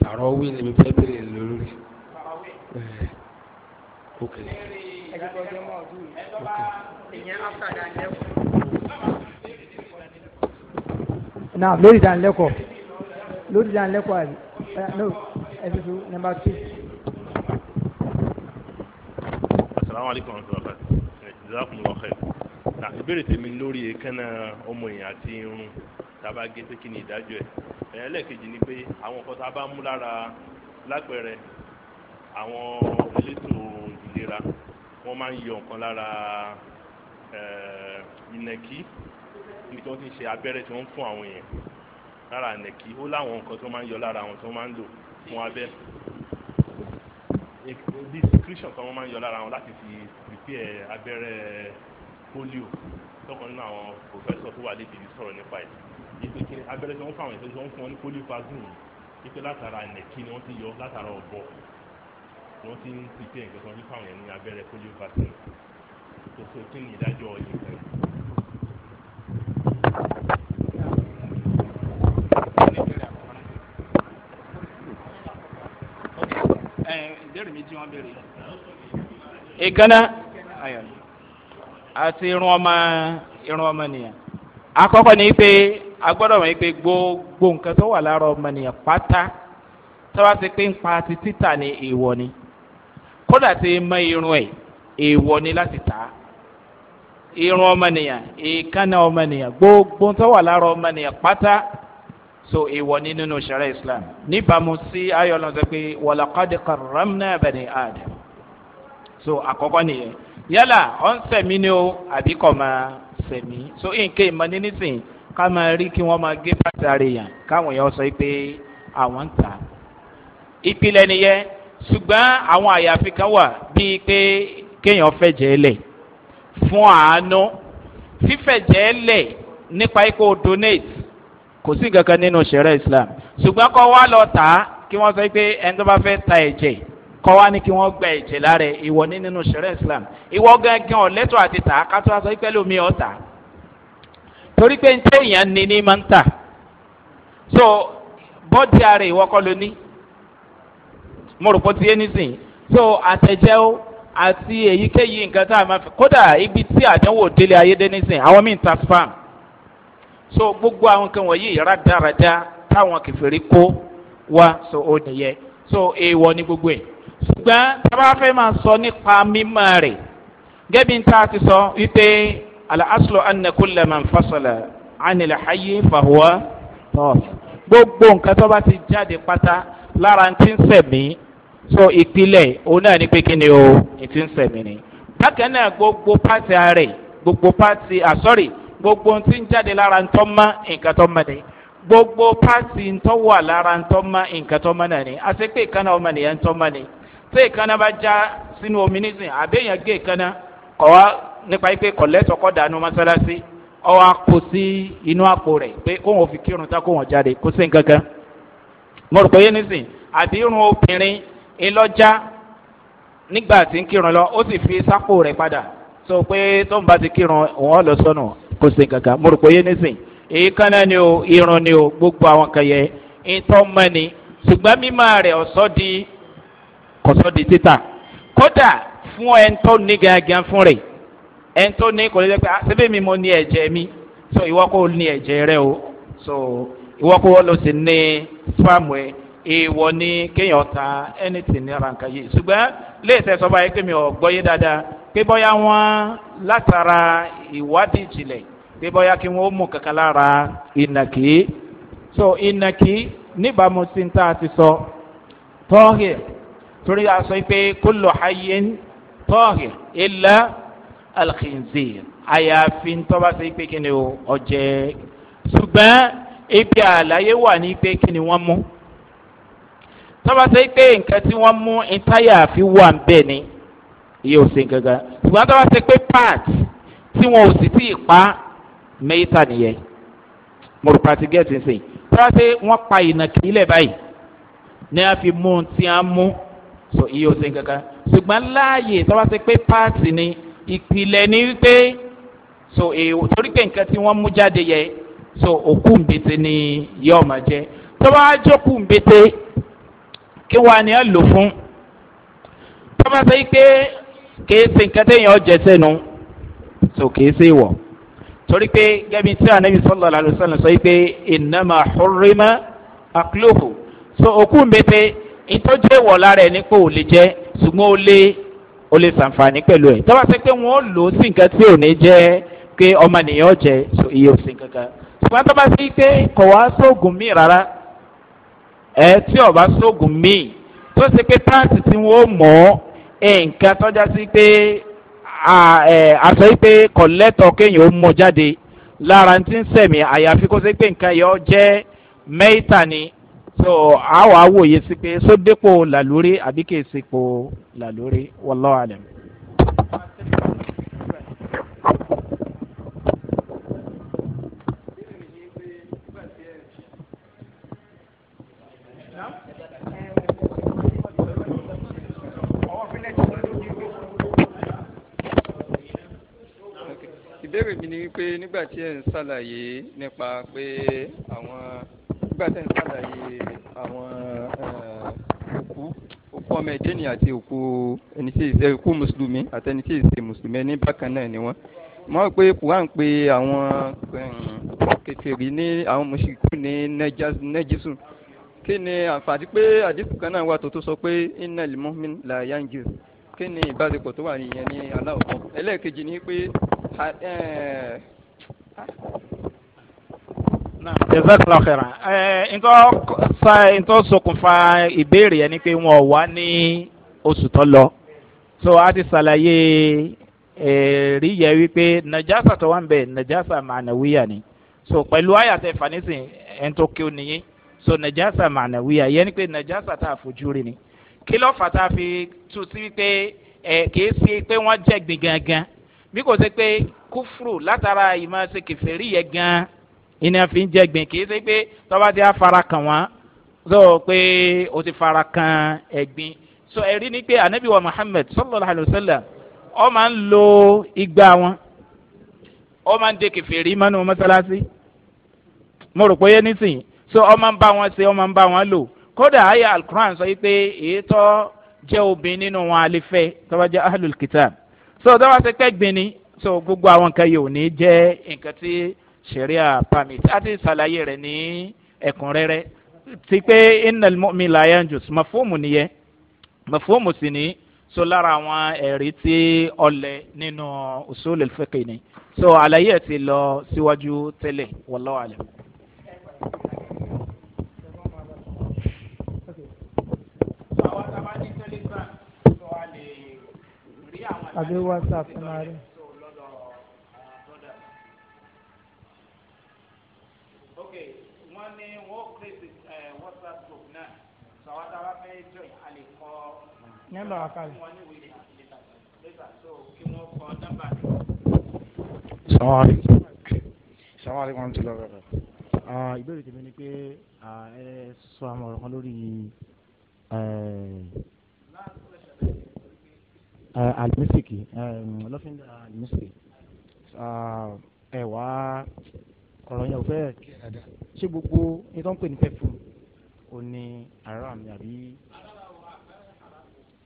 tààrọ̀ wí ni mi fẹ́ bèrè lórí. Eh, ok. náà lórí ìdánilẹ́kọ̀ọ́ lórí ìdánilẹ́kọ̀ọ́ àbí ẹ̀ẹ́dẹ́gbẹ̀rún eh, nọ́mbà two. asalaamualeykum wa rahmatulahi ìdáàkùn lọ ọ̀hẹ́ na ìbéèrè tèmi lórí èékánná ọmọ èèyàn àti irun tàbá gé pé kí ni ìdájọ́ ẹ̀ ẹlẹ́ẹ̀kejì ni pé àwọn nǹkan tá a bá mú lára lápẹẹrẹ àwọn elétò ìlera wọ́n máa ń yọ nǹkan lára eh, ìnẹ̀kí níbi tí wọ́n ti ń ṣe abẹ́rẹ́ tí wọ́n ń fún àwọn èèyàn lára ìnẹ̀kí ó láwọn nǹkan tí wọ́n máa ń yọ lára àwọn tí wọ́n máa ń kan wọ́n máa ń yọ lára wọn fi compare eh, abẹ́rẹ́ polio tọkàn nínú àwọn professor tó wà lébi yìí sọ̀rọ̀ nípa ẹ̀ ipe kí abẹ́rẹ́ tí wọ́n fún àwọn ìtọ́jú wọn fún wọn ní polio vaccine ipe látara nẹ̀kí ni wọ́n ti yọ látara ọ̀bọ ni ti ń pèsè nǹkan tí wọ́n fún àwọn yẹn ní abẹ́rẹ́ polio vaccine tó so kí ni ìdájọ́ yìí kan. ìkànnà àyàn àti irun ọmọ irun ọmọ nìyẹn akọ́kọ́ ni pé agbọ́dọ̀ wọ̀nyí pé gbogbo nǹkan tó wà lára ọmọ nìyẹn pátá tọ́wá ti pé ń pa ti títà ní èèwọ̀ ni kódà ti mọ irun ẹ̀ èèwọ̀ ni láti tà á irun ọmọnìyàn èèkánná ọmọnìyàn gbogbo tó wà lára ọmọnìyàn pátá so èèwọ̀ ni nínú sẹ̀rẹ̀ islam níbàámu sí ayọ̀lọ́sẹ̀ pé wàlàkàdé karamna bẹ̀rẹ̀ adam so àkọ́kọ́ nìyẹn yálà ọ̀ ń sẹ̀mí ni o àbí kò máa sẹ̀mí so nǹkan ìmọ̀ ní nísìnyí ká máa rí kí wọ́n máa gé pàtàkì yàn káwọn èèyàn sọ pé àwọn ń tà á ìpìlẹ̀ nìyẹn ṣùgbọ́n àwọn àyàfi kan wà bíi pé kéèyàn fẹ́ jẹ́ lẹ̀ fún àánú fífẹ̀ jẹ́ lẹ̀ nípa ikú donate kò sí nǹkan kan nínú ṣẹ̀rẹ̀ islam ṣùgbọ́n kọ́ wá lọ tà á kí wọ́n sọ pé ẹni tó bá fẹ́ ta ẹ̀jẹ̀ kọ́ wá ní kí wọ́n gba ẹ̀jẹ̀ lára ìwọ ní nínú sẹ̀rẹ̀ islam ìwọ gángan ọ̀lẹ́tọ̀ àti tà á kátó aṣọ ìpẹ́lẹ̀ omi ọ̀tà torí pé ntẹ́ èèyàn ní ní máa ń tà so bọ́dì ara ìwọ kọ́ ló ní mo rò pé ti yé nísìnyí so àtẹ̀jẹ́ ó àti èyíkéyìí nǹkan tá a máa fi kódà ibi tí àdánwò délé ayé dé nísìnyí àwọn míì ń ta spam so gbogbo àwọn kan wọ̀nyí rádaràda táwọn kẹfìrí kó wá so ó nìyẹn so èèwọ̀ ní gbogbo ẹ̀ ṣùgbọ́n tábà fẹ́ máa sọ nípa mímọ́ rẹ̀ gẹ́bí n ta ti sọ wípé aláṣọ anakunlẹ̀ máa ń fasọ̀lá ànilẹ̀ ayé fàwọ́ tọ́ọ̀fù gbogbo nǹkan tó bá ti jáde pátá lára ń ti ń sẹ̀mí so ìpìlẹ̀ òun náà ni pé kí ni o ń ti ń sẹ̀mí ni. bákan náà gbogbo pàṣẹ ààrẹ gbogbo pàṣẹ àsọ̀rì gbogbo ń ti ń jáde lára ń tọ́ nǹkan tó mọ́ ni gbogbo pàṣẹ ń tọ́ lára ń tọ́ nǹkan tó mọ́ náà ni àti pé ìkànnà ọmọ nìyẹn ń tọ́ ni ṣé ìkànnà bá já sínú omi nísìn àbẹ́yàn gé ìkànnà kọ́ wa nípa pé kọ̀lẹ́tọ̀ kọ́ dànù mọ́sálásí ọwọ́ akó sí inú àpò rẹ̀ pé kóun ò fi kírun tá kóun jáde kó sí nǹkan kan mo rò pé yé nísìn àbí irun obìnrin ìlọ́jà nígbà tí ń kírun lọ ó sì fi sápò rẹ̀ padà sọ pé tó ń ti kírun òun lọ sọnù kò sí nǹkan kan mo rò èyí kan ni o irun ni o gbogbo àwọn kan ìtọ́ mọ́ni ṣùgbọ́n mímọ́ rẹ̀ ọ̀sọ́ di kọ̀sọ́ di títà kódà fún ẹ̀ńtọ́ ní gangan fún rẹ̀ ẹ̀ńtọ́ ní kò lè jẹ́ ah, mi mo ní ẹ̀jẹ̀ mi so ìwọ kò ní ẹ̀jẹ̀ rẹ o so ìwọ kò wọ́n lọ sí ní spam ẹ̀ èèwọ̀ ni kéèyàn ta anything ní ara nǹkan yìí ṣùgbọ́n léèṣẹ́ sọ báyìí pé mi ò gbọ́yé dáadáa pé bọ́yá wọ́n látara ìwádìí ìjìnlẹ̀ pé bọ́yá kí wọ́n mú kankan lára ìnàkí so ìnàkí níbàámu sí ní tá ti sọ tọ́hìr torí a sọ pé kólò ayé tọ́hìn ilẹ̀ alkinze àyàfi tọ́ba sí pé kí ni ọjẹ́ ṣùgbọ́n ibi àlàyé wà ní pé kí ni wọ́n mú tọ́ba sí pé nǹkan tí wọ́n mú ìtayà fi wà ń ni iye ò sí ṣùgbọ́n tọ́ba sí pé part tí wọn ò sì tí ì pa mẹ́ta nìyẹn mọ̀rùpàtì gẹ̀ẹ́sì sìn tọ́ba sí wọ́n pa ìnàkí báyìí ni a fi mú un tí a mú un so iye òsè kankan ṣùgbọ́n láàyè tọ́wá sí pé páàtì ni ìpìlẹ̀ ni wípé so torí pé nǹkan tí wọ́n mú jáde yẹ so òkú mbete ni yóò máa jẹ tọ́wá jókù mbete kí wàá ni ẹ lò fún tọ́wá sí pé kìí ṣe nǹkan téèyàn jẹ sẹ́nu so kìí ṣe wọ̀ torí pé gẹ́gẹ́ tí anabi sọ́lá alẹ́ sọ́lá sọ pé ìnáma xurima akílóhù so òkú mbete ìtọ́jú èèwọ̀ lára ẹni pé ò lè jẹ́ ṣùgbọ́n ó lé ó lè ṣàǹfààní pẹ̀lú ẹ̀ tọ́wọ́ sí pé wọ́n lò ó sí nǹkan tí ò ní jẹ́ pé ọmọnìyàn jẹ iye òsín kankan ṣùgbọ́n tọ́wọ́ sí pé kò wá sóògùn míì rárá ẹ tí ò bá sóògùn míì tó ṣe pé táǹtì tí wọ́n mọ̀ nǹkan tọ́já sí pé àṣọ yìí kọ̀lẹ́tọ̀ kéèyàn ó mọ jáde lára ti ń sẹ̀mí àyàfi kó ṣe pé nǹkan yọ jẹ́ mẹ́ta ni so àwọn awòye sí pé sódépò làlórí àbí kì í sepò làlórí wọlọ́wọ́ àlẹ́ mi. ìbéèrè mi ni wípé nígbà tí ẹ̀ ń ṣàlàyé nípa pé nígbà tẹ́ ń ṣàlàyé àwọn eh, òkú òkú ọmọ ẹ̀dẹ́ ni àti òkú ẹni tí ìṣe òkú mùsùlùmí àti ẹni tí ìṣe mùsùlùmí ẹni bákan náà ni wọ́n mọ̀ pé Quran pé àwọn eh, kèfèrí ní àwọn mùsùlùmí ní nẹ́jísù kí ni àǹfààní pé àdínkù kan náà wà tó tó sọ pé innal mu'min la yanjiz kí ni ìbáṣepọ̀ tó wà nìyẹn ní aláwọ̀ kan ẹlẹ́ẹ̀kejì ni pé eh, jazakallahu khairan ẹ eh, sa ṣokùnfà ìbéèrè yẹn ni pé wọn ò wá ní oṣù so a ti ṣàlàyé ẹ̀rí eh, yẹ wípé nàjásà tó wà ń bẹ̀ nàjásà mànàwíyà ni so pẹ̀lú àyàtẹ̀ fanísìn ẹ̀ ń tó kí o so nàjásà mànàwíyà yẹn ni pé nàjásà tá a fojú rí ni kí ló fi tu sí wípé ẹ kìí ṣe pé wọ́n jẹ̀gbìn gangan bí kò ṣe pé kúfùrù látara ìmọ̀ ṣe kẹfẹ́ rí gan iná fi ń jẹ́gbìn kì í ṣe pé tọ́ba ti á fara kàn wọ́n so pé o ti fara kan ẹ̀gbin so ẹ̀rí ni pé anabi muhammed sallallahu alayhi wa sallam ọ máa ń lo igba wọn ọ máa ń de kẹfẹ́rí mọ́nú mọ́sálásí mo rò pé yé nísìnyí so ọ máa ń bá wọn ṣe ọ máa ń bá wọn lò kódà àyà alukuran sọ pé èyí tọ́ jẹ́ obìnrin nínú wọn àlefẹ́ tọ́ba jẹ́ ahlul kitab so tọ́ba ti pẹ́ ni so gbogbo àwọn nǹkan yìí ò ní jẹ́ nǹkan tí sharia permit ati ṣàlàyé rẹ̀ ni ẹ̀kúnrẹ́rẹ́ ti pé iná mi làyà jù mọ̀fóòmù nìyẹn mọ̀fóòmù sì ní so lára àwọn ẹ̀rí tí ọlẹ̀ nínú usul ìfẹ́kẹ̀ ni so àlàyé ẹ̀ ti lọ síwájú tẹ́lẹ̀ wọ́lọ́ àlẹ́. Àbí whatsapp náà rí. nọ́mbà wa kalẹ̀. sàwọn àríkùn sàwọn àríkùn ọ̀hún ti lọ rẹ̀ rẹ̀. ìbéèrè tèmi ni pé ẹ sọ àwọn ọ̀rọ̀ kan lórí alimisiki lọ́fíńdà alimisiki ẹ wá ọ̀rọ̀ yẹn ò fẹ́ ṣé gbogbo ní tó ń pè ní pẹ́fù ò ní àárọ̀ àbí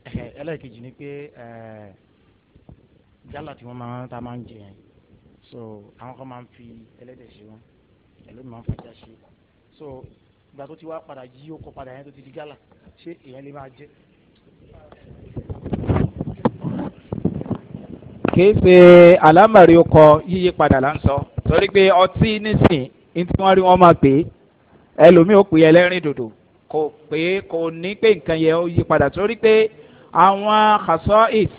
ẹlẹ́ẹ̀kejì ni pé jálà eh, tí wọ́n máa ń ta máa ń jẹ yẹn so àwọn kan máa ń fi ẹlẹ́dẹ̀ ṣe wọn ẹlẹ́dẹ̀ máa ń fàjà ṣe so ìgbà tó ti wá padà yí ó kọ padà yẹn tó ti di gálà ṣé èèyàn lè máa jẹ. kìí ṣe àlámọ̀rí ọkọ̀ yíyí padà là ń sọ torí pé ọtí nísìn ní tí wọ́n rí wọ́n máa pè é ẹlòmíì ó pè é ẹlẹ́rìn dòdò kò pé kò ní pé nǹkan yẹn ó yí padà torí pé àwọn khasa'is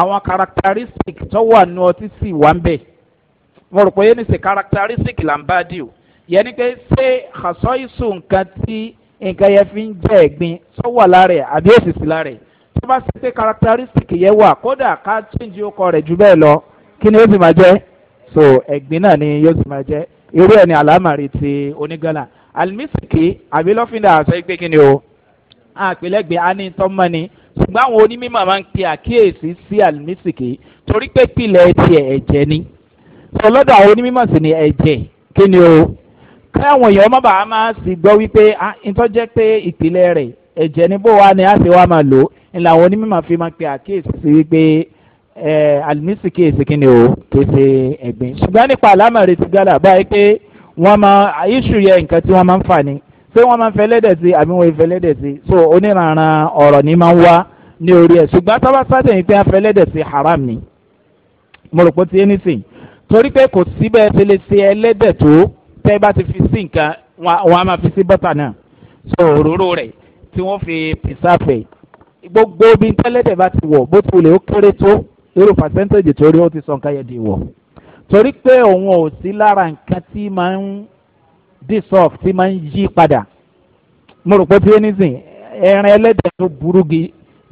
àwọn characteristic tó wà ní ọtí sì wà ń bẹ̀ mo rò pé yẹn ní sè characteristic là ń bá dì o yẹn ni pé ṣé khasa'is nǹkan tí nǹkan yẹn fi ń jẹ́ ẹ̀gbin tó wà lára ẹ̀ àbí èsìsì lára ẹ̀ tó bá ṣe pé characteristic yẹn wà kódà ká change orúkọ rẹ̀ jù bẹ́ẹ̀ lọ kí ni ó sì máa jẹ́ so ẹ̀gbin náà ni yóò sì máa jẹ́ irú ẹ̀ ni àlámàrí ti onígànnà alimisiki àbí lọ́fíńdà àṣẹ gbé kí ni o àpilẹ̀gbẹ̀ á ní tọ́mọ́ni ṣùgbọ́n àwọn onímọ̀ máa ń pe àkíyèsí sí àlùmísìkì torí pé pilẹ̀ tiẹ̀ ẹ̀jẹ̀ ni ọlọ́dọ̀ àwọn onímọ̀ sì ni ẹ̀jẹ̀ kí ni o káwọn èèyàn má bàa máa sì gbọ́ wípé ìtọ́jẹ́ ah, pé ìpìlẹ̀ rẹ̀ ẹ̀jẹ̀ ni bó wa ni a sì wá máa lò ń làwọn onímọ̀ fi máa pe àkíyèsí sí wípé àlùmísì kíyèsí kí ni o kì í ṣe ẹ̀gbìn ṣùgbọ́n nípa àlámọ̀rẹ́ ti gálà báyìí pé wọ́n máa iṣu yẹ nǹkan tí wọ́n máa ń fà ni ṣé wọ́n máa ń fẹlẹ́dẹ̀ sí àbí wọ́n ń fẹlẹ́dẹ̀ sí so oníranran ọ̀rọ̀ ni máa ń wá ní orí ẹ̀ ṣùgbọ́n tábà yìí pé a fẹlẹ́dẹ̀ sí haram ni mo rò pé ti ẹni sìn torí pé kò síbẹ̀ ṣe lè ṣe ẹlẹ́dẹ̀ tó tẹ́ bá ti fi sí nǹkan wọn a máa fi sí bọ́tà náà so òróró rẹ̀ tí wọ́n fi pìsáfẹ̀ gbogbo bí tẹ́lẹ́dẹ̀ bá ti wọ̀ bó ti wulẹ̀ ó kéré tó irú pàṣẹ́ntéèjì torí ó ti sọ nǹkan yẹn di wọ̀ torí pé òun ò sí lára nǹkan tí máa ń disof ti máa ń yí padà mo rò pé bí anything ẹran ẹlẹ́dẹ̀ tó burú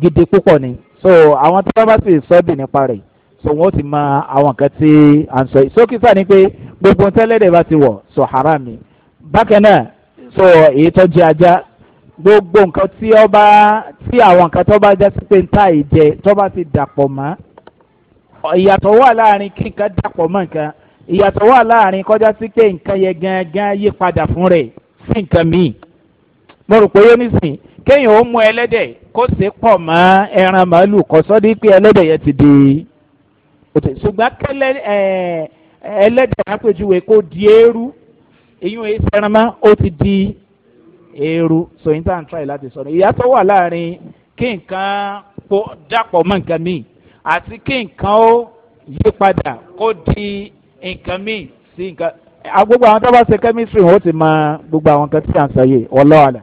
gidi púpọ̀ ni so àwọn tí wọ́n bá sì sọ́ọ̀dì nípa rẹ̀ so wọ́n ti mọ àwọn nǹkan tí à ń sọ yìí sókísà ni pé gbogbo tẹ́lẹ̀dẹ̀ bá ti wọ̀ so haram ni bákan náà so èyí tó jẹ ajá gbogbo nǹkan tí ọba tí àwọn nǹkan tó bá já sí pé nta ìjẹ tó bá ti dàpọ̀ mọ́ ìyàtọ̀ wà láàrin kí nǹkan dàpọ̀ mọ́ nǹkan ìyàtọ̀ wà láàrin kọjá sí pé nǹkan yẹn gangan yí padà fún rẹ̀ sí nǹkan míì mo rò pé yóò nísìn kéèyàn ó mú ẹlẹ́dẹ̀ kó sì pọ̀ mọ́ ẹran màálù kó sọ di pé ẹlẹ́dẹ̀ yẹn ti di òtẹ̀ ṣùgbọ́n kẹlẹ́ ẹlẹ́dẹ̀ àpèjúwe kó di eérú ìyún èyí mọ́ ó ti di eérú so yín tá à ń try láti sọ ìyàtọ̀ wà láàrin kí nǹkan dàpọ̀ mọ́ nǹkan míì àti kí nǹkan ó yí padà kó di nǹkan míì sí nǹkan. gbogbo àwọn tó bá ṣe chemistry wọn ó ti mọ gbogbo àwọn kan tí à ń sọ yìí wọ́n lọ́wọ́ àlẹ́.